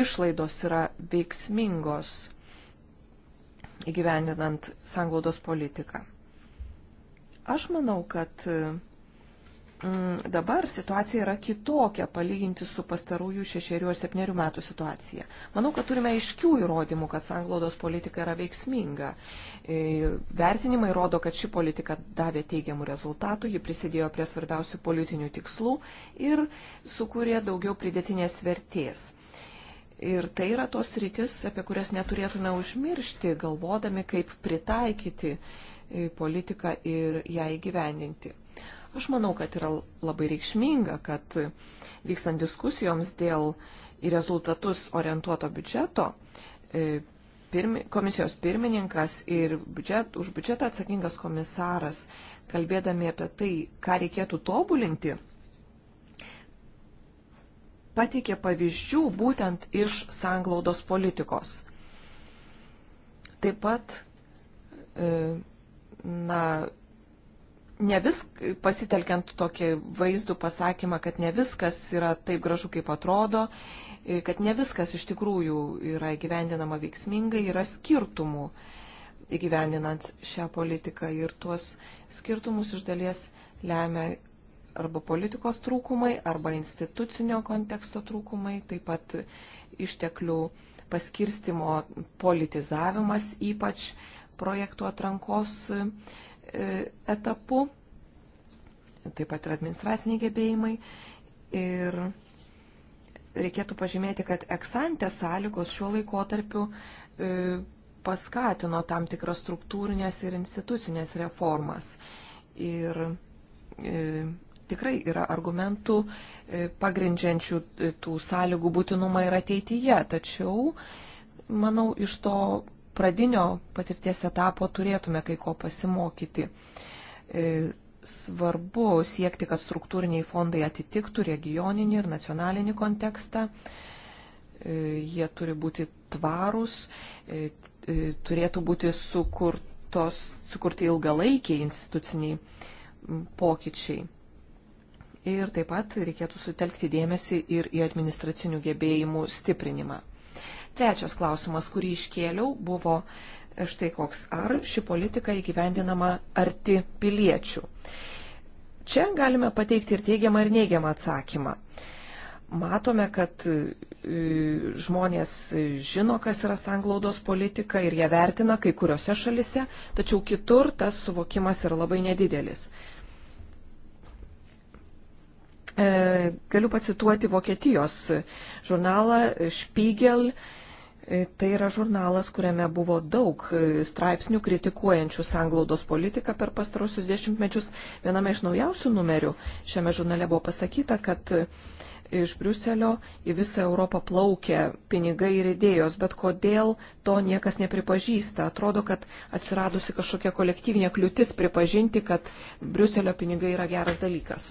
Speaker 3: išlaidos yra veiksmingos įgyvendinant sanglaudos politiką. Aš manau, kad Mm, dabar situacija yra kitokia palyginti su pastarųjų šešerių ar septynerių metų situacija. Manau, kad turime aiškių įrodymų, kad sanglaudos politika yra veiksminga. E, vertinimai rodo, kad ši politika davė teigiamų rezultatų, ji prisidėjo prie svarbiausių politinių tikslų ir sukūrė daugiau pridėtinės vertės. Ir tai yra tos rytis, apie kurias neturėtume užmiršti, galvodami, kaip pritaikyti e, politiką ir ją įgyvendinti. Aš manau, kad yra labai reikšminga, kad vykstant diskusijoms dėl į rezultatus orientuoto biudžeto, e, pirmi, komisijos pirmininkas ir biudžet, už biudžetą atsakingas komisaras, kalbėdami apie tai, ką reikėtų tobulinti, pateikė pavyzdžių būtent iš sanglaudos politikos. Taip pat, e, na, ne vis, pasitelkiant tokį vaizdų pasakymą, kad ne viskas yra taip gražu, kaip atrodo, kad ne viskas iš tikrųjų yra įgyvendinama veiksmingai, yra skirtumų įgyvendinant šią politiką ir tuos skirtumus iš dalies lemia arba politikos trūkumai, arba institucinio konteksto trūkumai, taip pat išteklių paskirstimo politizavimas, ypač projektų atrankos E, etapu, taip pat ir administraciniai gebėjimai. Ir reikėtų pažymėti, kad eksantė sąlygos šiuo laikotarpiu e, paskatino tam tikras struktūrinės ir institucinės reformas. Ir e, tikrai yra argumentų pagrindžiančių tų sąlygų būtinumą ir ateityje, tačiau, manau, iš to pradinio patirties etapo turėtume kai ko pasimokyti. E, svarbu siekti, kad struktūriniai fondai atitiktų regioninį ir nacionalinį kontekstą. E, jie turi būti tvarūs, e, turėtų būti sukurtos, sukurti ilgalaikiai instituciniai pokyčiai. Ir taip pat reikėtų sutelkti dėmesį ir į administracinių gebėjimų stiprinimą. Trečias klausimas, kurį iškėliau, buvo e, štai koks, ar ši politika įgyvendinama arti piliečių. Čia galime pateikti ir teigiamą, ir neigiamą atsakymą. Matome, kad e, žmonės e, žino, kas yra sanglaudos politika ir ją vertina kai kuriuose šalise, tačiau kitur tas suvokimas yra labai nedidelis. Galiu pacituoti Vokietijos žurnalą Spiegel E, tai yra žurnalas, kuriame buvo daug e, straipsnių kritikuojančių sanglaudos politiką per pastarosius dešimtmečius. Viename iš naujausių numerių šiame žurnale buvo pasakyta, kad e, iš Briuselio į visą Europą plaukia pinigai ir idėjos, bet kodėl to niekas nepripažįsta. Atrodo, kad atsiradusi kažkokia kolektyvinė kliūtis pripažinti, kad Briuselio pinigai yra geras dalykas.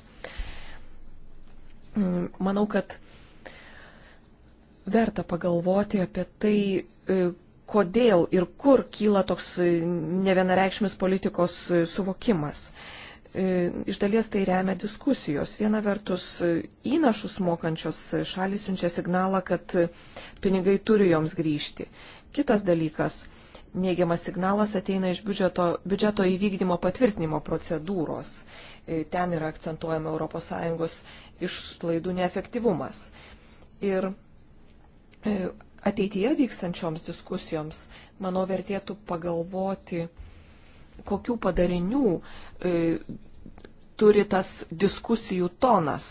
Speaker 3: Mm, manau, kad verta pagalvoti apie tai, e, kodėl ir kur kyla toks e, nevienareikšmis politikos e, suvokimas. Iš dalies tai remia diskusijos. Viena vertus, įnašus mokančios šalis siunčia signalą, kad pinigai turi joms grįžti. Kitas dalykas, neigiamas signalas ateina iš biudžeto, biudžeto įvykdymo patvirtinimo procedūros. Ten yra akcentuojama ES išlaidų neefektyvumas. Ir E, ateityje vykstančioms diskusijoms, manau, vertėtų pagalvoti, kokių padarinių e, turi tas diskusijų tonas.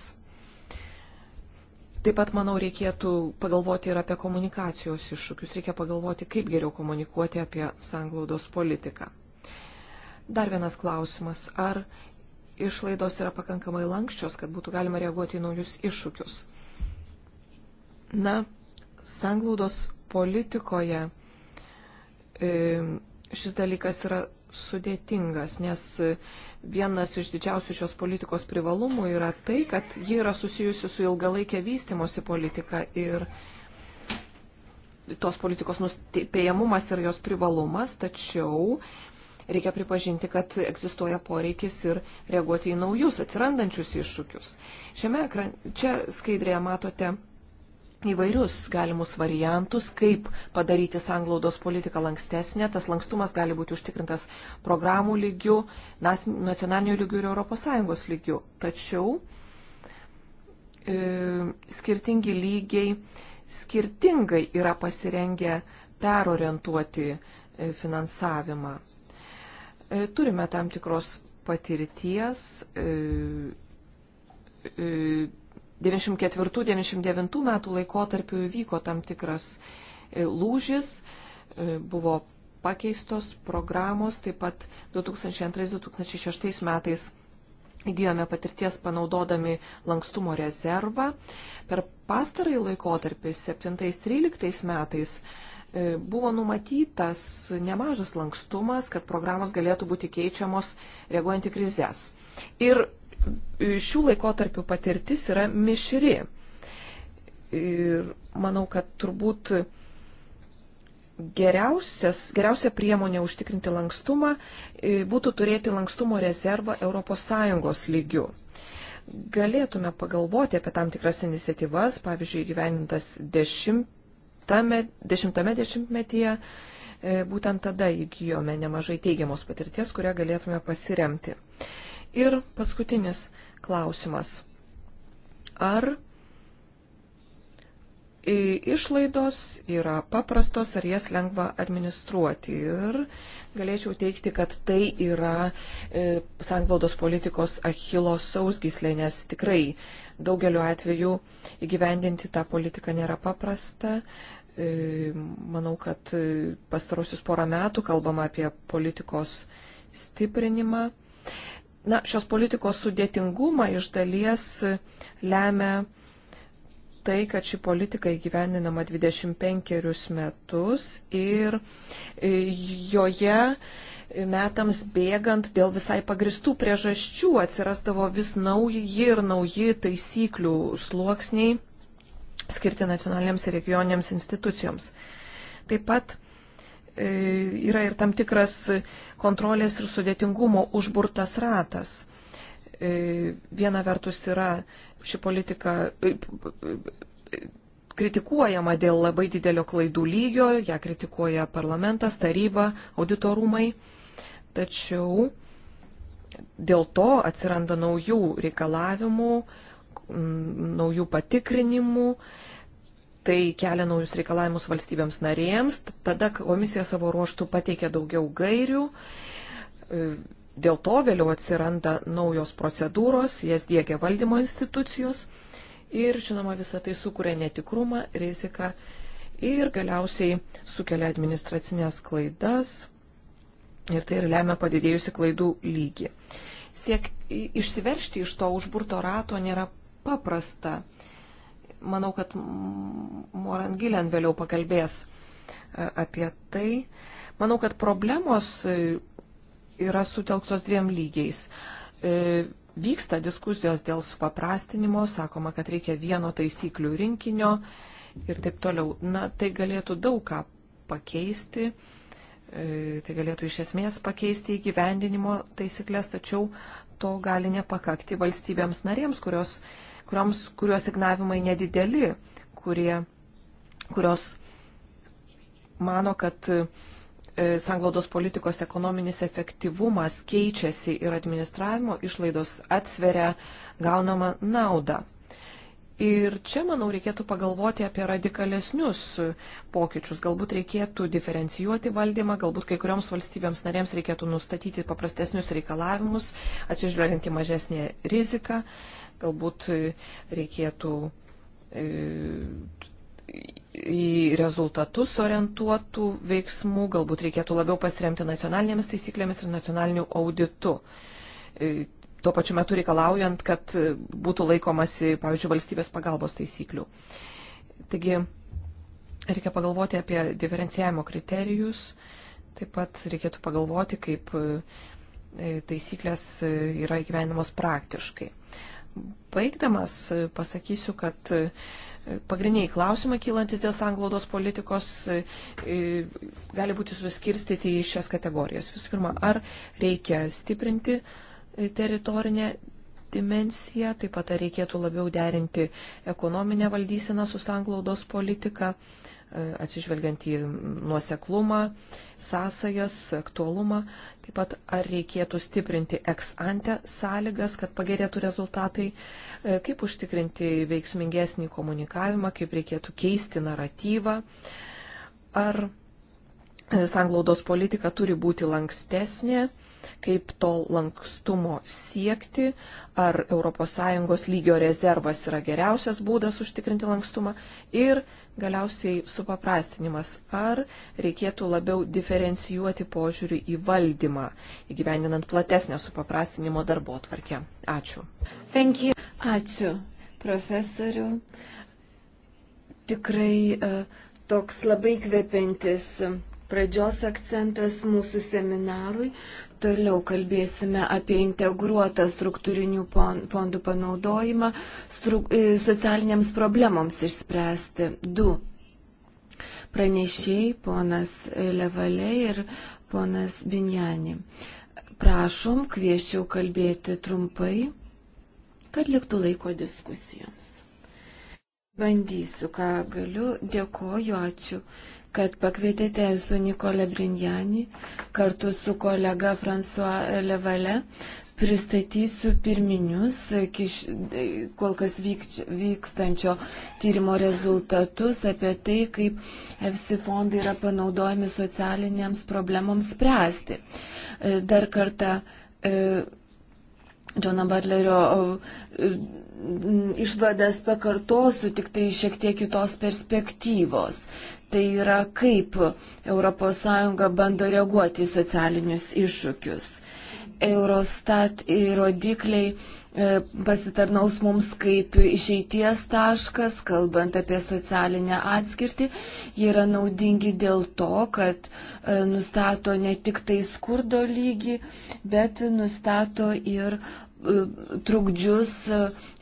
Speaker 3: Taip pat, manau, reikėtų pagalvoti ir apie komunikacijos iššūkius. Reikia pagalvoti, kaip geriau komunikuoti apie sanglaudos politiką. Dar vienas klausimas. Ar išlaidos yra pakankamai lankščios, kad būtų galima reaguoti į naujus iššūkius? Na, sanglaudos politikoje e, šis dalykas yra sudėtingas, nes vienas iš didžiausių šios politikos privalumų yra tai, kad ji yra susijusi su ilgalaikė vystimosi politika ir tos politikos nuspėjamumas yra jos privalumas, tačiau reikia pripažinti, kad egzistuoja poreikis ir reaguoti į naujus atsirandančius iššūkius. Šiame, čia skaidrėje matote įvairius galimus variantus, kaip padaryti sanglaudos politiką lankstesnę. Tas lankstumas gali būti užtikrintas programų lygių, nacionalinių lygių ir ES lygių. Tačiau e, skirtingi lygiai skirtingai yra pasirengę perorientuoti e, finansavimą. E, turime tam tikros patirties. E, e, 94-99 metų laikotarpiu įvyko tam tikras e, lūžis, e, buvo pakeistos programos, taip pat 2002-2006 metais įgyjome patirties panaudodami lankstumo rezervą. Per pastarąjį laikotarpį 7-13 metais e, buvo numatytas nemažas lankstumas, kad programos galėtų būti keičiamos reaguojant į krizės. Ir šių laikotarpių patirtis yra mišri. Ir manau, kad turbūt geriausia priemonė užtikrinti lankstumą e, būtų turėti lankstumo rezervą ES lygių. Galėtume pagalvoti apie tam tikras iniciatyvas, pavyzdžiui, gyvenintas dešimtame, dešimtame dešimtmetyje, e, būtent tada įgyjome nemažai teigiamos patirties, kurią galėtume pasiremti. Ir paskutinis klausimas. Ar išlaidos yra paprastos, ar jas lengva administruoti. Ir galėčiau teikti, kad tai yra e, sanglaudos politikos achilo sausgyslė, nes tikrai daugeliu atveju įgyvendinti tą politiką nėra paprasta. E, manau, kad e, pastarosius porą metų kalbama apie politikos stiprinimą. Na, šios politikos sudėtingumą iš dalies lemia tai, kad ši politika įgyveninama 25 metus ir e, joje metams bėgant dėl visai pagristų priežasčių atsirastavo vis nauji ir nauji taisyklių sluoksniai skirti nacionaliniams ir regioniniams institucijoms. Taip pat E, yra ir tam tikras kontrolės ir sudėtingumo užburtas ratas. E, viena vertus yra ši politika e, kritikuojama dėl labai didelio klaidų lygio, ją kritikuoja parlamentas, taryba, auditorumai, tačiau dėl to atsiranda naujų reikalavimų, naujų patikrinimų, Tai kelia naujus reikalavimus valstybėms narėms. Tada komisija savo ruoštų pateikia daugiau gairių. E, dėl to vėliau atsiranda naujos procedūros, jas diegia valdymo institucijos. Ir, žinoma, visą tai sukuria netikrumą, riziką ir galiausiai sukelia administracinės klaidas. Ir tai ir lemia padidėjusi klaidų lygį. Siek išsiveršti iš to užburto rato nėra paprasta manau, kad Moran Gilen vėliau pakalbės e, apie tai. Manau, kad problemos e, yra sutelktos dviem lygiais. E, vyksta diskusijos dėl supaprastinimo, sakoma, kad reikia vieno taisyklių rinkinio ir taip toliau. Na, tai galėtų daug ką pakeisti, tai galėtų iš esmės pakeisti įgyvendinimo taisyklės, tačiau to gali nepakakti valstybėms narėms, kurios uh, kurioms, kurios signavimai nedideli, kurie, kurios mano, kad e, sanglaudos politikos ekonominis efektyvumas keičiasi ir administravimo išlaidos atsveria gaunamą naudą. Ir čia, manau, reikėtų pagalvoti apie radikalesnius pokyčius. Galbūt reikėtų diferencijuoti valdymą, galbūt kai kurioms valstybėms narėms reikėtų nustatyti paprastesnius reikalavimus, atsižvelgiant į mažesnį riziką. Galbūt e, reikėtų e, į rezultatus orientuotų veiksmų, galbūt reikėtų labiau pasiremti nacionalinėmis taisyklėmis ir nacionaliniu auditu. E, tuo pačiu metu reikalaujant, kad būtų laikomasi, pavyzdžiui, valstybės pagalbos taisyklių. Taigi, reikia pagalvoti apie diferencijavimo kriterijus, taip pat reikėtų pagalvoti, kaip taisyklės yra įgyvenimos praktiškai baigdamas pasakysiu, kad e, pagrindiniai klausimai kylantis dėl sanglaudos politikos e, e, gali būti suskirstyti į šias kategorijas. Visų pirma, ar reikia stiprinti teritorinę dimensiją, taip pat ar reikėtų labiau derinti ekonominę valdyseną su sanglaudos politika, atsižvelgiant į nuoseklumą, sąsajas, aktualumą Taip pat ar reikėtų stiprinti ex ante sąlygas, kad pagerėtų rezultatai, e, kaip užtikrinti veiksmingesnį komunikavimą, kaip reikėtų keisti naratyvą, ar e, sanglaudos politika turi būti lankstesnė, kaip to lankstumo siekti, ar ES lygio rezervas yra geriausias būdas užtikrinti lankstumą ir Galiausiai supaprastinimas. Ar reikėtų labiau diferencijuoti požiūrį į valdymą, įgyvendinant platesnę supaprastinimo darbo tvarkę? Ačiū. Ačiū,
Speaker 1: profesoriu. Tikrai e, toks labai kvepiantis pradžios akcentas mūsų seminarui. Toliau kalbėsime apie integruotą struktūrinių fondų panaudojimą struk, e, socialiniams problemoms išspręsti. Du pranešėjai, ponas Levalė ir ponas Binjani. Prašom, kvieščiau kalbėti trumpai, kad liktų laiko diskusijoms. Bandysiu, ką galiu. Dėkoju, ačiū kad pakvietėte su Nikole Brinjani kartu su kolega François Levale. Pristatysiu pirminius, kiš, kol kas vyk, vykstančio tyrimo rezultatus apie tai, kaip EFSI fondai yra panaudojami socialinėms problemoms spręsti. Dar kartą e, Džono Butlerio e, išvadas pakartosiu, tik tai šiek tiek kitos perspektyvos tai yra kaip ES bando reaguoti į socialinius iššūkius. Eurostat įrodikliai e, pasitarnaus mums kaip išeities taškas, kalbant apie socialinę atskirtį. Jie yra naudingi dėl to, kad e, nustato ne tik tai skurdo lygį, bet nustato ir e, trukdžius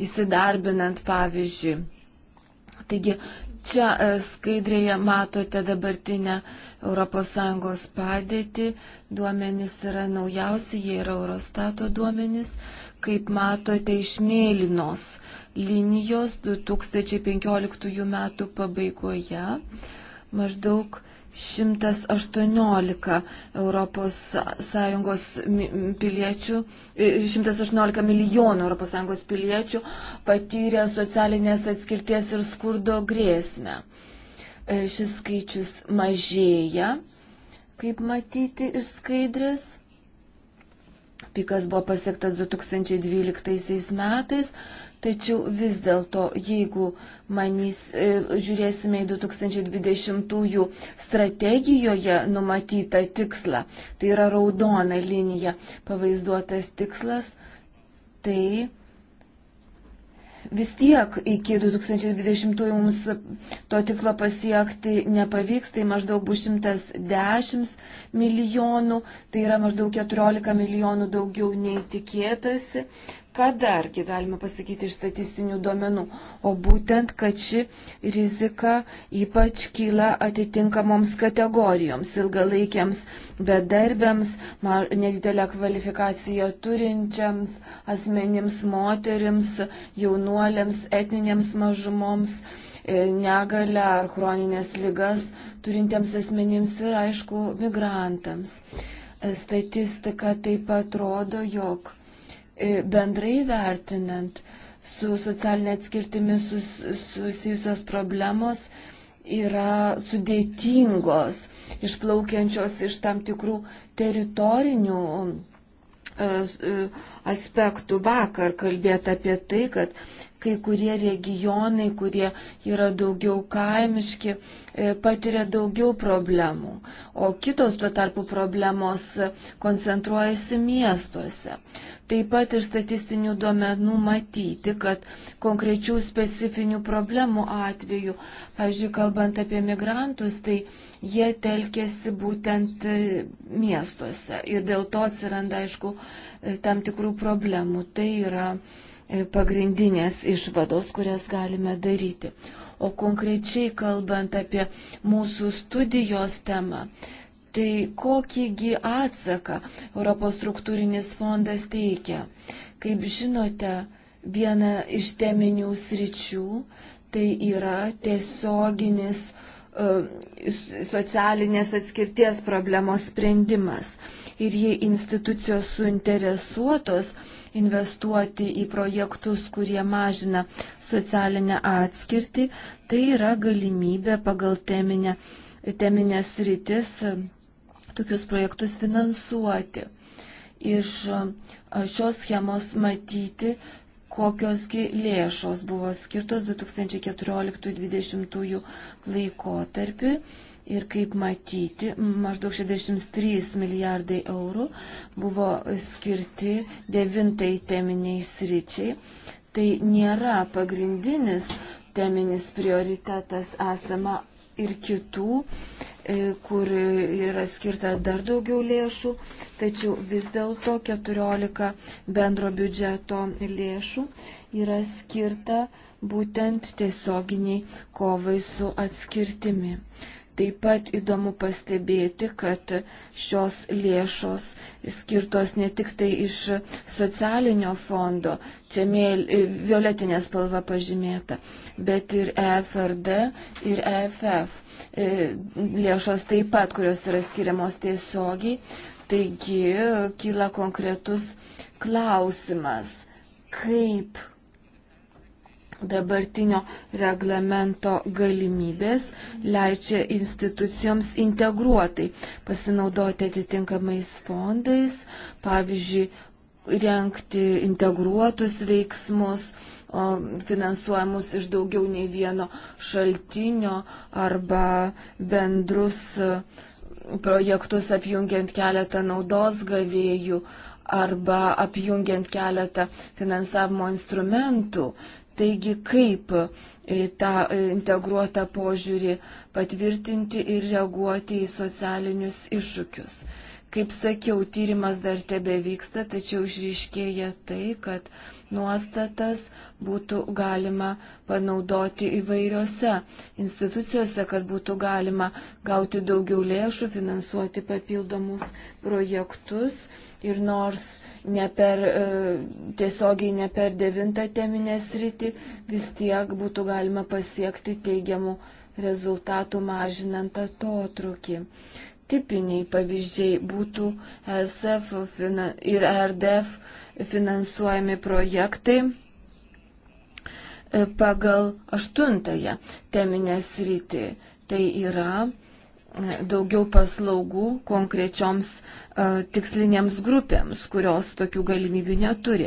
Speaker 1: įsidarbinant, pavyzdžiui. Taigi Čia e, skaidrėje matote dabartinę ES padėtį, duomenys yra naujausi, jie yra Eurostato duomenys, kaip matote iš mėlynos linijos 2015 metų pabaigoje maždaug 118 ES piliečių, 118 e, milijonų ES piliečių patyrė socialinės atskirties ir skurdo grėsmę. E, šis skaičius mažėja, kaip matyti iš skaidrės. Pikas buvo pasiektas 2012 metais, Tačiau vis dėlto, jeigu manys, e, žiūrėsime į 2020-ųjų strategijoje numatytą tikslą, tai yra raudona linija pavaizduotas tikslas, tai vis tiek iki 2020 mums to tikslo pasiekti nepavyks, tai maždaug bus 110 milijonų, tai yra maždaug 14 milijonų daugiau nei tikėtasi ką dargi galime pasakyti iš statistinių duomenų, o būtent, kad ši rizika ypač kyla atitinkamoms kategorijoms - ilgalaikiams bedarbiams, nedidelę kvalifikaciją turinčiams asmenims, moterims, jaunuoliams, etninėms mažumoms e, negalę ar chroninės lygas turintiems asmenims ir, aišku, migrantams. E, statistika taip pat rodo, jog E, bendrai vertinant su socialinė atskirtimi sus, susijusios problemos yra sudėtingos, išplaukiančios iš tam tikrų teritorinių e, e, aspektų. Vakar kalbėta apie tai, kad kai kurie regionai, kurie yra daugiau kaimiški, e, patiria daugiau problemų, o kitos tuo tarpu problemos koncentruojasi miestuose. Taip pat ir statistinių duomenų matyti, kad konkrečių specifinių problemų atveju, pavyzdžiui, kalbant apie migrantus, tai jie telkėsi būtent e, miestuose ir dėl to atsiranda, aišku, e, tam tikrų problemų. Tai yra E, pagrindinės išvados, kurias galime daryti. O konkrečiai kalbant apie mūsų studijos temą, tai kokįgi atsaką Europos struktūrinis fondas teikia? Kaip žinote, viena iš teminių sričių tai yra tiesioginis e, socialinės atskirties problemos sprendimas. Ir jei institucijos suinteresuotos, investuoti į projektus, kurie mažina socialinę atskirtį. Tai yra galimybė pagal teminę, teminės rytis tokius projektus finansuoti. Iš šios schemos matyti, kokiosgi lėšos buvo skirtos 2014-2020 laikotarpiu Ir kaip matyti, maždaug 63 milijardai eurų buvo skirti devintai teminiai sričiai. Tai nėra pagrindinis teminis prioritetas esama ir kitų, e, kur yra skirta dar daugiau lėšų, tačiau vis dėlto 14 bendro biudžeto lėšų yra skirta būtent tiesioginiai kovai su atskirtimi. Taip pat įdomu pastebėti, kad šios lėšos skirtos ne tik tai iš socialinio fondo, čia mėl, violetinė spalva pažymėta, bet ir EFRD ir EFF e, lėšos taip pat, kurios yra skiriamos tiesiogiai. Taigi kyla konkretus klausimas, kaip dabartinio reglamento galimybės leidžia institucijoms integruotai pasinaudoti atitinkamais fondais, pavyzdžiui, renkti integruotus veiksmus finansuojamus iš daugiau nei vieno šaltinio arba bendrus e, projektus apjungiant keletą naudos gavėjų arba apjungiant keletą finansavimo instrumentų. Taigi kaip e, tą e, integruotą požiūrį patvirtinti ir reaguoti į socialinius iššūkius. Kaip sakiau, tyrimas dar tebe vyksta, tačiau išryškėja tai, kad nuostatas būtų galima panaudoti įvairiose institucijose, kad būtų galima gauti daugiau lėšų, finansuoti papildomus projektus. Ir nors ne per e, tiesiogiai, ne per devintą teminę sritį, vis tiek būtų galima pasiekti teigiamų rezultatų mažinant atotrukį. Tipiniai pavyzdžiai būtų ESF ir RDF finansuojami projektai e, pagal aštuntąją teminę sritį. Tai yra daugiau paslaugų konkrečioms e, tikslinėms grupėms, kurios tokių galimybių neturi.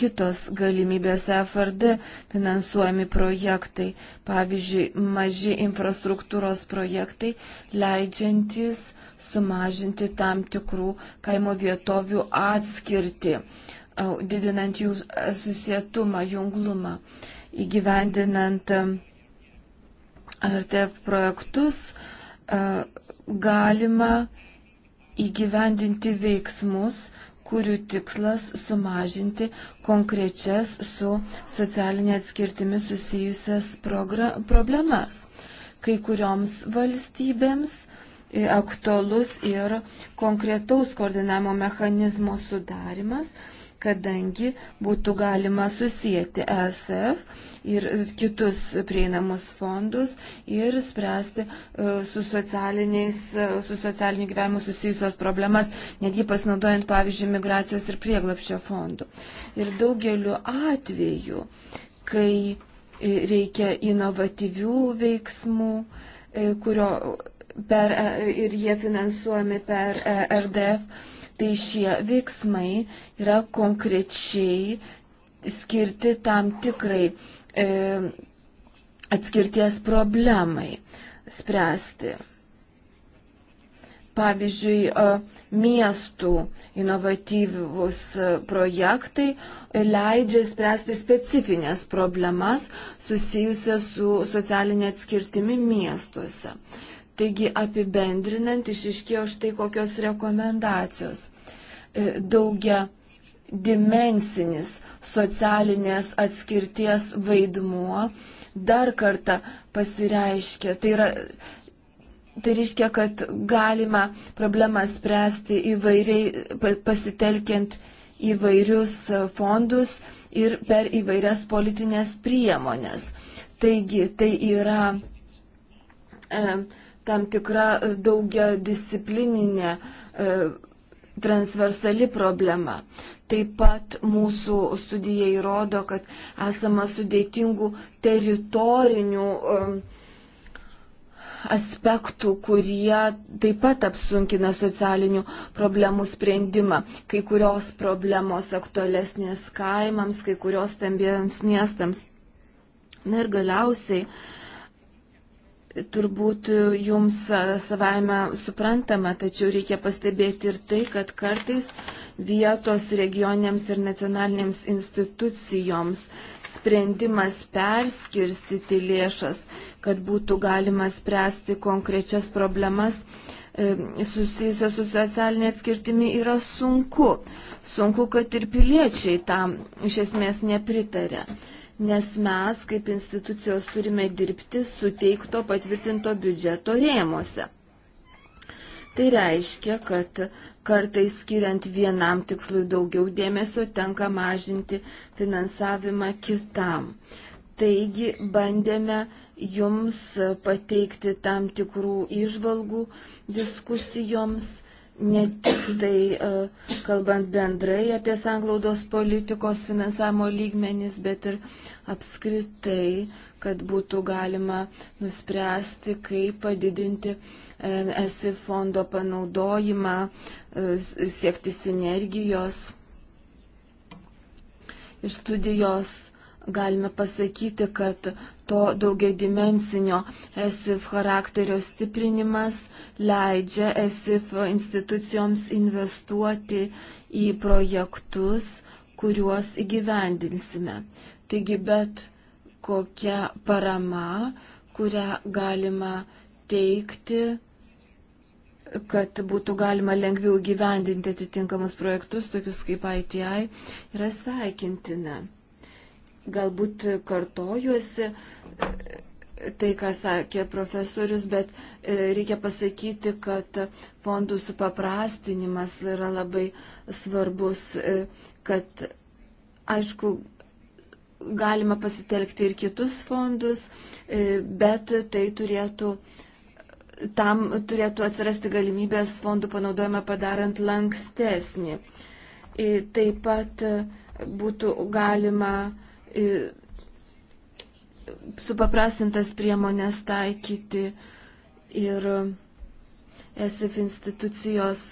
Speaker 1: Kitos galimybės FRD finansuojami projektai, pavyzdžiui, maži infrastruktūros projektai, leidžiantis sumažinti tam tikrų kaimo vietovių atskirti, e, didinant jų susietumą, junglumą, įgyvendinant e, RTF projektus, uh, E, galima įgyvendinti veiksmus, kurių tikslas sumažinti konkrečias su socialinė atskirtimi susijusias problemas. Kai kurioms valstybėms e, aktualus ir konkretaus koordinavimo mechanizmo sudarimas, kadangi būtų galima susijęti ESF ir kitus prieinamus fondus ir spręsti e, su, e, su socialiniu gyvenimu susijusios problemas, netgi pasinaudojant, pavyzdžiui, migracijos ir prieglapščio fondų. Ir daugeliu atveju, kai e, reikia inovatyvių veiksmų, kurio per, ir jie finansuojami per RDF, tai šie veiksmai yra konkrečiai skirti tam tikrai e, atskirties problemai spręsti. Pavyzdžiui, e, miestų inovatyvus projektai leidžia spręsti specifines problemas susijusias su socialinė atskirtimi miestuose. Taigi apibendrinant išiškėjo štai kokios rekomendacijos. E, daugia dimensinis socialinės atskirties vaidmuo dar kartą pasireiškia. Tai, yra, tai reiškia, kad galima problemą spręsti įvairiai pasitelkiant įvairius fondus ir per įvairias politinės priemonės. Taigi tai yra e, tam tikra daugia disciplininė e, transversali problema. Taip pat mūsų studija įrodo, kad esama sudėtingų teritorinių um, aspektų, kurie taip pat apsunkina socialinių problemų sprendimą. Kai kurios problemos aktualesnės kaimams, kai kurios stambiems miestams. Na ir galiausiai uh, turbūt jums savaime suprantama, tačiau reikia pastebėti ir tai, kad kartais vietos regioniams ir nacionalinėms institucijoms sprendimas perskirstyti lėšas, kad būtų galima spręsti konkrečias problemas e, susijusia su socialinė atskirtimi yra sunku. Sunku, kad ir piliečiai tam iš esmės nepritarė nes mes kaip institucijos turime dirbti suteikto patvirtinto biudžeto rėmose. Tai reiškia, kad kartais skiriant vienam tikslui daugiau dėmesio tenka mažinti finansavimą kitam. Taigi bandėme jums pateikti tam tikrų išvalgų diskusijoms ne tik tai e, kalbant bendrai apie sanglaudos politikos finansavimo lygmenis, bet ir apskritai, kad būtų galima nuspręsti, kaip padidinti e, esi fondo panaudojimą, e, siekti sinergijos. Iš studijos galime pasakyti, kad to daugiadimensinio ESIF charakterio stiprinimas leidžia ESIF institucijoms investuoti į projektus, kuriuos įgyvendinsime. Taigi bet kokia parama, kurią galima teikti, kad būtų galima lengviau gyvendinti atitinkamus projektus, tokius kaip ITI, yra sveikintina galbūt kartojuosi e, tai, ką sakė profesorius, bet e, reikia pasakyti, kad fondų supaprastinimas yra labai svarbus, e, kad aišku, galima pasitelkti ir kitus fondus, bet tai turėtų tam turėtų atsirasti galimybės fondų panaudojimą padarant lankstesnį. Taip pat būtų galima supaprastintas priemonės taikyti ir ESF institucijos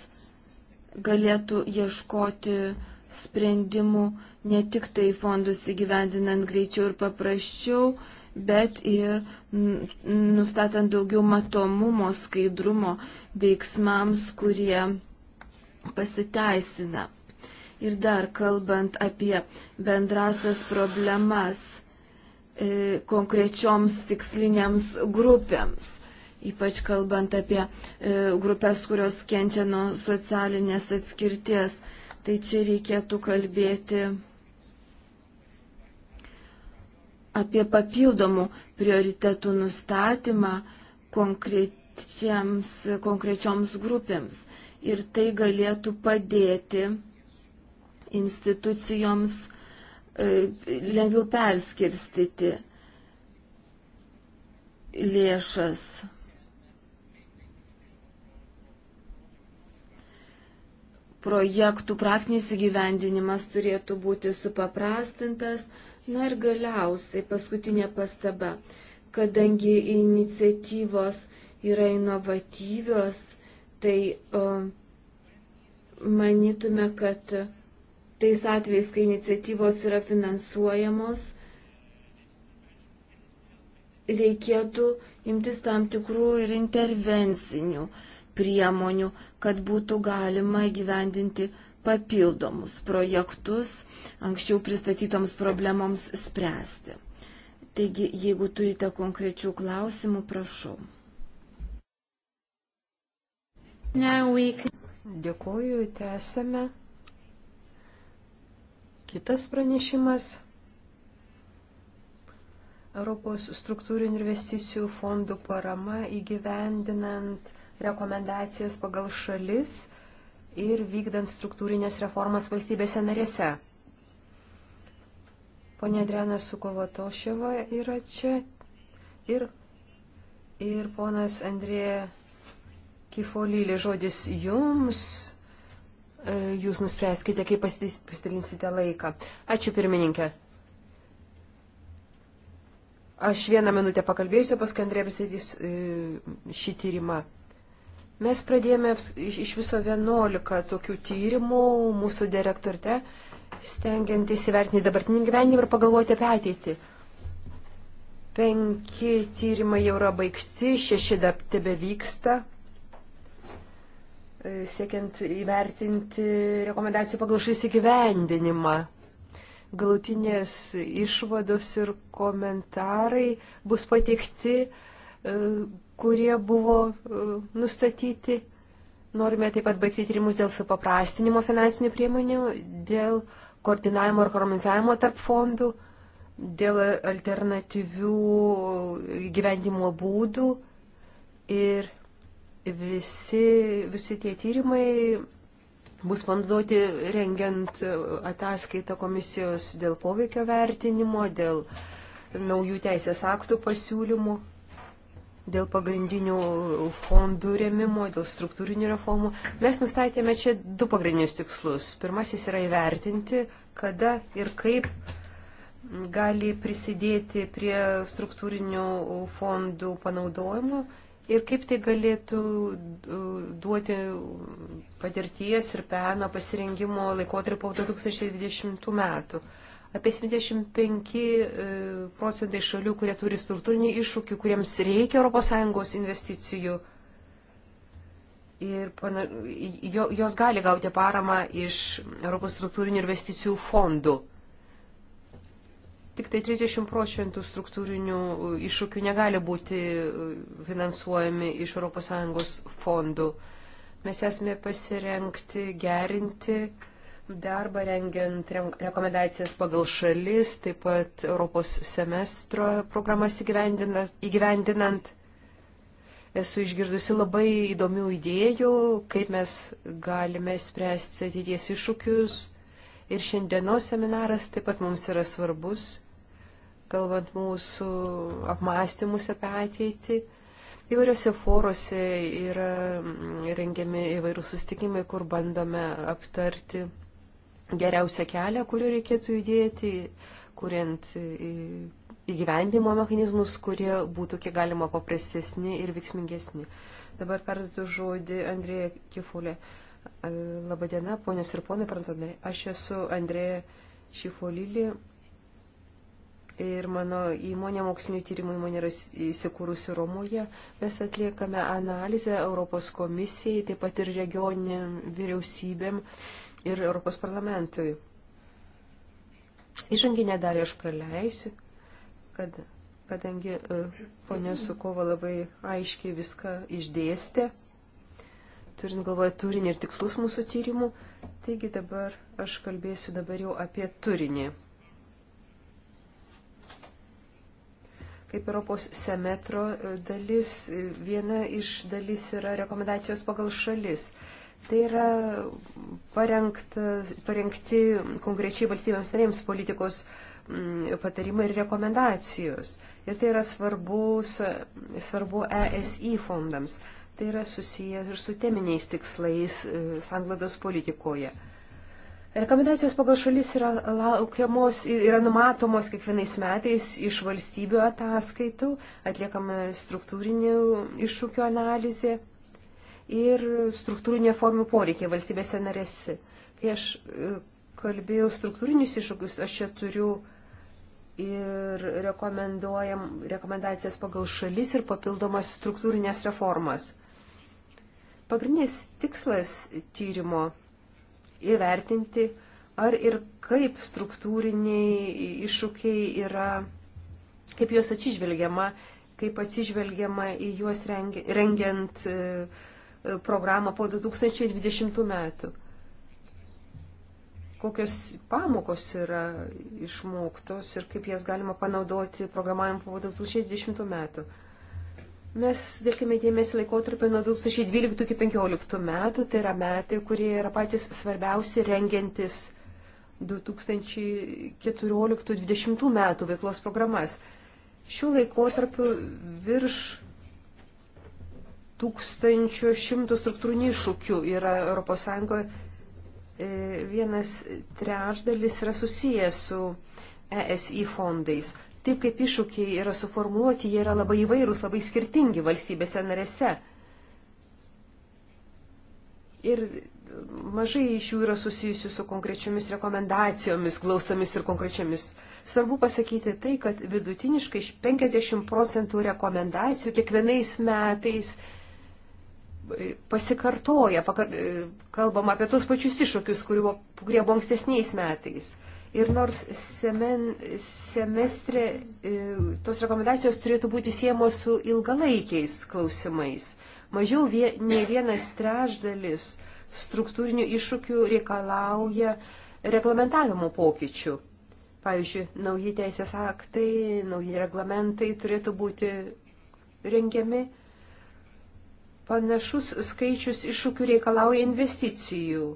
Speaker 1: galėtų ieškoti sprendimų ne tik tai fondus įgyvendinant greičiau ir paprasčiau, bet ir nustatant daugiau matomumo, skaidrumo veiksmams, kurie pasiteisina. Ir dar kalbant apie bendrasias problemas e, konkrečioms tikslinėms grupėms, ypač kalbant apie e, grupės, kurios kenčia nuo socialinės atskirties, tai čia reikėtų kalbėti apie papildomų prioritetų nustatymą konkrečioms grupėms. Ir tai galėtų padėti institucijoms e, lengviau perskirstyti lėšas. Projektų praktinis įgyvendinimas turėtų būti supaprastintas. Na ir galiausiai paskutinė pastaba, kadangi iniciatyvos yra inovatyvios, tai o, e, manytume, kad tais atvejais, kai iniciatyvos yra finansuojamos, reikėtų imtis tam tikrų ir intervencinių priemonių, kad būtų galima gyvendinti papildomus projektus anksčiau pristatytoms problemoms spręsti. Taigi, jeigu turite konkrečių klausimų, prašau. Dėkuoju,
Speaker 2: tęsame. Kitas pranešimas Europos struktūrinių investicijų fondų parama įgyvendinant rekomendacijas pagal šalis ir vykdant struktūrinės reformas valstybėse narėse. Pone Drena Sukovatoševa yra čia ir, ir ponas Andrė Kifolylė žodis jums E, jūs nuspręskite, kaip pasidalinsite laiką. Ačiū pirmininkė. Aš vieną minutę pakalbėsiu, paskui Andrė pristatys e, šį tyrimą. Mes pradėjome iš viso 11 tokių tyrimų mūsų direktorte, stengiantis įvertinti dabartinį gyvenimą ir pagalvoti apie ateitį. Penki tyrimai jau yra baigti, šeši dar tebe vyksta. E, siekiant įvertinti rekomendacijų pagal šis įgyvendinimą. Galutinės išvados ir komentarai bus pateikti, e, kurie buvo e, nustatyti. Norime taip pat baigti tyrimus dėl supaprastinimo finansinių priemonių, dėl koordinavimo ir harmonizavimo tarp fondų, dėl alternatyvių gyvendimo būdų ir visi, visi tie tyrimai bus panduoti rengiant e, ataskaitą komisijos dėl poveikio vertinimo, dėl naujų teisės aktų pasiūlymų, dėl pagrindinių fondų remimo, dėl struktūrinių reformų. Mes nustatėme čia du pagrindinius tikslus. Pirmasis yra įvertinti, kada ir kaip gali prisidėti prie struktūrinių fondų panaudojimo Ir kaip tai galėtų duoti patirties ir peno pasirengimo laikotarpio 2020 metų. Apie 75 e, procentai šalių, kurie turi struktūrinį iššūkį, kuriems reikia ES investicijų. Ir pana, jo, jos gali gauti paramą iš ES investicijų fondų. Tik tai 30 procentų struktūrinių uh, iššūkių negali būti uh, finansuojami iš ES fondų. Mes esame pasirengti gerinti darbą, rengiant rekomendacijas pagal šalis, taip pat Europos semestro programas įgyvendinant. Esu išgirdusi labai įdomių idėjų, kaip mes galime spręsti ateities iššūkius. Ir šiandienos seminaras taip pat mums yra svarbus kalbant mūsų apmąstymus apie ateitį. Įvairiose forose yra rengiami įvairūs sustikimai, kur bandome aptarti geriausią kelią, kuriuo reikėtų judėti, kuriant įgyvendimo mechanizmus, kurie būtų kiek galima paprastesni ir veiksmingesni. Dabar perduodu žodį Andrėja Kifulė. Labadiena, ponios ir ponai, prantanai. Aš esu Andrėja Šifolylį Ir mano įmonė, mokslinių tyrimų įmonė yra įsikūrusi Romoje. Mes atliekame analizę Europos komisijai, taip pat ir regioniniam vyriausybėm ir Europos parlamentui. Įžanginę dalį aš praleisiu, kad, kadangi e, ponė Sukova labai aiškiai viską išdėstė, turint galvoje turinį ir tikslus mūsų tyrimų. Taigi dabar aš kalbėsiu dabar jau apie turinį. kaip Europos semetro e, dalis. E, viena iš dalis yra rekomendacijos pagal šalis. Tai yra parengta, parengti konkrečiai valstybėms narėms politikos mm, patarimai ir rekomendacijos. Ir tai yra svarbu, svarbu ESI fondams. Tai yra susijęs ir su teminiais tikslais e, sanglados politikoje. Rekomendacijos pagal šalis yra laukiamos, yra numatomos kiekvienais metais iš valstybių ataskaitų, atliekama struktūrinių iššūkių analizė ir struktūrinė formų poreikiai valstybėse narėsi. Kai aš e, kalbėjau struktūrinius iššūkius, aš čia turiu ir rekomenduojam rekomendacijas pagal šalis ir papildomas struktūrinės reformas. Pagrindinis tikslas tyrimo įvertinti, ar ir kaip struktūriniai iššūkiai yra, kaip juos atsižvelgiama, kaip atsižvelgiama į juos rengiant e, e, programą po 2020 metų. Kokios pamokos yra išmoktos ir kaip jas galima panaudoti programavimą po 2020 metų. Mes vilkime dėmesį laikotarpį nuo 2012 iki 2015 metų, tai yra metai, kurie yra patys svarbiausi rengiantis 2014-2020 metų veiklos programas. Šiuo laikotarpiu virš 1100 struktūrinių iššūkių yra ES. E, vienas trečdalis yra susijęs su ESI fondais. Taip kaip iššūkiai yra suformuoti, jie yra labai įvairūs, labai skirtingi valstybėse narėse. Ir mažai iš jų yra susijusių su konkrečiomis rekomendacijomis, glaustomis ir konkrečiomis. Svarbu pasakyti tai, kad vidutiniškai iš 50 procentų rekomendacijų kiekvienais metais pasikartoja, kalbam apie tos pačius iššūkius, kurie buvo ankstesniais metais. Ir nors semen, semestre e, tos rekomendacijos turėtų būti siemos su ilgalaikiais klausimais. Mažiau vie, ne vienas trešdalis struktūrinių iššūkių reikalauja reglamentavimo pokyčių. Pavyzdžiui, nauji teisės aktai, nauji reglamentai turėtų būti rengiami. Panašus skaičius iššūkių reikalauja investicijų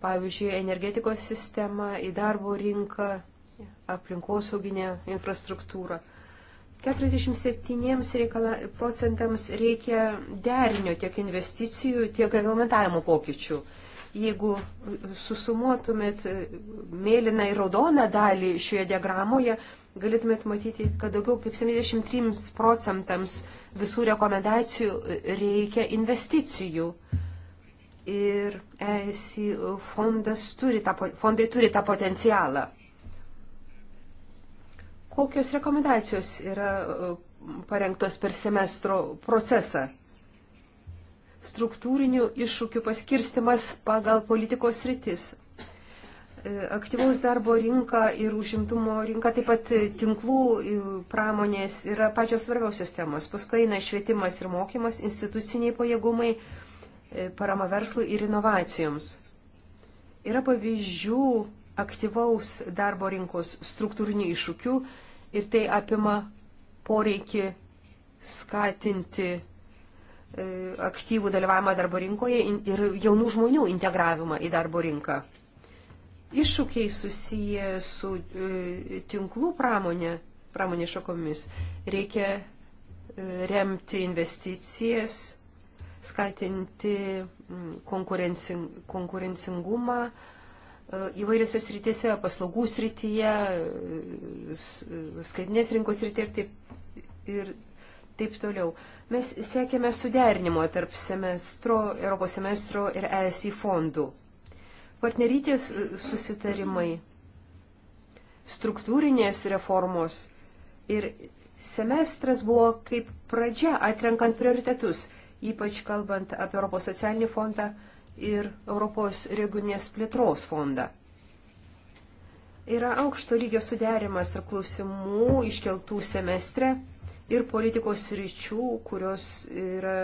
Speaker 2: pavyzdžiui, energetikos sistemą, į darbo rinką, aplinkosauginę infrastruktūrą. 47 reikala, procentams reikia derinio tiek investicijų, tiek reglamentavimo pokyčių. Jeigu susumuotumėt mėlyną ir raudoną dalį šioje diagramoje, galėtumėt matyti, kad daugiau kaip 73 procentams visų rekomendacijų reikia investicijų ir ESI fondas turi tą, fondai turi tą potencialą. Kokios rekomendacijos yra e, parengtos per semestro procesą? Struktūrinių iššūkių paskirstimas pagal politikos rytis. E, aktyvaus darbo rinka ir užimtumo rinka, taip pat tinklų e, pramonės yra pačios svarbiausios temos. Paskui eina švietimas ir mokymas, instituciniai pajėgumai, E, parama verslui ir inovacijoms. Yra pavyzdžių aktyvaus darbo rinkos struktūrinių iššūkių ir tai apima poreikį skatinti e, aktyvų dalyvavimą darbo rinkoje ir jaunų žmonių integravimą į darbo rinką. Iššūkiai susiję su e, tinklų pramonė, pramonė šakomis. Reikia remti investicijas skatinti mm, konkurencing, konkurencingumą e, įvairiose srityse, paslaugų srityje, e, e, skaitinės rinkos srityje ir taip, ir taip toliau. Mes siekėme suderinimo tarp semestro, Europos semestro ir ESI fondų. Partnerytės susitarimai, struktūrinės reformos ir semestras buvo kaip pradžia atrenkant prioritetus – ypač kalbant apie Europos socialinį fondą ir Europos regioninės plėtros fondą. Yra aukšto lygio suderimas tarp klausimų iškeltų semestre ir politikos ryčių, kurios yra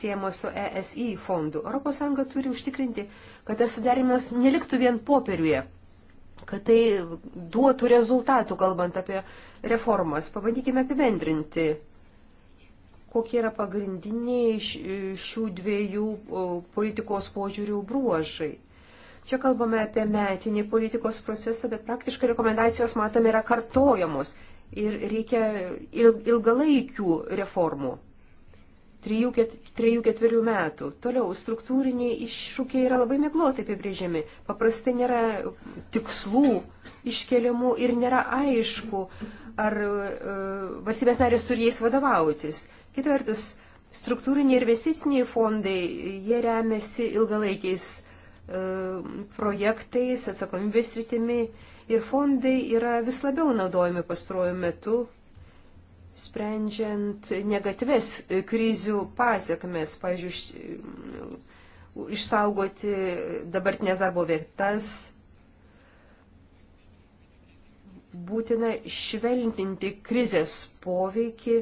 Speaker 2: siejamos su ESI fondu. ES turi užtikrinti, kad tas sudarimas neliktų vien popieriuje, kad tai duotų rezultatų, kalbant apie reformas. Pabandykime apibendrinti kokie yra pagrindiniai šių dviejų politikos požiūrių bruožai. Čia kalbame apie metinį politikos procesą, bet praktiškai rekomendacijos, matome, yra kartojamos ir reikia ilgalaikių reformų. Trijų, ket, trijų ketverių metų. Toliau, struktūriniai iššūkiai yra labai miglotai apibrėžiami. Paprastai nėra tikslų iškeliamų ir nėra aišku, ar e, valstybės narės turi jais vadovautis. Kita vertus, struktūriniai ir vesiciniai fondai, jie remiasi ilgalaikiais e, projektais, atsakomybės rytimi ir fondai yra vis labiau naudojami pastruoju metu, sprendžiant negatyves krizių pasiekmes, pavyzdžiui, e, išsaugoti dabartinės darbo vietas, būtina švelninti krizės poveikį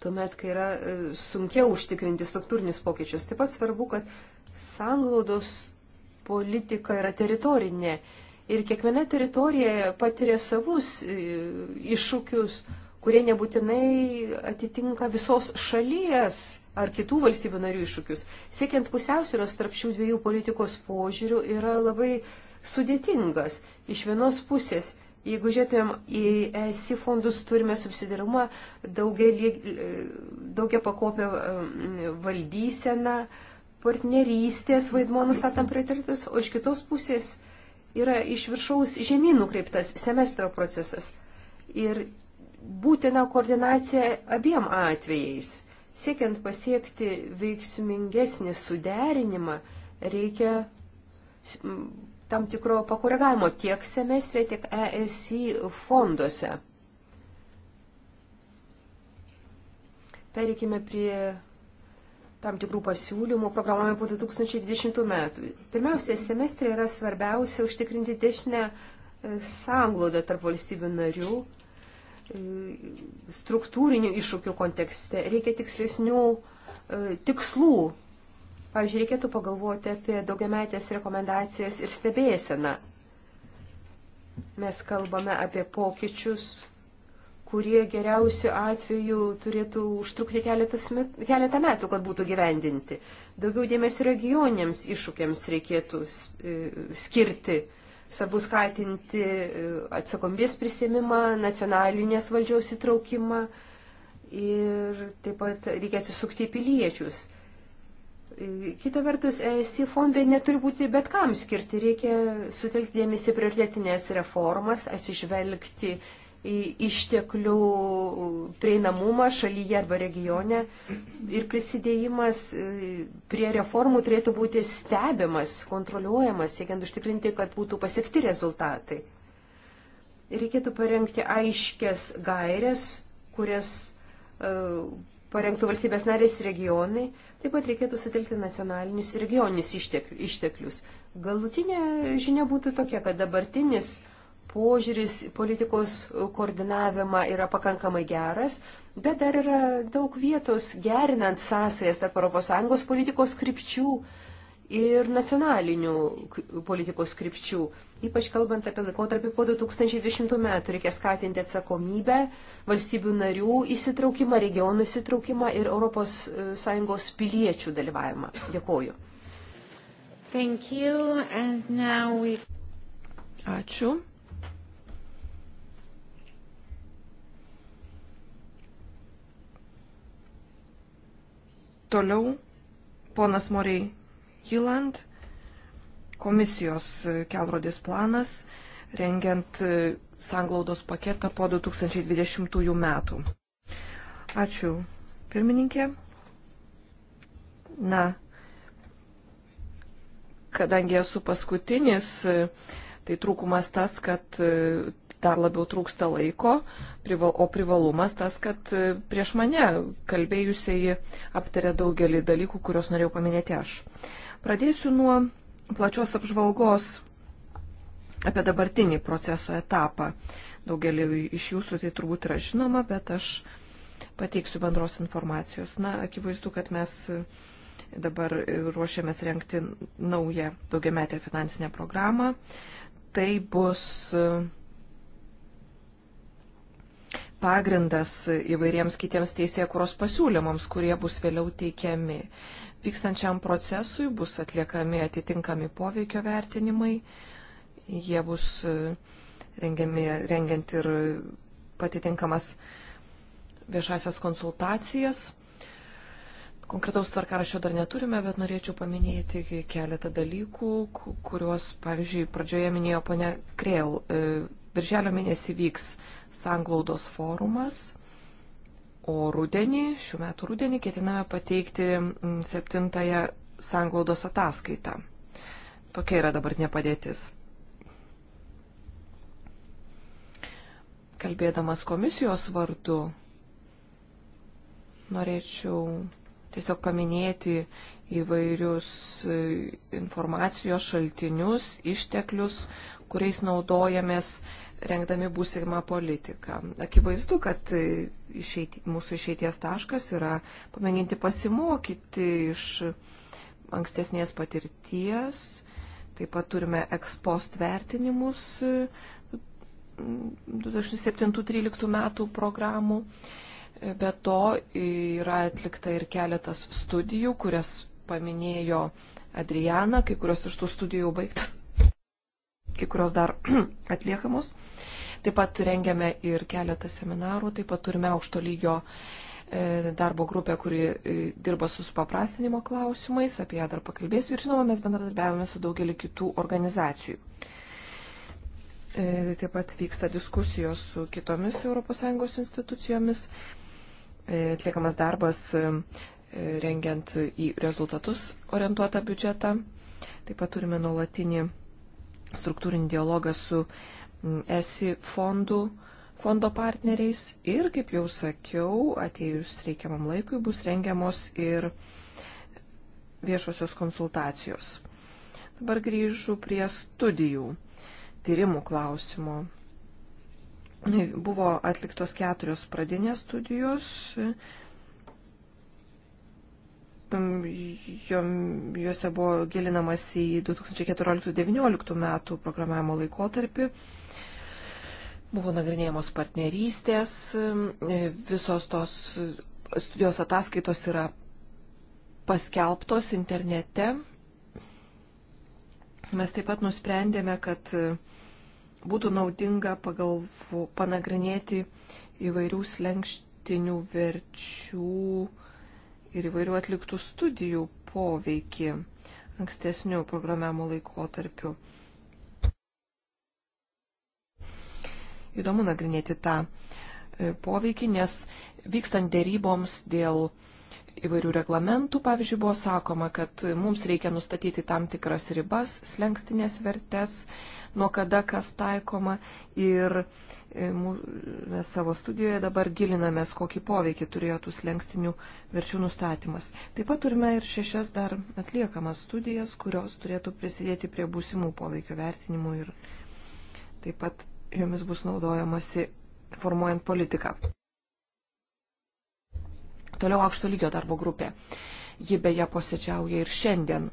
Speaker 2: tuomet, kai yra e, sunkiau užtikrinti struktūrinius pokyčius. Taip pat svarbu, kad sanglaudos politika yra teritorinė ir kiekviena teritorija patiria savus e, iššūkius, kurie nebūtinai atitinka visos šalies ar kitų valstybių narių iššūkius. Siekiant pusiausvėros tarp šių dviejų politikos požiūrių yra labai sudėtingas. Iš vienos pusės Jeigu žiūrėtumėm į ESI fondus, turime subsidiarumą, daugia, daugia pakopę mm, valdyseną, partnerystės vaidmo nustatant prioritetus, o iš kitos pusės yra iš viršaus žemyn nukreiptas semestro procesas. Ir būtina koordinacija abiem atvejais. Siekiant pasiekti veiksmingesnį suderinimą, reikia mm, tam tikro pakoregavimo tiek semestre, tiek ESI fonduose. Pereikime prie tam tikrų pasiūlymų programuojami po 2020 metų. Pirmiausia, semestre yra svarbiausia užtikrinti dešinę e, sanglodą tarp valstybių narių e, struktūrinių iššūkių kontekste. Reikia tikslesnių e, tikslų Pavyzdžiui, reikėtų pagalvoti apie daugiametės rekomendacijas ir stebėseną. Mes kalbame apie pokyčius, kurie geriausiu atveju turėtų užtrukti met, keletą metų, kad būtų gyvendinti. Daugiau dėmesio regioniams iššūkiams reikėtų e, skirti. Svarbu skatinti e, atsakomybės prisėmimą, nacionalinės valdžiaus įtraukimą ir taip pat reikia atsisukti į piliečius. Kita vertus, ESI fondai neturi būti bet kam skirti, reikia sutelkti dėmesį prioritetinės reformas, atsižvelgti į išteklių prieinamumą šalyje arba regione ir prisidėjimas e, prie reformų turėtų būti stebimas, kontroliuojamas, siekiant užtikrinti, kad būtų pasiekti rezultatai. Reikėtų parengti aiškės gairės, kurias e, parengtų valstybės narės regionai, taip pat reikėtų sutelkti nacionalinius ir regioninius išteklius. Galutinė žinia būtų tokia, kad dabartinis požiūris politikos koordinavimą yra pakankamai geras, bet dar yra daug vietos gerinant sąsajas tarp ES politikos krypčių ir nacionalinių politikos skripčių. Ypač kalbant apie laikotarpį po 2020 metų, reikia skatinti atsakomybę, valstybių narių įsitraukimą, regionų įsitraukimą ir ES e, piliečių dalyvavimą. Dėkuoju.
Speaker 1: We...
Speaker 3: Ačiū. Toliau ponas Moriai Juland, komisijos kelrodis planas, rengiant e, sanglaudos paketą po 2020 metų. Ačiū, pirmininkė. Na, kadangi esu paskutinis, e, tai trūkumas tas, kad e, dar labiau trūksta laiko, o privalumas tas, kad prieš mane kalbėjusieji aptarė daugelį dalykų, kuriuos norėjau paminėti aš. Pradėsiu nuo plačios apžvalgos apie dabartinį proceso etapą. Daugelį iš jūsų tai turbūt yra žinoma, bet aš pateiksiu bendros informacijos. Na, akivaizdu, kad mes dabar ruošiamės renkti naują daugiametę finansinę programą. Tai bus pagrindas įvairiems kitiems teisėkuros pasiūlymams, kurie bus vėliau teikiami. Vykstančiam procesui bus atliekami atitinkami poveikio vertinimai, jie bus e, rengiami, rengiant ir patitinkamas viešasias konsultacijas. Konkretaus tvarkaraščio dar neturime, bet norėčiau paminėti keletą dalykų, kuriuos, pavyzdžiui, pradžioje minėjo ponia Krėl. E, birželio mėnesį vyks sanglaudos forumas. O rudenį, šių metų rudenį, ketiname pateikti mm, septintąją sanglaudos ataskaitą. Tokia yra dabartinė padėtis. Kalbėdamas komisijos vardu, norėčiau tiesiog paminėti įvairius e, informacijos šaltinius, išteklius, kuriais naudojamės rengdami būsimą politiką. Akivaizdu, kad išeiti, mūsų išeities taškas yra pamėginti pasimokyti iš ankstesnės patirties. Taip pat turime ekspost vertinimus 2007-2013 metų programų. Be to yra atlikta ir keletas studijų, kurias paminėjo Adriana, kai kurios iš tų studijų baigtos kai kurios dar *clears throat* atliekamos. Taip pat rengiame ir keletą seminarų, taip pat turime aukšto lygio e, darbo grupę, kuri e, dirba su supaprastinimo klausimais, apie ją dar pakalbėsiu ir žinoma, mes bendradarbiavame su daugelį kitų organizacijų. E, taip pat vyksta diskusijos su kitomis ES institucijomis, atliekamas darbas rengiant į rezultatus orientuotą biudžetą. Taip pat turime nuolatinį struktūrinį dialogą su mm, ESI fondu, fondo partneriais ir, kaip jau sakiau, atėjus reikiamam laikui bus rengiamos ir viešosios konsultacijos. Dabar grįžu prie studijų, tyrimų klausimo. Buvo atliktos keturios pradinės studijos, juose buvo gilinamas į 2014-2019 metų programavimo laikotarpį. Buvo nagrinėjamos partnerystės, e, visos tos studijos ataskaitos yra paskelbtos internete. Mes taip pat nusprendėme, kad e, būtų naudinga pagalvo, panagrinėti įvairių slengštinių verčių uh, ir įvairių atliktų studijų poveikį ankstesnių programavimo laikotarpių. Įdomu nagrinėti tą e, poveikį, nes vykstant dėryboms dėl įvairių reglamentų, pavyzdžiui, buvo sakoma, kad mums reikia nustatyti tam tikras ribas, slengstinės vertes, nuo kada kas taikoma ir E, mes savo studijoje dabar gilinamės, kokį poveikį turėjo tų slengstinių verčių nustatymas. Taip pat turime ir šešias dar atliekamas studijas, kurios turėtų prisidėti prie būsimų poveikio vertinimų ir taip pat jomis bus naudojamasi formuojant politiką. Toliau aukšto lygio darbo grupė. Ji beje posėdžiauja ir šiandien.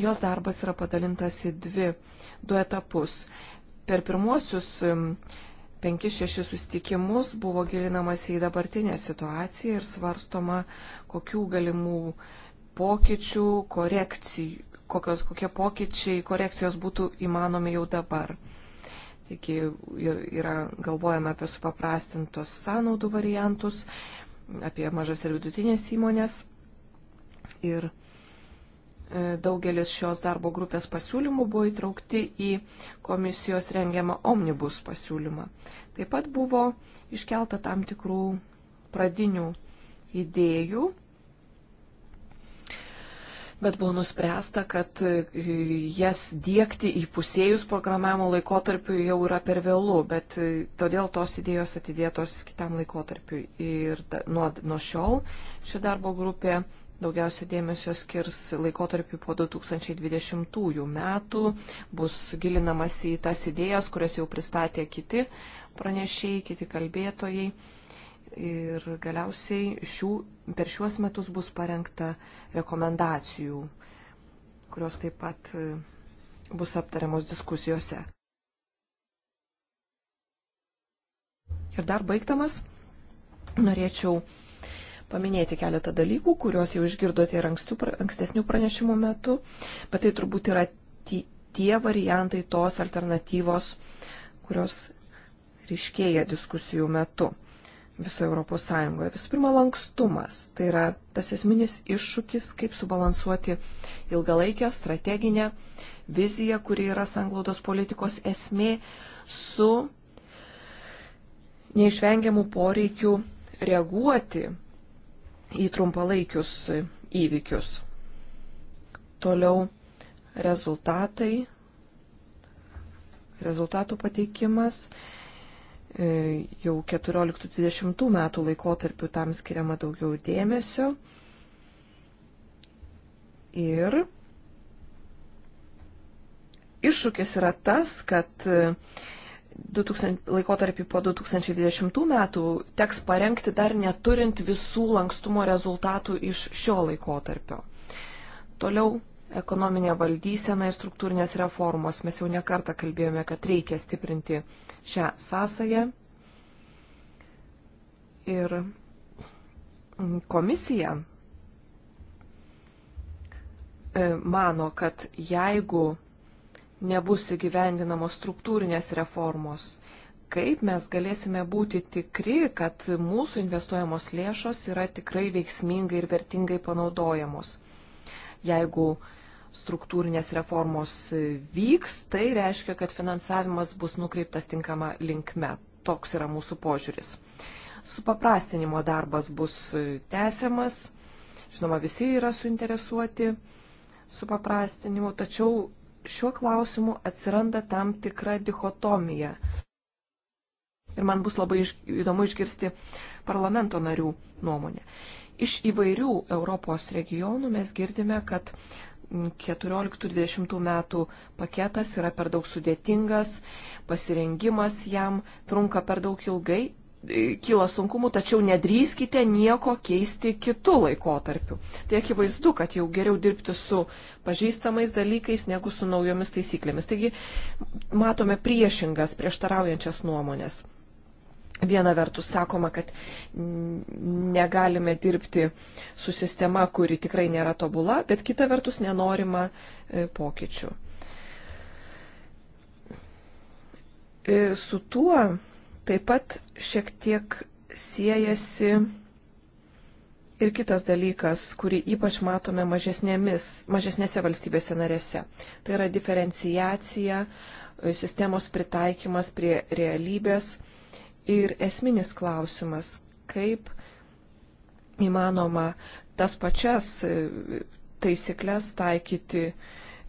Speaker 3: Jos darbas yra padalintas į dvi, du etapus. Per pirmuosius 5-6 sustikimus buvo gilinamasi į dabartinę situaciją ir svarstoma, kokių galimų pokyčių, korekcijų, kokios, kokie pokyčiai, korekcijos būtų įmanomi jau dabar. Taigi yra galvojama apie supaprastintos sąnaudų variantus, apie mažas ir vidutinės įmonės. Ir E, daugelis šios darbo grupės pasiūlymų buvo įtraukti į komisijos rengiamą omnibus pasiūlymą. Taip pat buvo iškelta tam tikrų pradinių idėjų, bet buvo nuspręsta, kad e, jas dėkti į pusėjus programavimo laikotarpiu jau yra per vėlų, bet e, todėl tos idėjos atidėtos kitam laikotarpiu. Ir nuo, nuo šiol ši darbo grupė daugiausia dėmesio skirs laikotarpį po 2020 metų, bus gilinamas į tas idėjas, kurias jau pristatė kiti pranešėjai, kiti kalbėtojai. Ir galiausiai šių, per šiuos metus bus parengta rekomendacijų, kurios taip pat e, bus aptariamos diskusijose. Ir dar baigtamas norėčiau paminėti keletą dalykų, kuriuos jau išgirdote ir ankstių, ankstesnių pranešimų metu, bet tai turbūt yra tie variantai tos alternatyvos, kurios ryškėja diskusijų metu viso Europos Sąjungoje. Visų pirma, lankstumas. Tai yra tas esminis iššūkis, kaip subalansuoti ilgalaikę strateginę viziją, kuri yra sanglaudos politikos esmė, su neišvengiamų poreikių reaguoti į trumpalaikius įvykius. Toliau rezultatai, rezultatų pateikimas. E, jau 14-20 metų laikotarpiu tam skiriama daugiau dėmesio. Ir iššūkis yra tas, kad laikotarpį po 2020 metų teks parengti dar neturint visų lankstumo rezultatų iš šio laikotarpio. Toliau ekonominė valdysena ir struktūrinės reformos. Mes jau nekartą kalbėjome, kad reikia stiprinti šią sąsąją. Ir komisija e, mano, kad jeigu nebus įgyvendinamos struktūrinės reformos, kaip mes galėsime būti tikri, kad mūsų investuojamos lėšos yra tikrai veiksmingai ir vertingai panaudojamos. Jeigu struktūrinės reformos vyks, tai reiškia, kad finansavimas bus nukreiptas tinkama linkme. Toks yra mūsų požiūris. Supaprastinimo darbas bus tęsiamas. Žinoma, visi yra suinteresuoti supaprastinimu, tačiau šiuo klausimu atsiranda tam tikra dichotomija. Ir man bus labai iš, įdomu išgirsti parlamento narių nuomonę. Iš įvairių Europos regionų mes girdime, kad 14-20 metų paketas yra per daug sudėtingas, pasirengimas jam trunka per daug ilgai E, kyla sunkumų, tačiau nedrįskite nieko keisti kitų laikotarpių. Tai akivaizdu, kad jau geriau dirbti su pažįstamais dalykais negu su naujomis taisyklėmis. Taigi matome priešingas, prieštaraujančias nuomonės. Viena vertus sakoma, kad negalime dirbti su sistema, kuri tikrai nėra tobula, bet kita vertus nenorima e, pokyčių. E, su tuo Taip pat šiek tiek siejasi ir kitas dalykas, kurį ypač matome mažesnėse valstybėse narėse. Tai yra diferenciacija, e, sistemos pritaikymas prie realybės ir esminis klausimas, kaip įmanoma tas pačias e, taisyklės taikyti,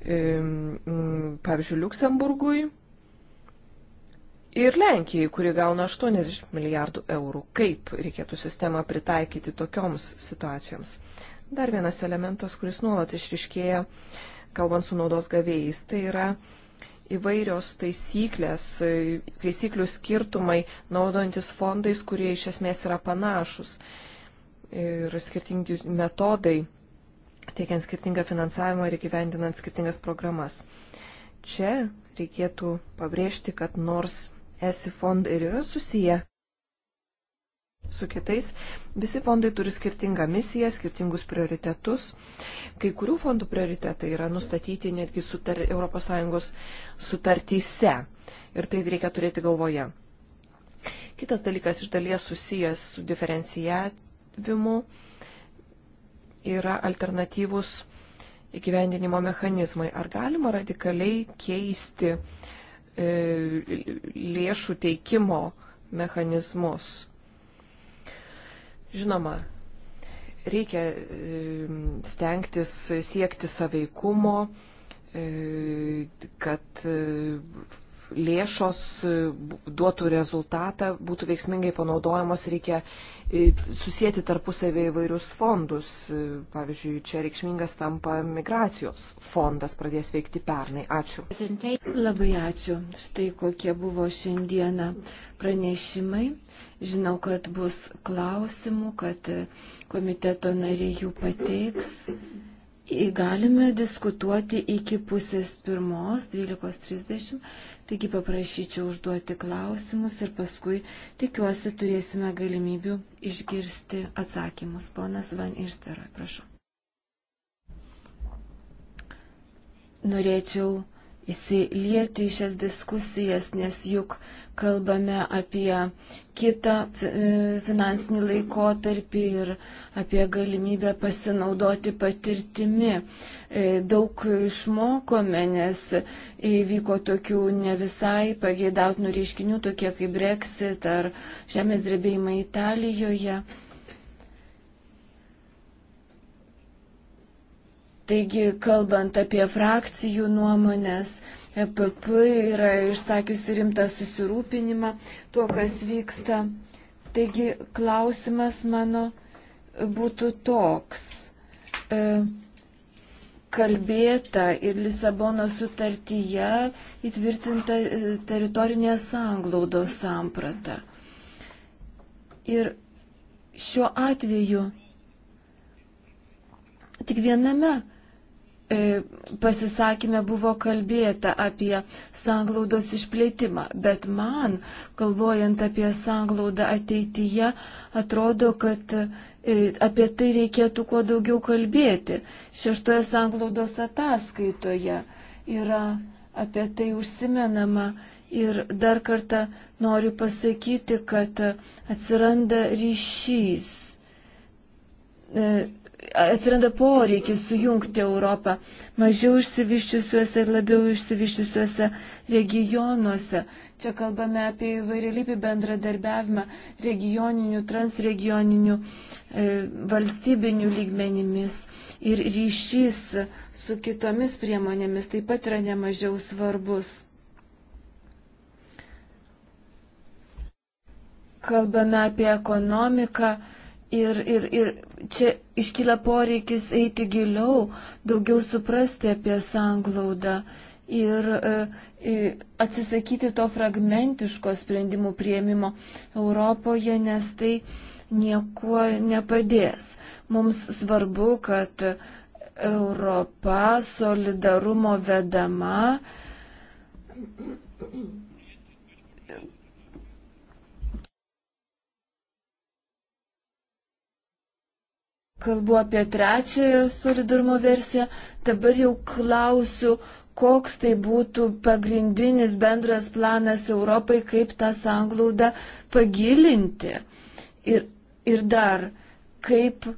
Speaker 3: pavyzdžiui, Luksemburgui ir Lenkijai, kuri gauna 80 milijardų eurų. Kaip reikėtų sistemą pritaikyti tokioms situacijoms? Dar vienas elementas, kuris nuolat išriškėja, kalbant su naudos gavėjais, tai yra įvairios taisyklės, taisyklių skirtumai, naudojantis fondais, kurie iš esmės yra panašus. Ir skirtingi metodai, teikiant skirtingą finansavimą ir įgyvendinant skirtingas programas. Čia reikėtų pabrėžti, kad nors ESI fondai ir yra susiję su kitais. Visi fondai turi skirtingą misiją, skirtingus prioritetus. Kai kurių fondų prioritetai yra nustatyti netgi sutar, ES sutartyse. Ir tai reikia turėti galvoje. Kitas dalykas iš dalies susijęs su diferencijavimu yra alternatyvus įgyvendinimo mechanizmai. Ar galima radikaliai keisti uh, E, lėšų teikimo mechanizmus. Žinoma, reikia e, stengtis siekti saveikumo, e, kad lėšos e, duotų rezultatą, būtų veiksmingai panaudojamos, reikia e, susijęti tarpusavį įvairius fondus. E, pavyzdžiui, čia reikšmingas tampa migracijos fondas, pradės veikti pernai. Ačiū. Labai ačiū. Štai kokie buvo
Speaker 1: šiandieną pranešimai. Žinau, kad bus klausimų, kad komiteto nariai jų pateiks. Galime diskutuoti iki pusės pirmos, 12.30. Taigi paprašyčiau užduoti klausimus ir paskui tikiuosi turėsime galimybių išgirsti atsakymus. Ponas Van Irsteroj, prašau. Norėčiau įsilieti į šias diskusijas, nes juk kalbame apie kitą e, finansinį laikotarpį ir apie galimybę pasinaudoti patirtimi. E, daug išmokome, nes įvyko tokių ne visai pageidautinų reiškinių, tokie kaip Brexit ar žemės drebėjimai Italijoje. Taigi, kalbant apie frakcijų nuomonės, EPP yra išsakiusi rimtą susirūpinimą tuo, kas vyksta. Taigi, klausimas mano būtų toks. E, kalbėta ir Lisabono sutartyje įtvirtinta e, teritorinės sanglaudos samprata. Ir šiuo atveju tik viename E, pasisakymė buvo kalbėta apie sanglaudos išplėtimą, bet man, galvojant apie sanglaudą ateityje, atrodo, kad e, apie tai reikėtų kuo daugiau kalbėti. Šeštoje sanglaudos ataskaitoje yra apie tai užsimenama ir dar kartą noriu pasakyti, kad atsiranda ryšys e, atsiranda poreikis sujungti Europą mažiau išsivyščiusiuose ir labiau išsivyščiusiuose regionuose. Čia kalbame apie įvairialypį bendradarbiavimą regioninių, transregioninių, e, valstybinių lygmenimis ir ryšys su kitomis priemonėmis taip pat yra nemažiau svarbus. Kalbame apie ekonomiką ir, ir, ir čia iškyla poreikis eiti giliau, daugiau suprasti apie sanglaudą ir e, atsisakyti to fragmentiško sprendimų prieimimo Europoje, nes tai niekuo nepadės. Mums svarbu, kad Europa solidarumo vedama kalbu apie trečiąją solidarumo versiją, dabar jau klausiu, koks tai būtų pagrindinis bendras planas Europai, kaip tą sanglaudą pagilinti. Ir, ir dar, kaip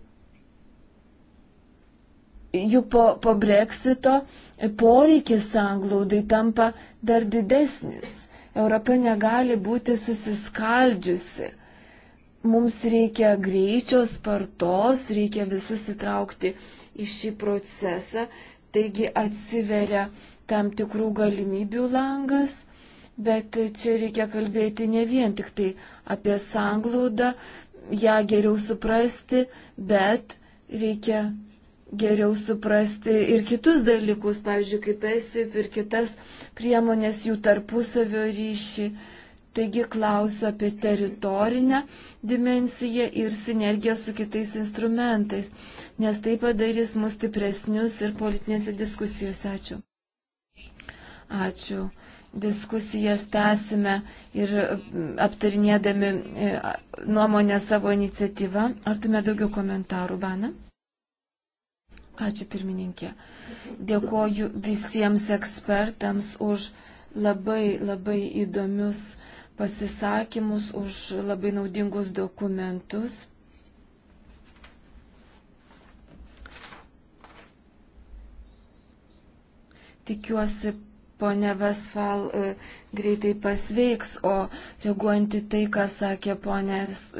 Speaker 1: juk po, po breksito poreikis sanglaudai tampa dar didesnis. Europa negali būti susiskaldžiusi. Mums reikia greičio, spartos, reikia visus įtraukti į šį procesą, taigi atsiveria tam tikrų galimybių langas, bet čia reikia kalbėti ne vien tik tai apie sanglaudą, ją geriau suprasti, bet reikia geriau suprasti ir kitus dalykus, pavyzdžiui, kaip esif ir kitas priemonės, jų tarpusavio ryšį. Taigi klausiu apie teritorinę dimensiją ir sinergiją su kitais instrumentais, nes tai padarys mus stipresnius ir politinėse diskusijose. Ačiū. Ačiū. Diskusijas tęsime ir aptarinėdami e, nuomonę savo iniciatyvą. Ar turime daugiau komentarų, Bana? Ačiū pirmininkė. Dėkoju visiems ekspertams už labai labai įdomius pasisakymus, už labai naudingus dokumentus. Tikiuosi, ponia Vesfal e, greitai pasveiks, o reaguojant į tai, ką sakė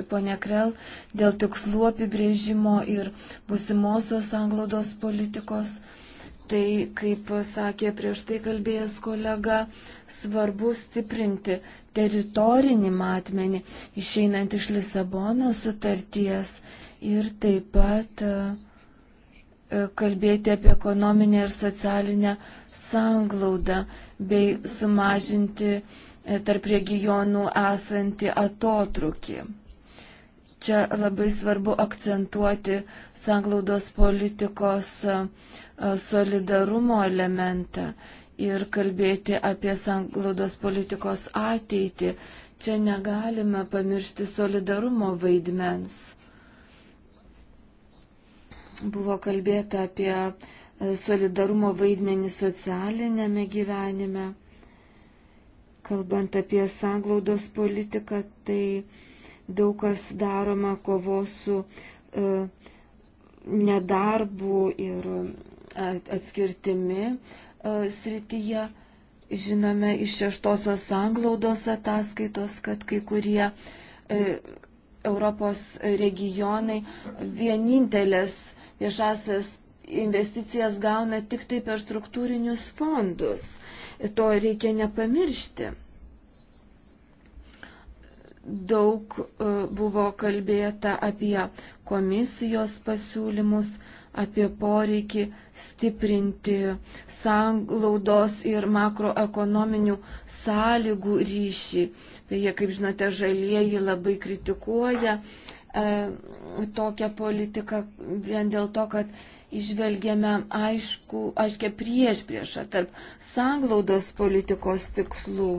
Speaker 1: ponia Krell dėl tikslų apibrėžimo ir busimosios anglaudos politikos, Tai, kaip sakė prieš tai kalbėjęs kolega, svarbu stiprinti teritorinį matmenį, išeinant iš Lisabono sutarties ir taip pat e, kalbėti apie ekonominę ir socialinę sanglaudą bei sumažinti e, tarp regionų esantį atotrukį. Čia labai svarbu akcentuoti sanglaudos politikos solidarumo elementą ir kalbėti apie sanglaudos politikos ateitį. Čia negalime pamiršti solidarumo vaidmens. Buvo kalbėta apie solidarumo vaidmenį socialinėme gyvenime. Kalbant apie sanglaudos politiką, tai daug kas daroma kovos su uh, nedarbu ir atskirtimi e, srityje. Žinome iš šeštosios anglaudos ataskaitos, kad kai kurie e, Europos regionai vienintelės viešasias investicijas gauna tik tai per struktūrinius fondus. To reikia nepamiršti. Daug e, buvo kalbėta apie komisijos pasiūlymus, apie poreikį stiprinti sanglaudos ir makroekonominių sąlygų ryšį. Beje, kaip žinote, žalieji labai kritikuoja e, tokią politiką vien dėl to, kad išvelgiame aišku, aiškia prieš priešą tarp sanglaudos politikos tikslų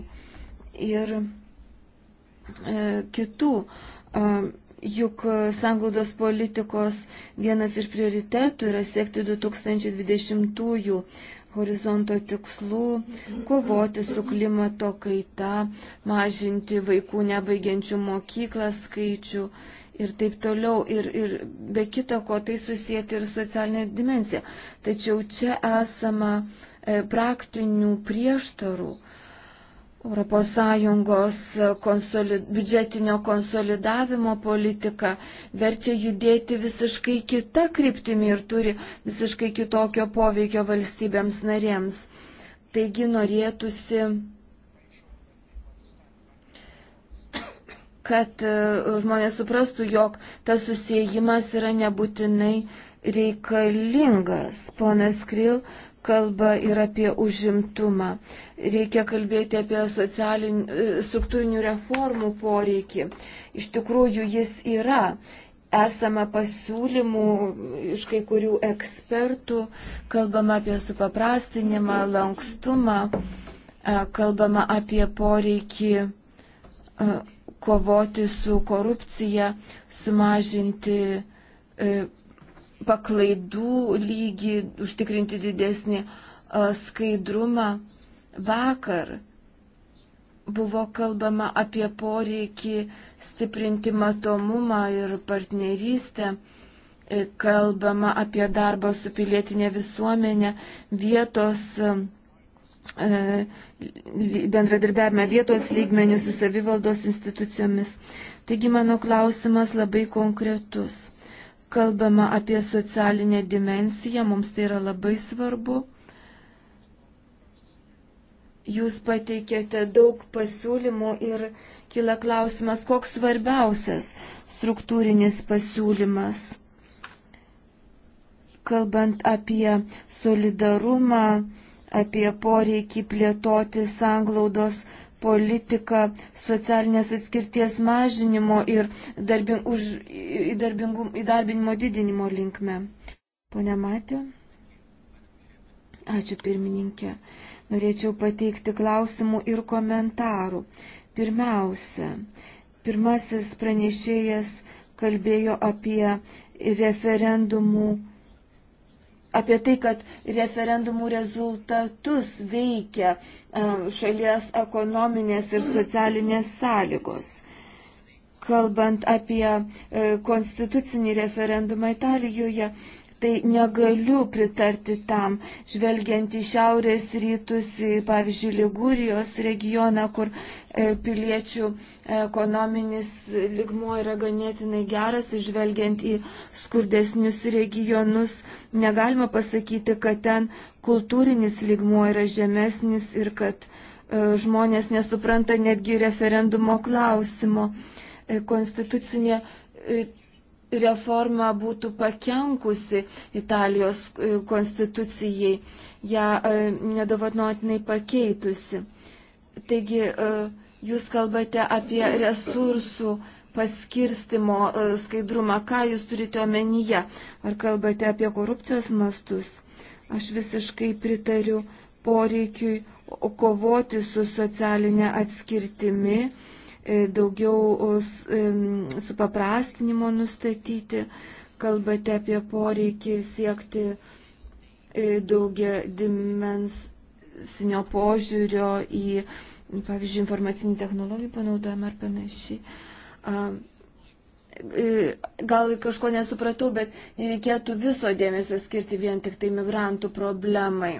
Speaker 1: ir e, kitų Juk sanglaudos politikos vienas iš prioritetų yra siekti 2020-ųjų horizonto tikslų, kovoti su klimato kaita, mažinti vaikų nebaigiančių mokyklą skaičių ir taip toliau. Ir, ir be kita ko tai susijęti ir socialinė dimensija. Tačiau čia esama e, praktinių prieštarų. E, ES konsolid, biudžetinio konsolidavimo politika verčia judėti visiškai kita kryptimi ir turi visiškai kitokio poveikio valstybėms narėms. Taigi norėtųsi, kad e, žmonės suprastų, jog tas susijimas yra nebūtinai reikalingas. Ponas Kril kalba ir apie užimtumą. Reikia kalbėti apie struktūrinių reformų poreikį. Iš tikrųjų jis yra. Esama pasiūlymų iš kai kurių ekspertų, kalbama apie supaprastinimą, lankstumą, e, kalbama apie poreikį e, kovoti su korupcija, sumažinti e, paklaidų lygį, užtikrinti didesnį skaidrumą. Vakar buvo kalbama apie poreikį stiprinti matomumą ir partnerystę, e, kalbama apie darbą su pilietinė visuomenė, vietos e, bendradarbiavimą vietos lygmenių su savivaldos institucijomis. Taigi mano klausimas labai konkretus kalbama apie socialinę dimensiją, mums tai yra labai svarbu. Jūs pateikėte daug pasiūlymų ir kyla klausimas, koks svarbiausias struktūrinis pasiūlymas. Kalbant apie solidarumą, apie poreikį plėtoti sanglaudos politiką socialinės atskirties mažinimo ir darbing, už, įdarbingu, įdarbinimo didinimo linkme. Pone Matė. Ačiū pirmininkė. Norėčiau pateikti klausimų ir komentarų. Pirmiausia, pirmasis pranešėjas kalbėjo apie referendumų apie tai, kad referendumų rezultatus veikia um, šalies ekonominės ir socialinės sąlygos. Kalbant apie e, konstitucinį referendumą Italijoje, tai negaliu pritarti tam, žvelgiant į šiaurės rytus, į, pavyzdžiui, Ligurijos regioną, kur e, piliečių ekonominis ligmuo yra ganėtinai geras, žvelgiant į skurdesnius regionus, negalima pasakyti, kad ten kultūrinis ligmuo yra žemesnis ir kad e, žmonės nesupranta netgi referendumo klausimo. E, konstitucinė reforma būtų pakenkusi Italijos e, konstitucijai, ją e, nedovanotinai pakeitusi. Taigi e, jūs kalbate apie resursų paskirstimo skaidrumą, ką jūs turite omenyje, ar kalbate apie korupcijos mastus. Aš visiškai pritariu poreikiui kovoti su socialinė atskirtimi E, daugiau e, supaprastinimo nustatyti, kalbate apie poreikį siekti e, daugia dimensinio požiūrio į, pavyzdžiui, informacinių technologijų panaudojimą ar panašiai gal kažko nesupratau, bet nereikėtų viso dėmesio skirti vien tik tai migrantų problemai.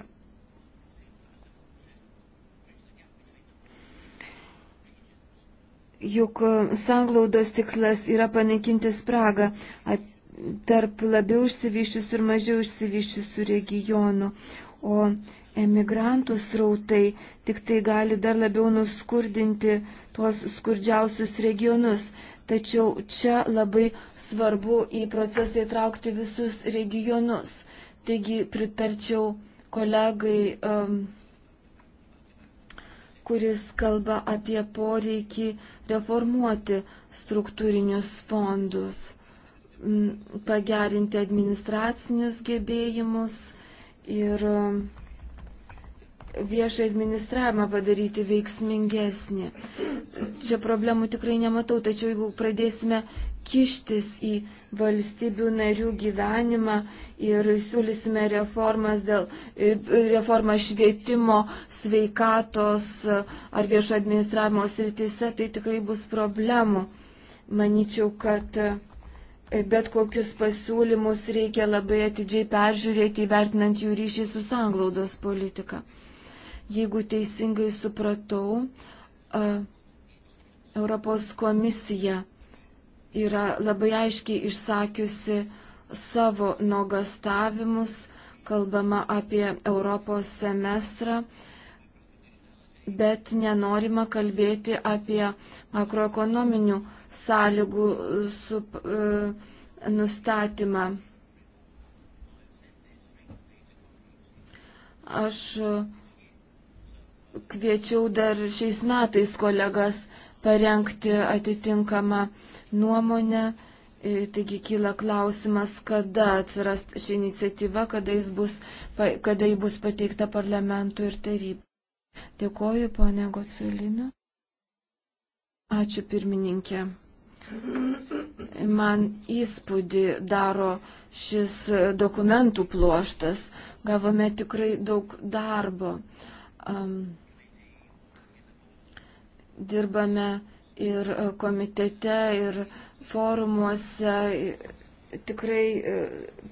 Speaker 1: juk e, sanglaudos tikslas yra panaikinti spragą tarp labiau išsivyščiusių ir mažiau išsivyščiusių regionų, o emigrantų srautai tik tai gali dar labiau nuskurdinti tuos skurdžiausius regionus. Tačiau čia labai svarbu į procesą įtraukti visus regionus. Taigi pritarčiau kolegai, um, kuris kalba apie poreikį uh, reformuoti struktūrinius fondus, pagerinti administracinius gebėjimus ir viešą administravimą padaryti veiksmingesnį. Čia problemų tikrai nematau, tačiau jeigu pradėsime kištis į valstybių narių gyvenimą ir siūlysime reformas dėl e, reformą švietimo, sveikatos e, ar viešo administravimo srityse, tai tikrai bus problemų. Maničiau, kad e, bet kokius pasiūlymus reikia labai atidžiai peržiūrėti, vertinant jų ryšį su sanglaudos politika. Jeigu teisingai supratau, Europos komisija yra labai aiškiai išsakiusi savo nuogastavimus, kalbama apie Europos semestrą, bet nenorima kalbėti apie makroekonominių sąlygų sub, e, nustatymą. Aš kviečiau dar šiais metais kolegas parengti atitinkamą uh, nuomonę. E, taigi kyla klausimas, kada atsiras ši iniciatyva, kada, bus, kada ji bus pateikta parlamentui ir tarybai. Dėkoju, ponė Gocelina. Ačiū pirmininkė. Man įspūdį daro šis dokumentų pluoštas. Gavome tikrai daug darbo. Um, dirbame ir e, komitete, ir forumuose. Tikrai e,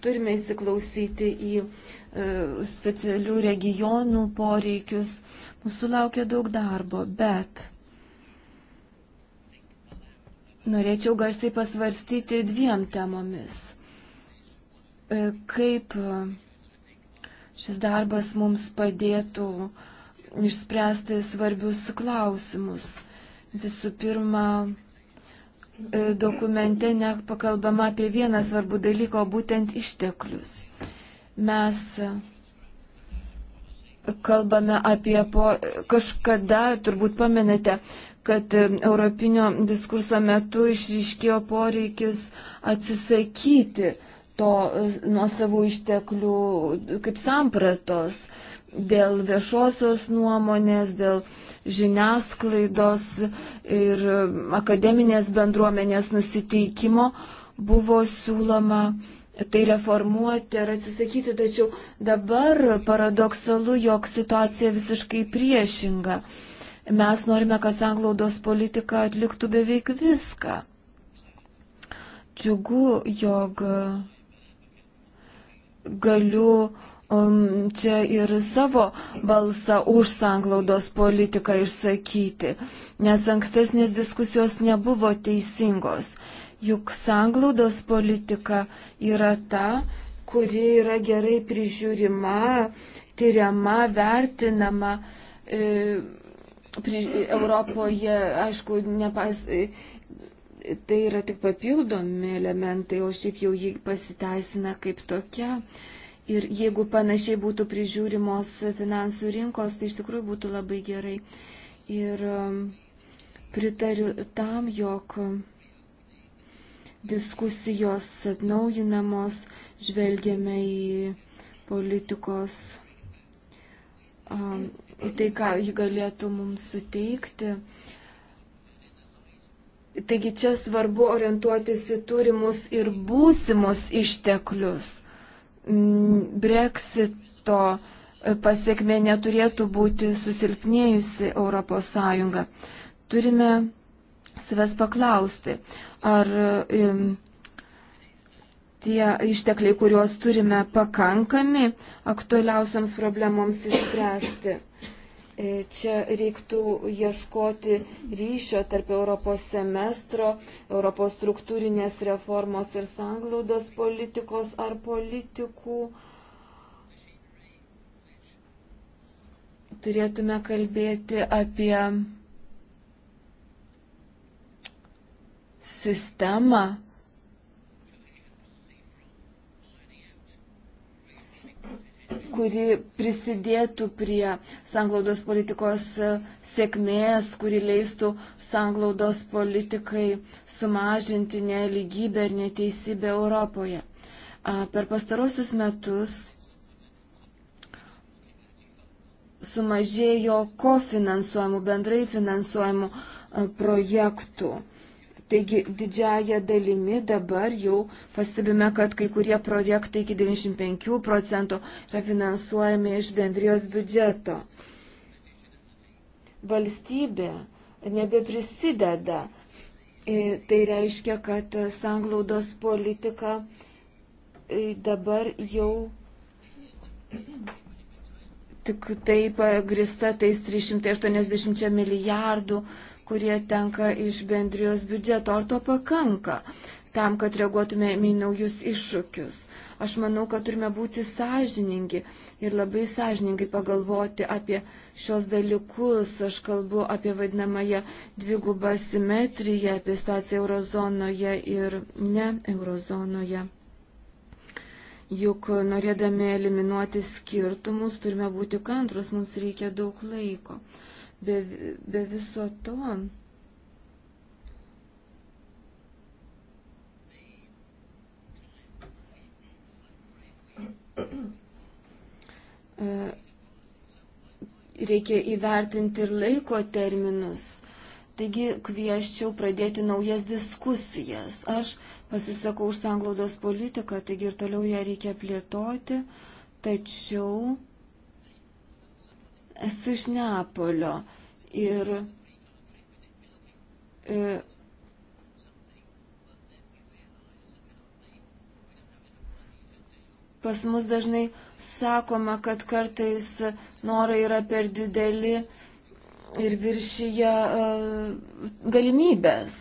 Speaker 1: turime įsiklausyti į e, specialių regionų poreikius. Mūsų laukia daug darbo, bet norėčiau garsiai pasvarstyti dviem temomis. Kaip šis darbas mums padėtų išspręsti svarbius klausimus Visų pirma, e, dokumente nepakalbama apie vieną svarbų dalyką, būtent išteklius. Mes kalbame apie po, kažkada, turbūt pamenate, kad europinio diskurso metu išryškėjo poreikis atsisakyti to e, nuo savų išteklių kaip sampratos dėl viešosios nuomonės, dėl žiniasklaidos ir akademinės bendruomenės nusiteikimo buvo siūloma tai reformuoti ar atsisakyti, tačiau dabar paradoksalu, jog situacija visiškai priešinga. Mes norime, kad sanglaudos politika atliktų beveik viską. Džiugu, jog galiu Ehm, čia ir savo balsą už sanglaudos politiką išsakyti, nes ankstesnės diskusijos nebuvo teisingos. Juk sanglaudos politika yra ta, kuri yra gerai prižiūrima, tyriama, vertinama. E, pri, Europoje, aišku, nepas, e, tai yra tik papildomi elementai, o šiaip jau jį pasiteisina kaip tokia. E, Ir jeigu panašiai būtų prižiūrimos finansų rinkos, tai iš tikrųjų būtų labai gerai. Ir um, pritariu tam, jog diskusijos atnaujinamos, žvelgiame į politikos, um, į tai, ką ji galėtų mums suteikti. Taigi čia svarbu orientuotis į turimus ir būsimus išteklius breksito pasiekme neturėtų būti susilpnėjusi ES. Turime savęs paklausti, ar tie ištekliai, kuriuos turime, pakankami aktualiausiams problemoms įspręsti. E, čia reiktų ieškoti ryšio tarp Europos semestro, Europos struktūrinės reformos ir sanglaudos politikos ar politikų. Turėtume kalbėti apie sistemą, kuri prisidėtų prie sanglaudos politikos sėkmės, kuri leistų sanglaudos politikai sumažinti neligybę ir neteisybę Europoje. Per pastarosius metus sumažėjo kofinansuojamų, bendrai finansuojamų projektų. Taigi didžiaja dalimi dabar jau pastebime, kad kai kurie projektai iki 95 procentų yra finansuojami iš bendrijos biudžeto. Valstybė nebeprisideda. E, tai reiškia, kad sanglaudos politika e, dabar jau tik taip e, grista tais 380 milijardų kurie tenka iš bendrijos biudžeto. Ar to pakanka tam, kad reaguotume į naujus iššūkius? Aš manau, kad turime būti sąžiningi ir labai sąžiningai pagalvoti apie šios dalykus. Aš kalbu apie vadinamąją dvigubą simetriją, apie situaciją eurozonoje ir ne eurozonoje. Juk norėdami eliminuoti skirtumus turime būti kantrus, mums reikia daug laiko. Be, be viso to *clears throat* e, reikia įvertinti ir laiko terminus. Taigi kvieščiau pradėti naujas diskusijas. Aš pasisakau už sanglaudos politiką, taigi ir toliau ją reikia plėtoti, tačiau Esu iš Neapolio ir e, pas mus dažnai sakoma, kad kartais norai yra per dideli ir viršyje e, galimybės.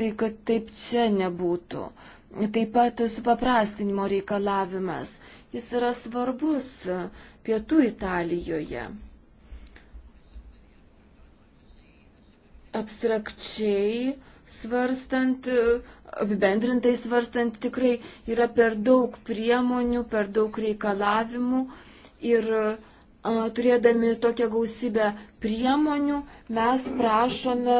Speaker 1: Tai kad taip čia nebūtų. Taip pat supaprastinimo reikalavimas. Jis yra svarbus pietų Italijoje. abstrakčiai svarstant, apibendrintai svarstant, tikrai yra per daug priemonių, per daug reikalavimų ir a, turėdami tokią gausybę priemonių mes prašome,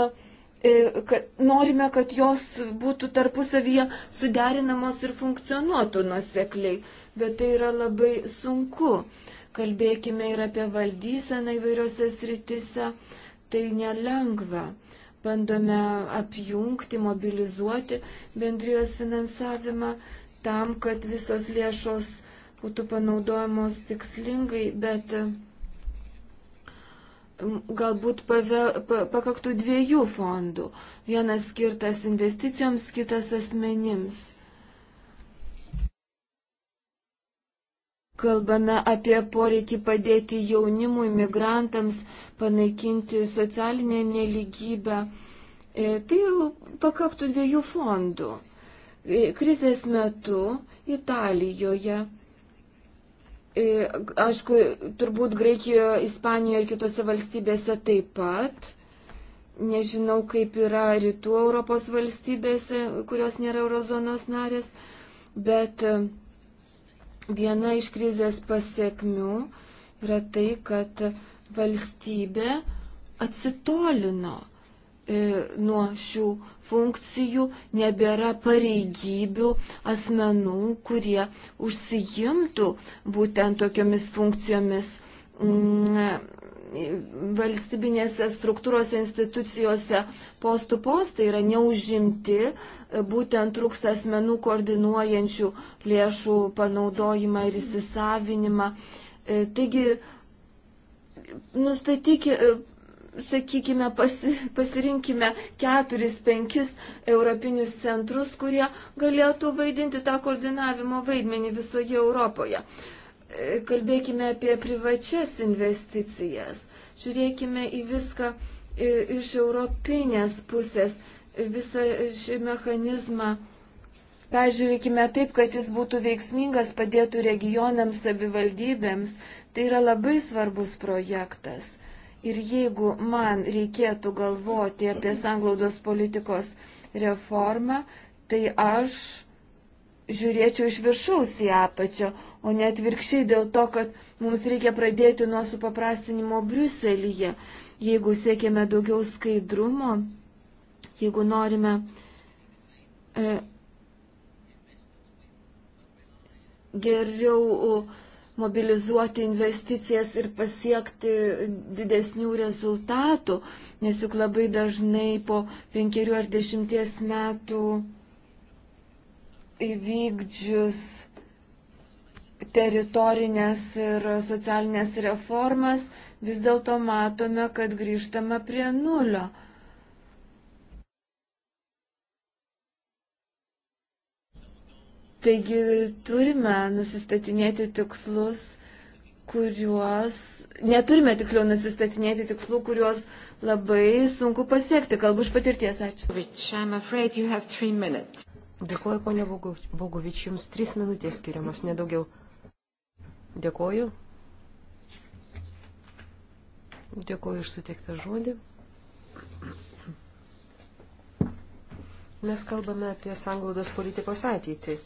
Speaker 1: e, kad norime, kad jos būtų tarpusavyje suderinamos ir funkcionuotų nusekliai, bet tai yra labai sunku. Kalbėkime ir apie valdyseną įvairiose sritise, tai nelengva bandome apjungti, mobilizuoti bendrijos finansavimą tam, kad visos lėšos būtų panaudojamos tikslingai, bet galbūt pave, pakaktų dviejų fondų. Vienas skirtas investicijoms, kitas asmenims. kalbame apie poreikį padėti jaunimui, migrantams, panaikinti socialinę neligybę. E, tai pakaktų dviejų fondų. E, krizės metu Italijoje, e, aišku, turbūt Graikijoje, Ispanijoje ir kitose valstybėse taip pat. Nežinau, kaip yra rytų Europos valstybėse, kurios nėra eurozonos narės, bet Viena iš krizės pasiekmių yra tai, kad valstybė atsitolino e, nuo šių funkcijų, nebėra pareigybių asmenų, kurie užsijimtų būtent tokiomis funkcijomis. Mm, valstybinėse struktūros institucijose postų postai yra neužimti, būtent trūksta asmenų koordinuojančių lėšų panaudojimą ir įsisavinimą. E, taigi, nustatykime, sakykime, pasi, pasirinkime keturis, penkis europinius centrus, kurie galėtų vaidinti tą koordinavimo vaidmenį visoje Europoje. Uh, kalbėkime apie privačias investicijas, žiūrėkime į viską e, iš europinės pusės, visą šį mechanizmą. Peržiūrėkime taip, kad jis būtų veiksmingas, padėtų regionams, savivaldybėms. Tai yra labai svarbus projektas. Ir jeigu man reikėtų galvoti apie sanglaudos politikos reformą, tai aš žiūrėčiau iš viršaus į apačią, o ne atvirkščiai dėl to, kad mums reikia pradėti nuo supaprastinimo Briuselyje. Jeigu siekime daugiau skaidrumo, jeigu norime e, geriau mobilizuoti investicijas ir pasiekti didesnių rezultatų, nes juk labai dažnai po penkerių ar dešimties metų įvykdžius teritorinės ir socialinės reformas, vis dėlto matome, kad grįžtama prie nulio. Taigi turime nusistatinėti tikslus, kuriuos, neturime tiksliau nusistatinėti tikslų, kuriuos labai sunku pasiekti. Kalbu iš patirties, ačiū. Rich, Dėkuoju, ponia Bogovič, jums trys
Speaker 2: minutės skiriamas, nedaugiau. Dėkuoju. Dėkuoju iš suteiktą žodį. Mes kalbame apie sanglaudos politikos ateitį,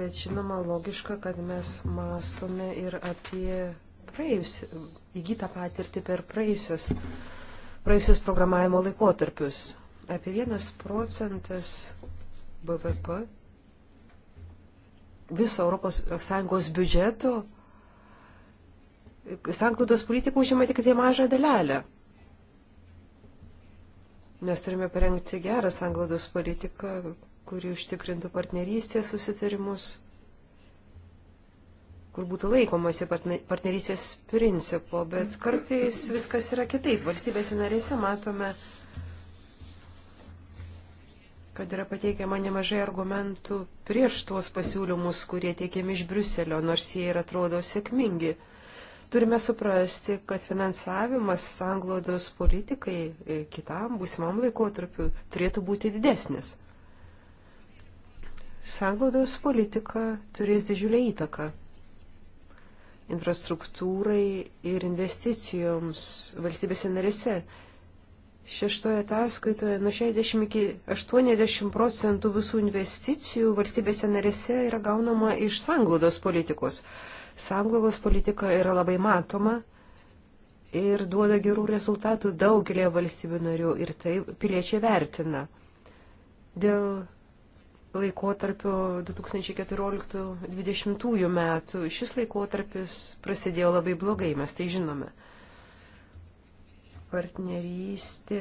Speaker 2: bet žinoma logiška, kad mes mastome ir apie praėjus, įgytą patirtį per praėjusias, praėjusius programavimo laikotarpius. Apie vienas procentas BVP viso ES biudžeto sanklaidos politika užima tik tai mažą dalelę. Mes turime parengti gerą sanglaudos politiką, kuri užtikrintų partnerystės susitarimus, kur būtų laikomasi partnerystės principo, bet kartais viskas yra kitaip. Valstybėse narėse matome kad yra pateikiama nemažai argumentų prieš tuos pasiūlymus, kurie teikiami iš Briuselio, nors jie ir atrodo sėkmingi. Turime suprasti, kad finansavimas anglodos politikai e, kitam būsimam laikotarpiu turėtų būti didesnis. Sanglaudos politika turės didžiulę įtaką infrastruktūrai ir investicijoms valstybėse narėse šeštoje ataskaitoje nuo 60 iki 80 procentų visų investicijų valstybėse narėse yra gaunama iš sanglaudos politikos. Sanglaudos politika yra labai matoma ir duoda gerų rezultatų daugelėje valstybių narių ir tai piliečiai vertina. Dėl laikotarpio 2014-2020 metų šis laikotarpis prasidėjo labai blogai, mes tai žinome partnerystė,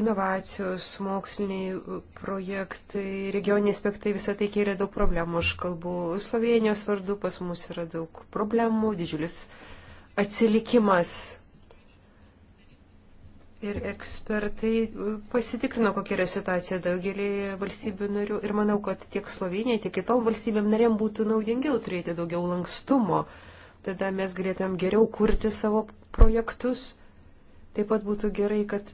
Speaker 2: inovacijos, moksliniai projektai, regioniniai aspektai, visą tai kėlė daug problemų. Aš kalbu Slovenijos vardu, pas mus yra daug problemų, didžiulis atsilikimas. Ir ekspertai pasitikrino, kokia yra situacija daugelį valstybių narių. Ir manau, kad tiek Slovenijai, tiek kitom valstybėm narėm būtų naudingiau turėti daugiau lankstumo tada mes galėtumėm geriau kurti savo projektus. Taip pat būtų gerai, kad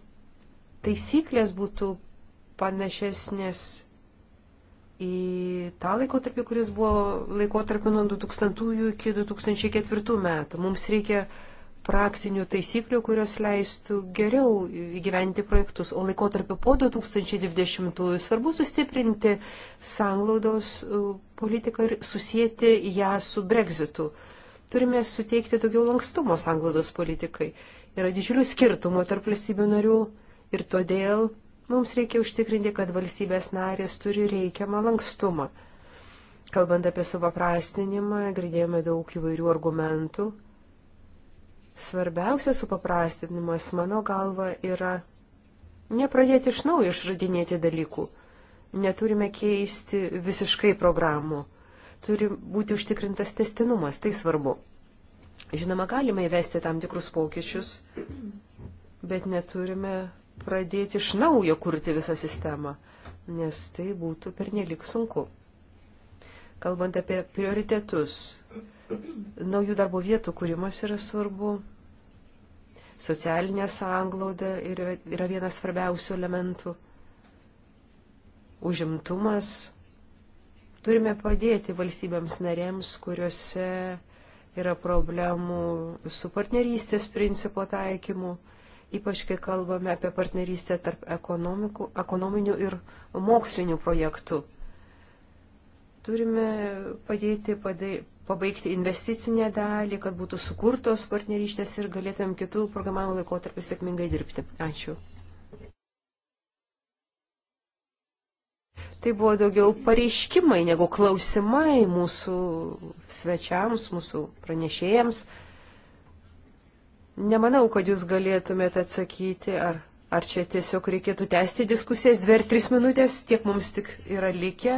Speaker 2: taisyklės būtų panašesnės į tą laikotarpį, kuris buvo laikotarpį nuo 2000 iki 2004 metų. Mums reikia praktinių taisyklių, kurios leistų geriau įgyventi projektus. O laikotarpį po 2020 svarbu sustiprinti sanglaudos uh, politiką ir susijęti ją su Brexitu. Uh, Turime suteikti daugiau lankstumo sanglaudos politikai. Yra didžiulių skirtumų tarp valstybių narių ir todėl mums reikia užtikrinti, kad valstybės narės turi reikiamą lankstumą. Kalbant apie supaprastinimą, girdėjome daug įvairių argumentų. Svarbiausias supaprastinimas, mano galva, yra nepradėti iš naujo išradinėti dalykų. Neturime keisti visiškai programų turi būti užtikrintas testinumas, tai svarbu. Žinoma, galime įvesti tam tikrus pokyčius, bet neturime pradėti iš naujo kurti visą sistemą, nes tai būtų pernelik sunku. Kalbant apie prioritetus, naujų darbo vietų kūrimas yra svarbu, socialinė sąnglauda yra, yra vienas svarbiausių elementų, užimtumas Turime padėti valstybėms narėms, kuriuose yra problemų su partnerystės principo taikymu, ypač kai kalbame apie partnerystę tarp ekonominių ir mokslinių projektų. Turime padėti padai, pabaigti investicinę dalį, kad būtų sukurtos partnerystės ir galėtumėm kitų programavimo laikotarpių sėkmingai dirbti. Ačiū. Tai buvo daugiau pareiškimai negu klausimai mūsų svečiams, mūsų pranešėjams. Nemanau, kad jūs galėtumėte atsakyti, ar, ar čia tiesiog reikėtų tęsti diskusijas dvi ar tris minutės, tiek mums tik yra likę.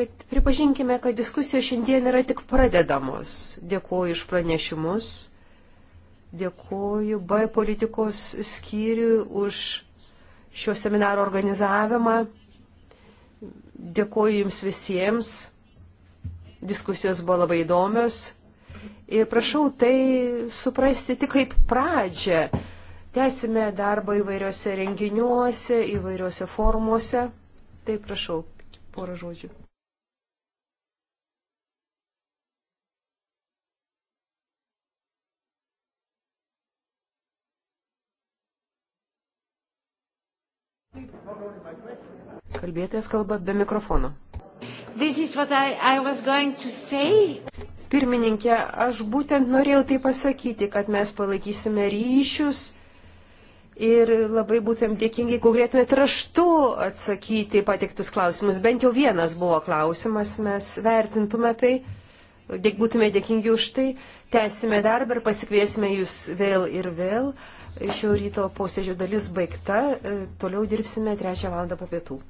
Speaker 2: Bet pripažinkime, kad diskusijos šiandien yra tik pradedamos. Dėkuoju iš pranešimus. Dėkuoju B politikos skyriui už šio seminaro organizavimą. Dėkuoju Jums visiems. Diskusijos buvo labai įdomios. Ir prašau tai suprasti tik kaip pradžią. Tęsime darbą įvairiuose renginiuose, įvairiuose formuose. Tai prašau, porą žodžių. Kalbėtojas kalba be mikrofono. I, I Pirmininkė, aš būtent norėjau tai pasakyti, kad mes palaikysime ryšius ir labai būtum dėkingi, jeigu galėtumėt raštu atsakyti patiktus klausimus. Bent jau vienas buvo klausimas, mes vertintume tai, dėk, būtume dėkingi už tai. Tęsime darbą ir pasikviesime jūs vėl ir vėl. Šio ryto posėdžio dalis baigta, e,
Speaker 4: toliau dirbsime trečią valandą po pietų.